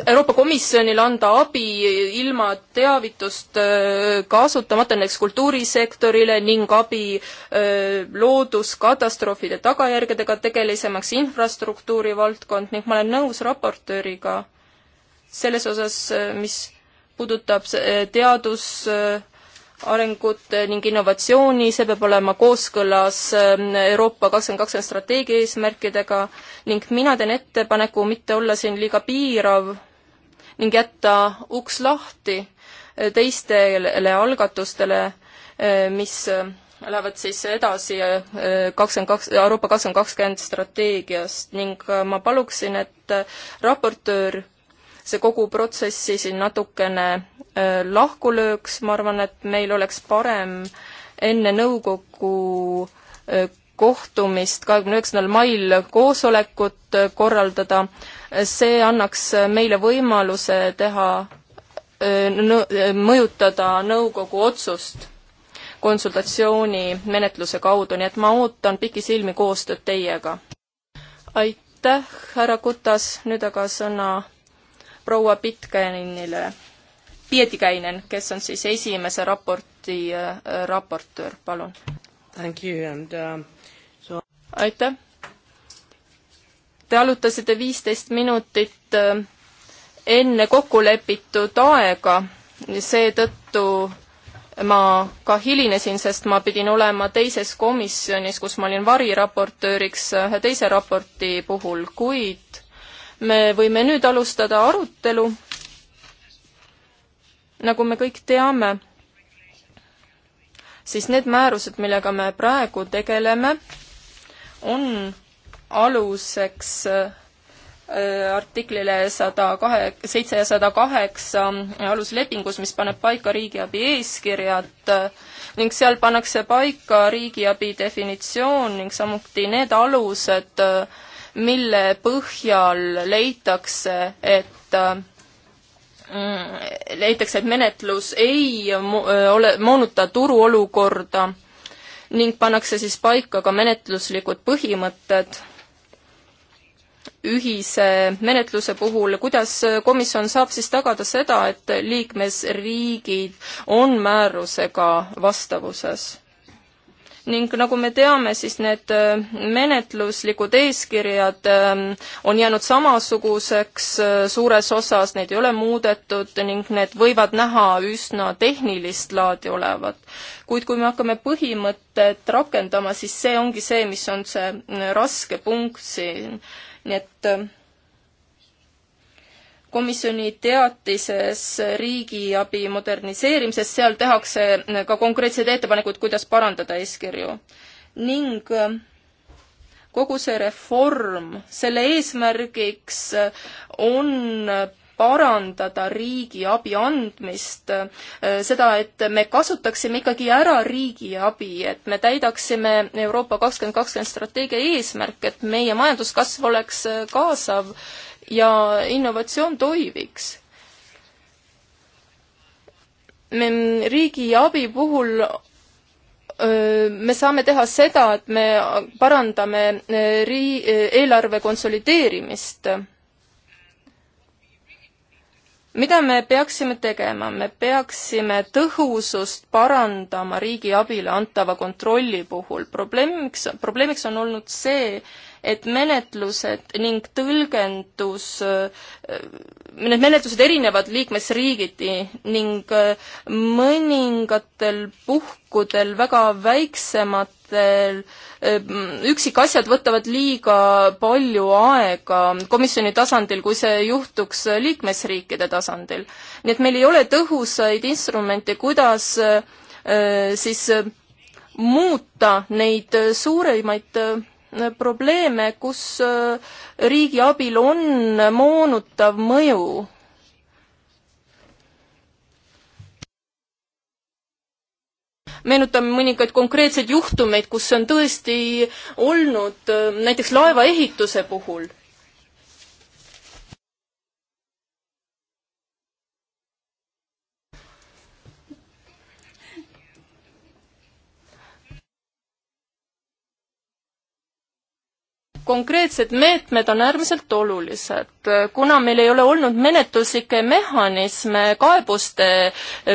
Euroopa Komisjonile anda abi ilma teavitust äh, kasutamata näiteks kultuurisektorile ning abi äh, looduskatastroofide tagajärgedega tegelisemaks infrastruktuuri valdkond ning ma olen nõus raportööriga selles osas, äh, mis puudutab eh, teadusarengut eh, eh, ning innovatsiooni, see peab olema kooskõlas Euroopa kakskümmend kakskümmend strateegia eesmärkidega ning mina teen ettepaneku mitte olla siin liiga piirav ning jätta uks lahti teistele algatustele, mis lähevad siis edasi kakskümmend kaks, Euroopa kakskümmend kakskümmend strateegiast ning ma paluksin, et raportöör see kogu protsessi siin natukene äh, lahku lööks, ma arvan, et meil oleks parem enne nõukogu äh, kohtumist kahekümne üheksandal mail koosolekut äh, korraldada, see annaks meile võimaluse teha, mõjutada nõukogu otsust konsultatsiooni menetluse kaudu, nii et ma ootan pikisilmi koostööd teiega. aitäh, härra Kutas, nüüd aga sõna proua Pitkainile, Pietikäinen, kes on siis esimese raporti äh, raportöör, palun. Um, so... aitäh. Te arutasite viisteist minutit äh, enne kokkulepitud aega, seetõttu ma ka hilinesin, sest ma pidin olema teises komisjonis, kus ma olin variraportööriks ühe teise raporti puhul, kuid me võime nüüd alustada arutelu. nagu me kõik teame, siis need määrused, millega me praegu tegeleme, on aluseks äh, artiklile sada kahe, seitse ja sada kaheksa aluslepingus, mis paneb paika riigiabi eeskirjad äh, ning seal pannakse paika riigiabi definitsioon ning samuti need alused, äh, mille põhjal leitakse, et mm, leitakse, et menetlus ei ole, moonuta turuolukorda ning pannakse siis paika ka menetluslikud põhimõtted ühise menetluse puhul, kuidas komisjon saab siis tagada seda, et liikmesriigid on määrusega vastavuses? ning nagu me teame, siis need äh, menetluslikud eeskirjad äh, on jäänud samasuguseks äh, suures osas, neid ei ole muudetud ning need võivad näha üsna tehnilist laadi olevat. kuid kui me hakkame põhimõtet rakendama, siis see ongi see, mis on see raske punkt siin, nii et komisjoni teatises riigiabi moderniseerimisest, seal tehakse ka konkreetsed ettepanekud, kuidas parandada eeskirju. ning äh, kogu see reform, selle eesmärgiks äh, on parandada riigiabi andmist, äh, seda, et me kasutaksime ikkagi ära riigiabi, et me täidaksime Euroopa kakskümmend kakskümmend strateegia eesmärk, et meie majanduskasv oleks kaasav ja innovatsioon toimiks. me riigi abi puhul me saame teha seda, et me parandame rii-, eelarve konsolideerimist. mida me peaksime tegema, me peaksime tõhusust parandama riigi abile antava kontrolli puhul. probleemiks, probleemiks on olnud see, et menetlused ning tõlgendus, need menetlused erinevad liikmesriigiti ning mõningatel puhkudel väga väiksematel üksikasjad võtavad liiga palju aega komisjoni tasandil, kui see juhtuks liikmesriikide tasandil. nii et meil ei ole tõhusaid instrumente, kuidas äh, siis muuta neid suuremaid äh, probleeme, kus äh, riigi abil on moonutav mõju. meenutame mõningaid konkreetseid juhtumeid, kus see on tõesti olnud, äh, näiteks laevaehituse puhul konkreetsed meetmed on äärmiselt olulised. kuna meil ei ole olnud menetluslikke mehhanisme kaebuste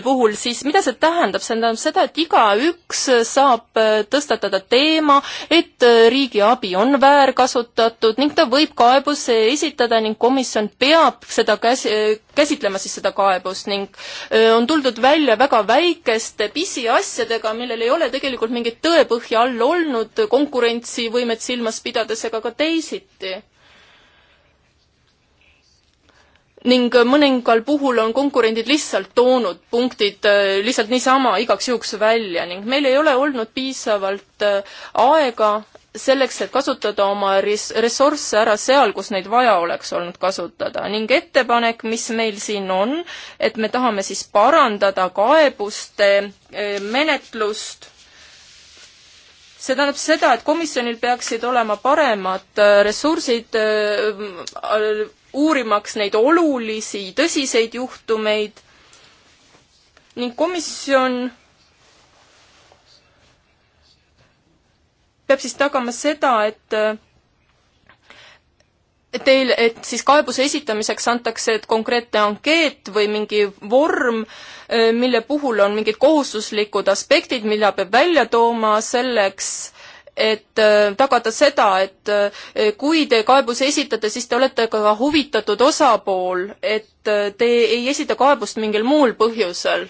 puhul, siis mida see tähendab? see tähendab seda, et igaüks saab tõstatada teema, et riigi abi on väärkasutatud ning ta võib kaebuse esitada ning komisjon peab seda käsi, käsitlema siis seda kaebust ning on tuldud välja väga väikeste pisiasjadega, millel ei ole tegelikult mingit tõepõhja all olnud konkurentsivõimet silmas pidades ega ka teisiti ning mõningal puhul on konkurendid lihtsalt toonud punktid lihtsalt niisama igaks juhuks välja ning meil ei ole olnud piisavalt aega selleks, et kasutada oma res-, ressursse ära seal, kus neid vaja oleks olnud kasutada ning ettepanek, mis meil siin on, et me tahame siis parandada kaebuste eh, menetlust, see tähendab seda, et komisjonil peaksid olema paremad eh, ressursid eh, uurimaks neid olulisi tõsiseid juhtumeid ning komisjon peab siis tagama seda, et teil, et siis kaebuse esitamiseks antakse konkreetne ankeet või mingi vorm, mille puhul on mingid kohustuslikud aspektid, mida peab välja tooma selleks, et äh, tagada seda, et äh, kui te kaebuse esitate, siis te olete ka huvitatud osapool, et äh, te ei esita kaebust mingil muul põhjusel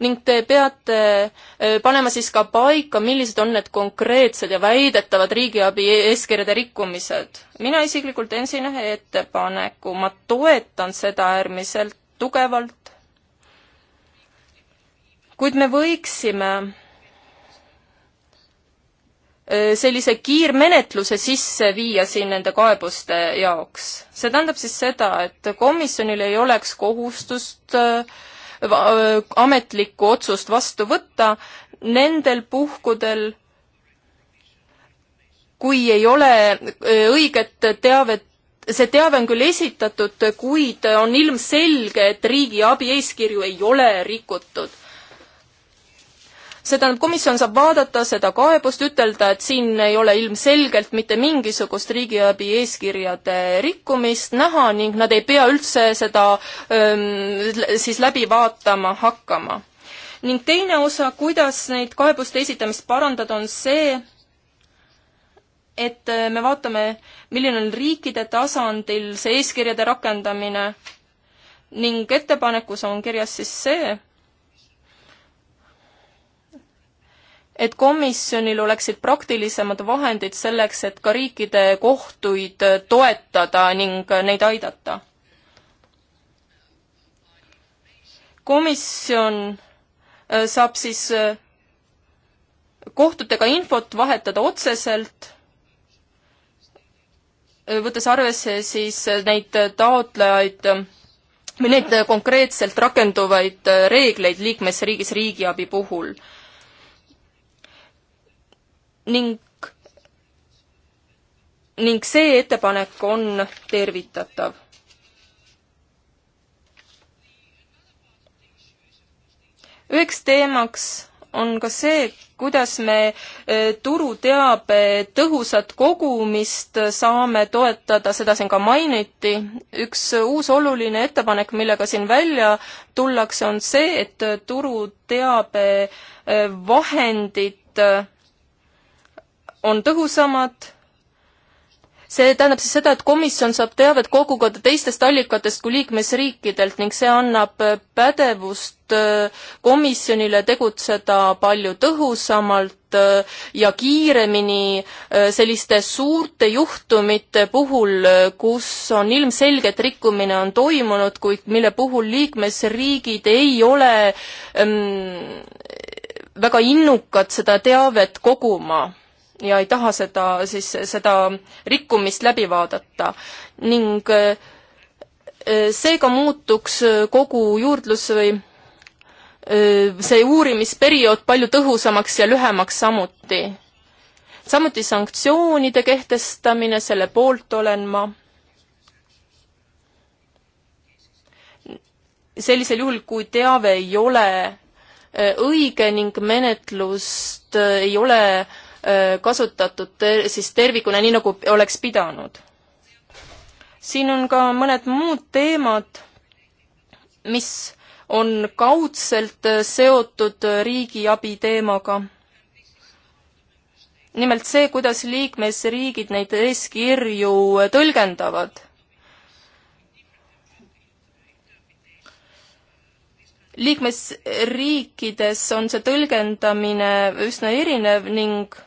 ning te peate eh, panema siis ka paika, millised on need konkreetsed ja väidetavad riigiabi e-, eeskirjade rikkumised. mina isiklikult teen siin ühe ettepaneku, ma toetan seda äärmiselt tugevalt, kuid me võiksime eh, sellise kiirmenetluse sisse viia siin nende kaebuste jaoks. see tähendab siis seda, et komisjonil ei oleks kohustust äh, ametlikku otsust vastu võtta, nendel puhkudel, kui ei ole e, õiget teavet see teave on küll esitatud, kuid on ilmselge, et riigi abieeskirju ei ole rikutud see tähendab, komisjon saab vaadata seda kaebust, ütelda, et siin ei ole ilmselgelt mitte mingisugust riigiabi eeskirjade rikkumist näha ning nad ei pea üldse seda öö, siis läbi vaatama hakkama. ning teine osa, kuidas neid kaebuste esitamist parandada, on see, et me vaatame, milline on riikide tasandil see eeskirjade rakendamine ning ettepanekus on kirjas siis see, et komisjonil oleksid praktilisemad vahendid selleks, et ka riikide kohtuid toetada ning neid aidata. komisjon äh, saab siis äh, kohtutega infot vahetada otseselt, äh, võttes arvesse siis neid taotlejaid või neid konkreetselt rakenduvaid reegleid liikmesriigis riigiabi puhul ning, ning see ettepanek on tervitatav. üheks teemaks on ka see, kuidas me e, turuteabe tõhusat kogumist saame toetada, seda siin ka mainiti. üks uus oluline ettepanek, millega siin välja tullakse, on see, et turuteabe e, vahendid on tõhusamad see tähendab siis seda, et komisjon saab teavet kogukonda teistest allikatest kui liikmesriikidelt ning see annab äh, pädevust äh, komisjonile tegutseda palju tõhusamalt äh, ja kiiremini selliste suurte juhtumite puhul, kus on ilmselge, et rikkumine on toimunud, kuid mille puhul liikmesriigid ei ole ähm, väga innukad seda teavet koguma ja ei taha seda, siis seda rikkumist läbi vaadata ning äh, äh, seega muutuks äh, kogu juurdlus või see uurimisperiood palju tõhusamaks ja lühemaks samuti. samuti sanktsioonide kehtestamine, selle poolt olen ma. sellisel juhul, kui teave ei ole õige ning menetlust ei ole Äh, kasutatud ter-, siis tervikuna, nii nagu oleks pidanud. siin on ka mõned muud teemad, mis on kaudselt äh, seotud äh, riigiabi teemaga. nimelt see, kuidas liikmesriigid neid eeskirju tõlgendavad liikmesriikides on see tõlgendamine üsna erinev ning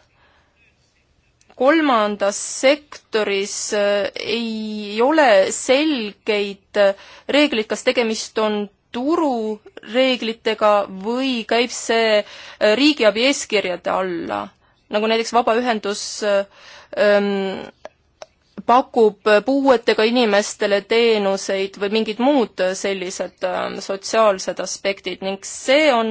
kolmandas sektoris äh, ei ole selgeid äh, reegleid, kas tegemist on turureeglitega või käib see äh, riigiabi eeskirjade alla, nagu näiteks vabaühendus ähm, pakub puuetega inimestele teenuseid või mingid muud sellised ähm, sotsiaalsed aspektid ning see on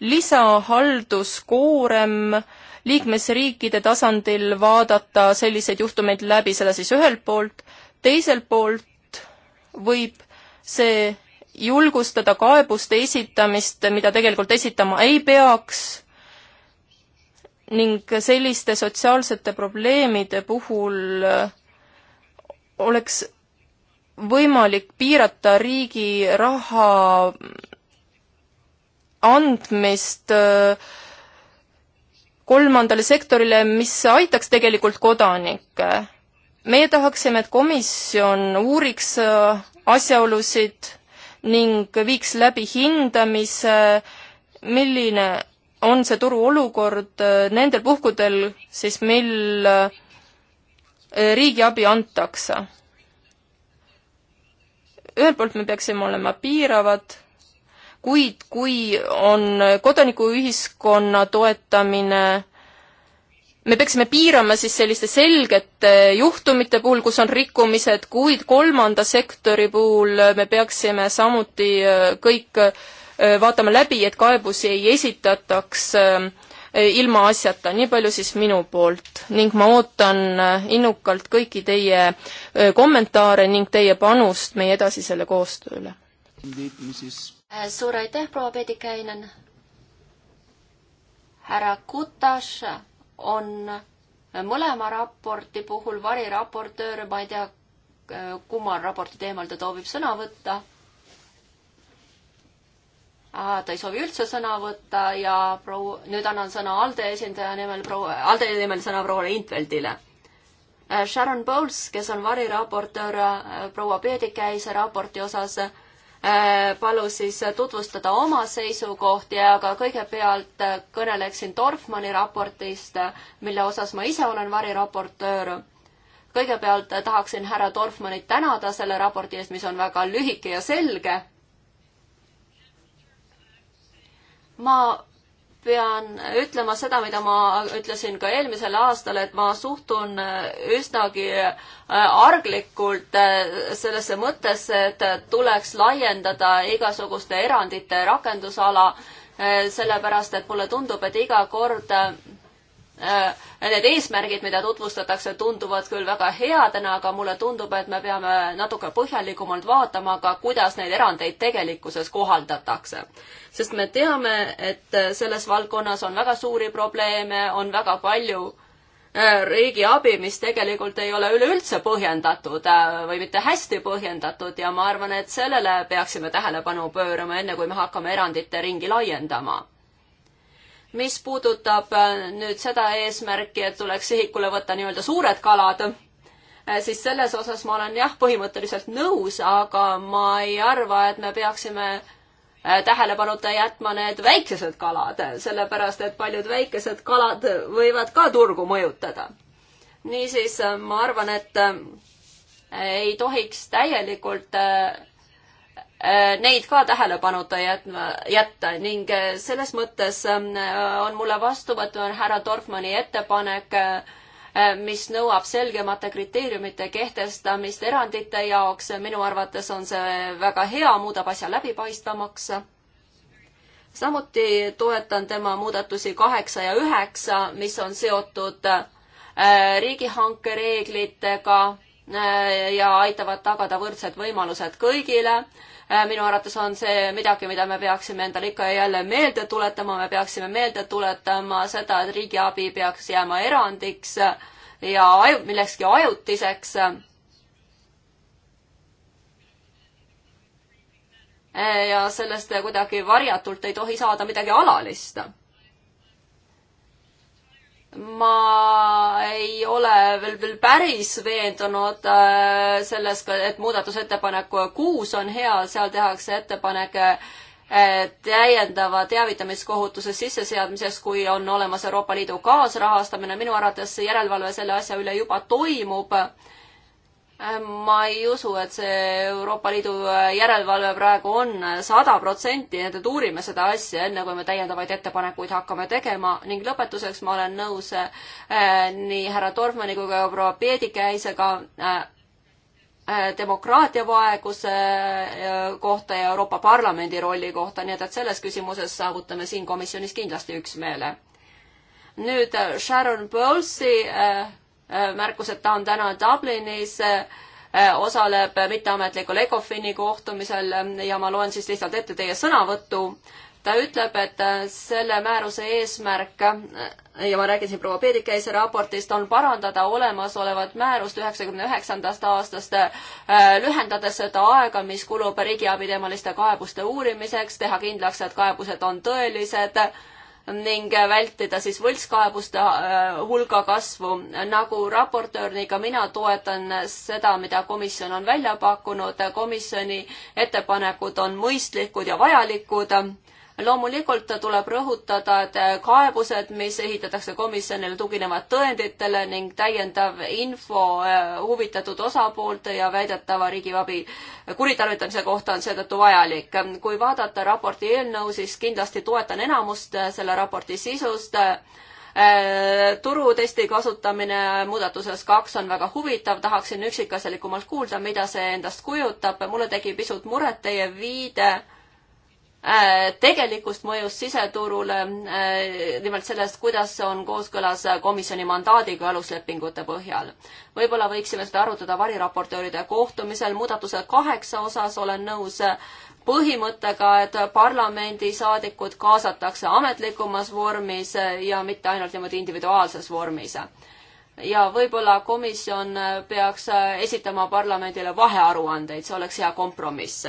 lisahalduskoorem äh, liikmesriikide tasandil vaadata selliseid juhtumeid läbi, seda siis ühelt poolt, teiselt poolt võib see julgustada kaebuste esitamist, mida tegelikult esitama ei peaks, ning selliste sotsiaalsete probleemide puhul oleks võimalik piirata riigi raha andmist äh, kolmandale sektorile, mis aitaks tegelikult kodanikke. meie tahaksime, et komisjon uuriks äh, asjaolusid ning viiks läbi hindamise, milline on see turu olukord äh, nendel puhkudel siis, mil äh, riigiabi antakse. ühelt poolt me peaksime olema piiravad kuid kui on kodanikuühiskonna toetamine me peaksime piirama siis selliste selgete juhtumite puhul, kus on rikkumised, kuid kolmanda sektori puhul me peaksime samuti äh, kõik äh, vaatama läbi, et kaebusi ei esitataks äh, ilma asjata, nii palju siis minu poolt ning ma ootan innukalt kõiki teie kommentaare ning teie panust meie edasisele koostööle. Äh, suur aitäh, proua Pedikäinen. härra Kutas on mõlema raporti puhul variraportöör, ma ei tea, äh, kummal raporti teemal ta soovib sõna võtta. ta ei soovi üldse sõna võtta ja proua, nüüd annan sõna ALDE esindaja nimel proua, ALDE nimel sõna prouale Intveldile äh, Sharon Bowles, kes on variraportöör proua Peedikäise raporti osas, Äh, palus siis tutvustada oma seisukohti, aga kõigepealt äh, kõneleksin Dorfmanni raportist, mille osas ma ise olen variraportöör. kõigepealt äh, tahaksin härra Dorfmannit tänada selle raporti eest, mis on väga lühike ja selge. ma pean ütlema seda, mida ma ütlesin ka eelmisel aastal, et ma suhtun äh, üsnagi äh, arglikult äh, sellesse mõttesse, et tuleks laiendada igasuguste erandite rakendusala, sellepärast et mulle tundub, et iga kord Äh, need eesmärgid, mida tutvustatakse, tunduvad küll väga headena, aga mulle tundub, et me peame natuke põhjalikumalt vaatama ka, kuidas neid erandeid tegelikkuses kohaldatakse. sest me teame, et selles valdkonnas on väga suuri probleeme, on väga palju äh, riigi abi, mis tegelikult ei ole üleüldse põhjendatud äh, või mitte hästi põhjendatud ja ma arvan, et sellele peaksime tähelepanu pöörama, enne kui me hakkame erandite ringi laiendama mis puudutab äh, nüüd seda eesmärki, et tuleks sihikule võtta nii-öelda suured kalad, äh, siis selles osas ma olen jah, põhimõtteliselt nõus, aga ma ei arva, et me peaksime äh, tähelepanuta jätma need väikesed kalad, sellepärast et paljud väikesed kalad võivad ka turgu mõjutada. niisiis ma arvan, et ei tohiks täielikult Äh, neid ka tähelepanuta jätma, jätta ning äh, selles mõttes ähm, on mulle vastuvõtu härra Dorfmanni ettepanek, äh, mis nõuab selgemate kriteeriumite kehtestamist erandite jaoks. minu arvates on see väga hea, muudab asja läbipaistvamaks. samuti toetan tema muudatusi kaheksa ja üheksa, mis on seotud riigihanke reeglitega Äh, ja aitavad tagada võrdsed võimalused kõigile. Äh, minu arvates on see midagi, mida me peaksime endale ikka ja jälle meelde tuletama, me peaksime meelde tuletama seda, et riigiabi peaks jääma erandiks ja aju-, millekski ajutiseks. Äh, ja sellest kuidagi varjatult ei tohi saada midagi alalist ma ei ole veel, veel päris veendunud äh, selles, et muudatusettepanek kuus on hea, seal tehakse ettepanek äh, täiendava teavitamiskohutuse sisseseadmiseks, kui on olemas Euroopa Liidu kaasrahastamine. minu arvates järelevalve selle asja üle juba toimub Äh, ma ei usu, et see Euroopa Liidu äh, järelevalve praegu on äh, sada protsenti, nii et, et uurime seda asja, enne kui me täiendavaid ettepanekuid hakkame tegema ning lõpetuseks ma olen nõus eh, nii härra Dorfmanni kui ka proua Peedikäisega eh, demokraatia vaeguse kohta ja Euroopa Parlamendi rolli kohta, nii et, et selles küsimuses saavutame siin komisjonis kindlasti üksmeele. nüüd Sharon Bowles'i eh, Äh, märkus, et ta on täna Dublinis, äh, osaleb mitteametlikul ECOFIN-i kohtumisel äh, ja ma loen siis lihtsalt ette teie sõnavõttu. ta ütleb, et selle määruse eesmärk ja ma räägin siin proua Peedikäise raportist, on parandada olemasolevat määrust üheksakümne üheksandast aastast, lühendades seda aega, mis kulub riigiabiteemaliste kaebuste uurimiseks, teha kindlaks, et kaebused on tõelised ning vältida siis võltskaebuste äh, hulga kasvu. nagu raportöör, nii ka mina toetan seda, mida komisjon on välja pakkunud. komisjoni ettepanekud on mõistlikud ja vajalikud loomulikult tuleb rõhutada, et kaebused, mis ehitatakse komisjonile, tuginevad tõenditele ning täiendav info äh, huvitatud osapoolte ja väidetava riigiabi kuritarvitamise kohta on seetõttu vajalik. kui vaadata raporti eelnõu, siis kindlasti toetan enamust äh, selle raporti sisust äh, turutesti kasutamine muudatuses kaks on väga huvitav, tahaksin üksikasjalikumalt kuulda, mida see endast kujutab. mulle tegi pisut muret teie viide Äh, tegelikust mõjust siseturule, äh, nimelt sellest, kuidas see on kooskõlas komisjoni mandaadiga aluslepingute põhjal. võib-olla võiksime seda arutada variraportööride kohtumisel, muudatuse kaheksa osas olen nõus põhimõttega, et parlamendisaadikud kaasatakse ametlikumas vormis ja mitte ainult niimoodi individuaalses vormis. ja võib-olla komisjon peaks esitama parlamendile vahearuandeid, see oleks hea kompromiss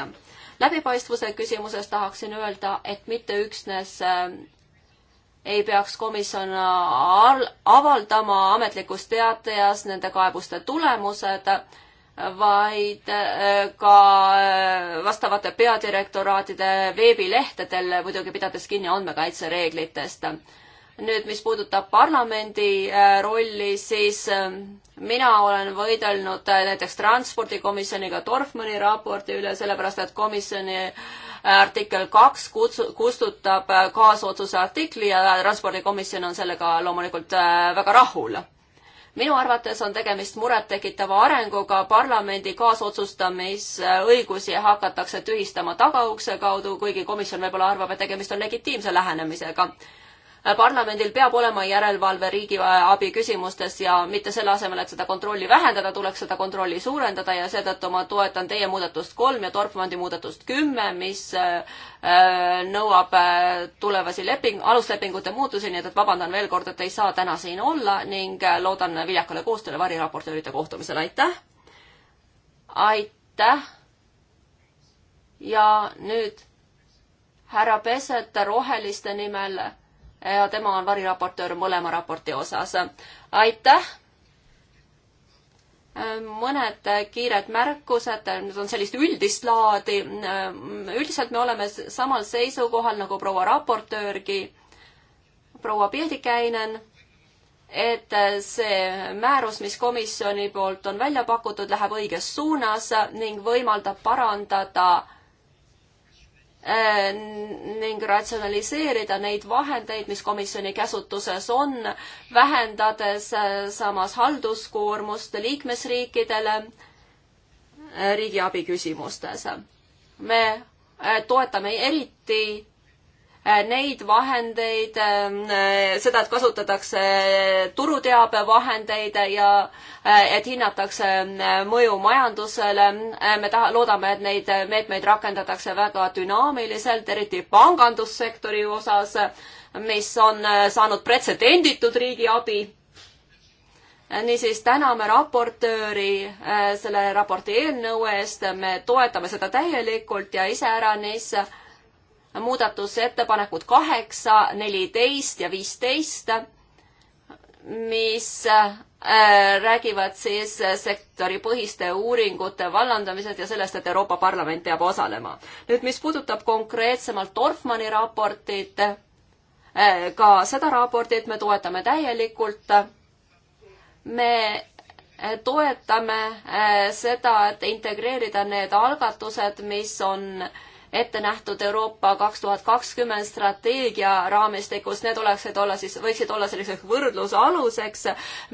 läbipaistvuse küsimuses tahaksin öelda, et mitte üksnes ähm, ei peaks komisjon avaldama ametlikus teatajas nende kaebuste tulemused, vaid äh, ka äh, vastavate peadirektoraatide veebilehtedel, muidugi pidades kinni andmekaitsereeglitest nüüd, mis puudutab parlamendi äh, rolli, siis äh, mina olen võidelnud äh, näiteks transpordikomisjoniga Dorfmanni raporti üle, sellepärast et komisjoni artikkel kaks kutsu-, kustutab kaasotsuse artikli ja transpordikomisjon on sellega loomulikult väga rahul minu arvates on tegemist murettekitava arenguga, parlamendi kaasotsustamisõigusi hakatakse tühistama tagaukse kaudu, kuigi komisjon võib-olla arvab, et tegemist on legitiimse lähenemisega parlamendil peab olema järelevalve riigiabi küsimustes ja mitte selle asemel, et seda kontrolli vähendada, tuleks seda kontrolli suurendada ja seetõttu ma toetan teie muudatust kolm ja Dorfmandi muudatust kümme, mis äh, nõuab äh, tulevasi leping, aluslepingute muutusi, nii et, et vabandan veel kord, et ei saa täna siin olla ning äh, loodan viljakale koostööle variraportöörite kohtumisel, aitäh! aitäh! ja nüüd härra Peseter roheliste nimel ja tema on variraportöör mõlema raporti osas. aitäh! mõned kiired märkused, need on sellist üldist laadi. üldiselt me oleme samal seisukohal nagu proua raportöörgi, proua Pildikäinen, et see määrus, mis komisjoni poolt on välja pakutud, läheb õiges suunas ning võimaldab parandada Äh, ning ratsionaliseerida neid vahendeid, mis komisjoni käsutuses on, vähendades äh, samas halduskoormust liikmesriikidele äh, riigiabi küsimustes. me toetame eriti Äh, neid vahendeid, ähm, äh, seda, et kasutatakse turuteabevahendeid ja äh, et hinnatakse mõju majandusele. me taha, loodame, et neid meetmeid rakendatakse väga dünaamiliselt, eriti pangandussektori osas, mis on saanud pretsedenditud riigiabi niisiis täname raportööri selle raporti eelnõu eest, me toetame seda täielikult ja iseäranis äh, muudatusettepanekud kaheksa, neliteist ja viisteist, mis äh, räägivad siis sektoripõhiste uuringute vallandamisest ja sellest, et Euroopa Parlament peab osalema. nüüd, mis puudutab konkreetsemalt Dorfmanni raportit, äh, ka seda raportit me toetame täielikult. me toetame äh, seda, et integreerida need algatused, mis on äh, ette nähtud Euroopa kaks tuhat kakskümmend strateegia raamistikus, need oleksid olla siis, võiksid olla selliseks võrdlusaluseks,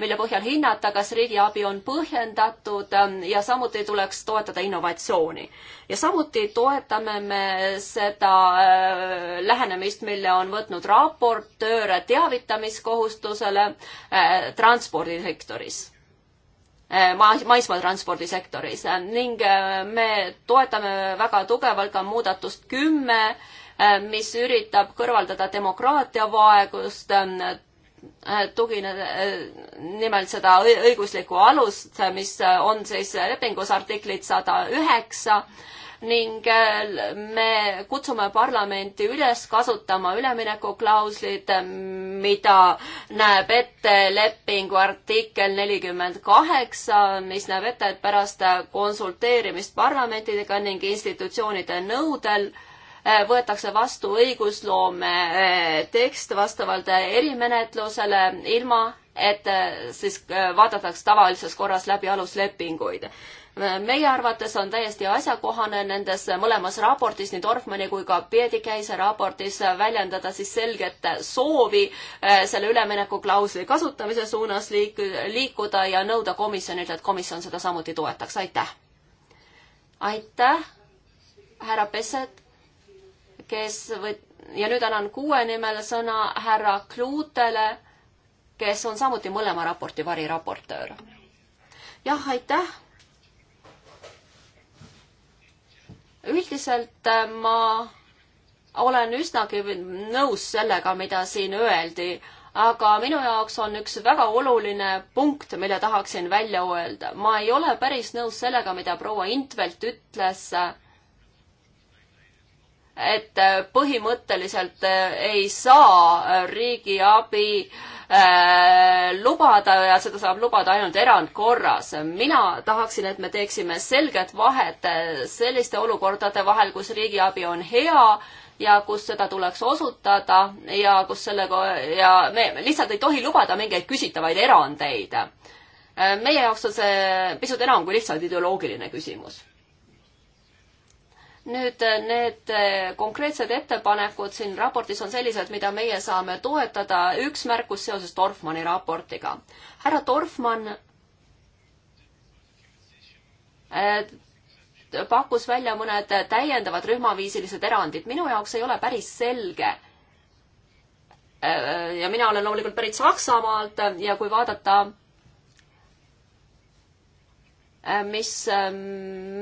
mille põhjal hinnata, kas riigiabi on põhjendatud ähm, ja samuti tuleks toetada innovatsiooni. ja samuti toetame me seda äh, lähenemist, mille on võtnud raportöör teavitamiskohustusele äh, transpordisektoris Äh, mais, maismaatranspordisektoris ning äh, me toetame väga tugevalt ka muudatust kümme, äh, mis üritab kõrvaldada demokraatia vaegust, tugine, nimelt seda õiguslikku alust, mis on siis lepingus artiklit sada üheksa ning äh, me kutsume parlamenti üles kasutama üleminekuklauslid, mida näeb ette lepingu artikkel nelikümmend kaheksa, mis näeb ette, et pärast konsulteerimist parlamentidega ning institutsioonide nõudel äh, võetakse vastu õigusloome äh, tekst vastavalt erimenetlusele ilma, et siis vaadatakse tavalises korras läbi aluslepinguid meie arvates on täiesti asjakohane nendes mõlemas raportis, nii Dorfmanni kui ka Peedikäise raportis, väljendada siis selget soovi eh, selle üleminekuklausli kasutamise suunas liik-, liikuda ja nõuda komisjonilt, et komisjon seda samuti toetaks, aitäh! aitäh, härra Pesset, kes või-, ja nüüd annan kuue nimel sõna härra Kluutele, kes on samuti mõlema raporti variraportöör. jah, aitäh üldiselt äh, ma olen üsnagi nõus sellega, mida siin öeldi, aga minu jaoks on üks väga oluline punkt, mille tahaksin välja öelda. ma ei ole päris nõus sellega, mida proua Intvelt ütles äh, et äh, põhimõtteliselt äh, ei saa äh, riigiabi äh, lubada ja seda saab lubada ainult erandkorras. mina tahaksin, et me teeksime selget vahet selliste olukordade vahel, kus riigiabi on hea ja kus seda tuleks osutada ja kus sellega ja me lihtsalt ei tohi lubada mingeid küsitavaid erandeid. meie jaoks on see pisut enam kui lihtsalt ideoloogiline küsimus nüüd eh, need eh, konkreetsed ettepanekud siin raportis on sellised, mida meie saame toetada. üks märkus seoses Dorfmanni raportiga. härra Dorfmann eh, pakkus välja mõned täiendavad rühmaviisilised erandid. minu jaoks ei ole päris selge. ja mina olen loomulikult pärit Saksamaalt ja kui vaadata Äh, mis ähm,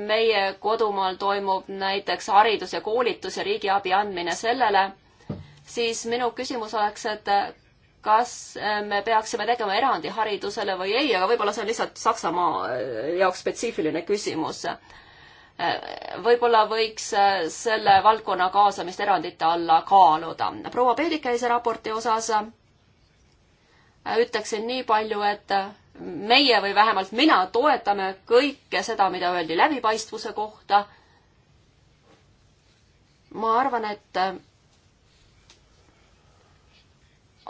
meie kodumaal toimub, näiteks haridus ja koolitus ja riigiabi andmine sellele, siis minu küsimus oleks, et äh, kas äh, me peaksime tegema erandi haridusele või ei, aga võib-olla see on lihtsalt Saksamaa jaoks spetsiifiline küsimus. võib-olla võiks selle valdkonna kaasamist erandite alla kaaluda. proua Peedikäise raporti osas Äh, ütleksin nii palju, et äh, meie või vähemalt mina toetame kõike seda, mida öeldi läbipaistvuse kohta. ma arvan, et äh,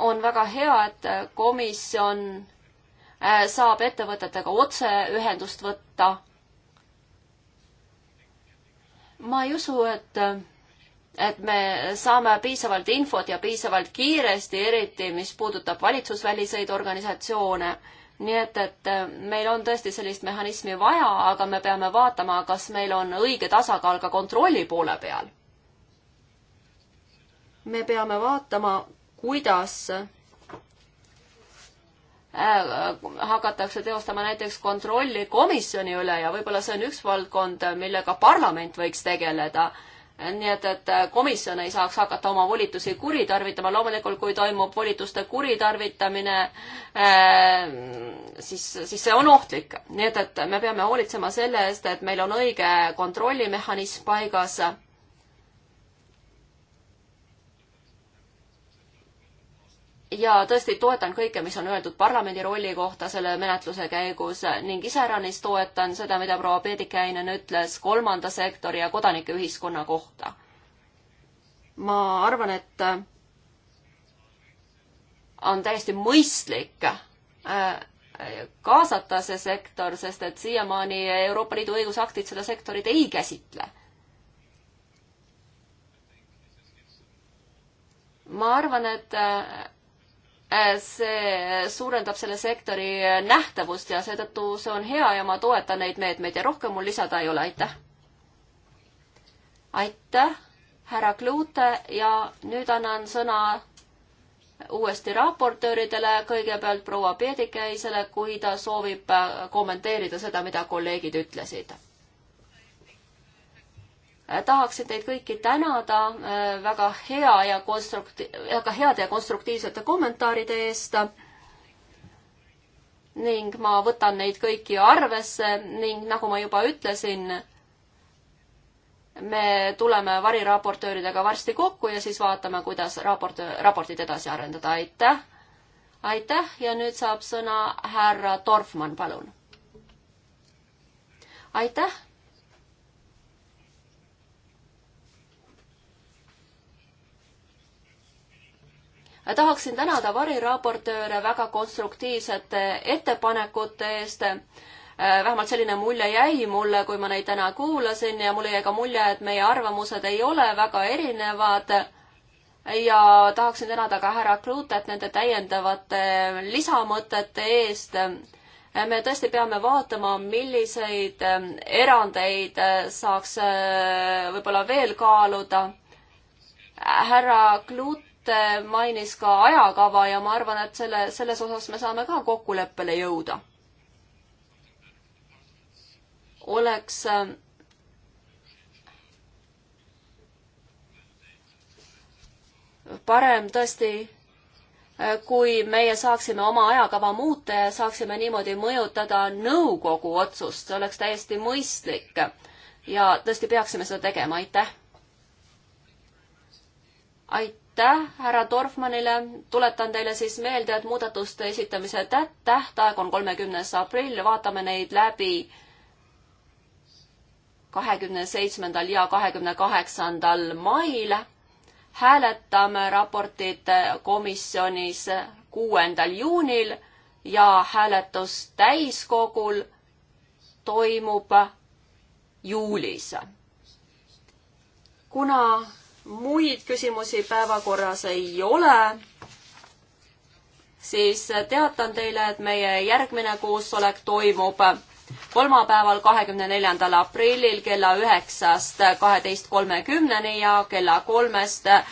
on väga hea, et komisjon saab ettevõtetega otse ühendust võtta. ma ei usu, et et me saame piisavalt infot ja piisavalt kiiresti, eriti mis puudutab valitsusväliseid organisatsioone. nii et, et äh, meil on tõesti sellist mehhanismi vaja, aga me peame vaatama, kas meil on õige tasakaal ka kontrolli poole peal. me peame vaatama, kuidas äh, hakatakse teostama näiteks kontrolli komisjoni üle ja võib-olla see on üks valdkond, millega parlament võiks tegeleda nii et, et äh, komisjon ei saaks hakata oma volitusi kuritarvitama, loomulikult kui toimub volituste kuritarvitamine, äh, siis, siis see on ohtlik. nii et, et me peame hoolitsema selle eest, et meil on õige kontrollimehhanism paigas ja tõesti toetan kõike, mis on öeldud parlamendi rolli kohta selle menetluse käigus ning iseäranis toetan seda, mida proua Peedikäinen ütles kolmanda sektori ja kodanikeühiskonna kohta. ma arvan, et äh, on täiesti mõistlik äh, kaasata see sektor, sest et siiamaani Euroopa Liidu õigusaktid seda sektorit ei käsitle ma arvan, et äh, Äh, see äh, suurendab selle sektori äh, nähtavust ja seetõttu see on hea ja ma toetan neid meetmeid ja rohkem mul lisada ei ole, aitäh. aitäh, härra Klute ja nüüd annan sõna uuesti raportööridele, kõigepealt proua Peedikäisele, kui ta soovib kommenteerida seda, mida kolleegid ütlesid tahaksin teid kõiki tänada äh, väga hea ja konstrukti-, väga äh, heade ja konstruktiivsete kommentaaride eest ning ma võtan neid kõiki arvesse ning nagu ma juba ütlesin, me tuleme variraportööridega varsti kokku ja siis vaatame, kuidas raport, raportit edasi arendada, aitäh! aitäh ja nüüd saab sõna härra Dorfmann, palun! aitäh! tahaksin tänada variraportööre väga konstruktiivsete ettepanekute eest. Äh, vähemalt selline mulje jäi mulle, kui ma neid täna kuulasin ja mul jäi ka mulje, et meie arvamused ei ole väga erinevad ja tahaksin tänada ka härra Kruutet nende täiendavate lisamõtete eest. Äh, me tõesti peame vaatama, milliseid äh, erandeid saaks võib-olla veel kaaluda. härra Kluut Äh, mainis ka ajakava ja ma arvan, et selle, selles osas me saame ka kokkuleppele jõuda. oleks äh, parem tõesti, äh, kui meie saaksime oma ajakava muuta ja saaksime niimoodi mõjutada nõukogu otsust, see oleks täiesti mõistlik. ja tõesti peaksime seda tegema, aitäh! aitäh! aitäh härra Dorfmanile, tuletan teile siis meelde, et muudatuste esitamise tähtaeg on kolmekümnes aprill, vaatame neid läbi kahekümne seitsmendal ja kahekümne kaheksandal mail. hääletame raportit komisjonis kuuendal juunil ja hääletus täiskogul toimub juulis. kuna muid küsimusi päevakorras ei ole, siis teatan teile, et meie järgmine koosolek toimub kolmapäeval, kahekümne neljandal aprillil kella üheksast kaheteist kolmekümneni ja kella kolmest äh,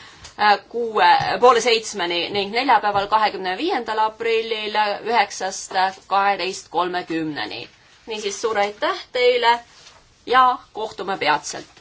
kuue, poole seitsmeni ning neljapäeval, kahekümne viiendal aprillil üheksast kaheteist kolmekümneni. niisiis suur aitäh teile ja kohtume peatselt!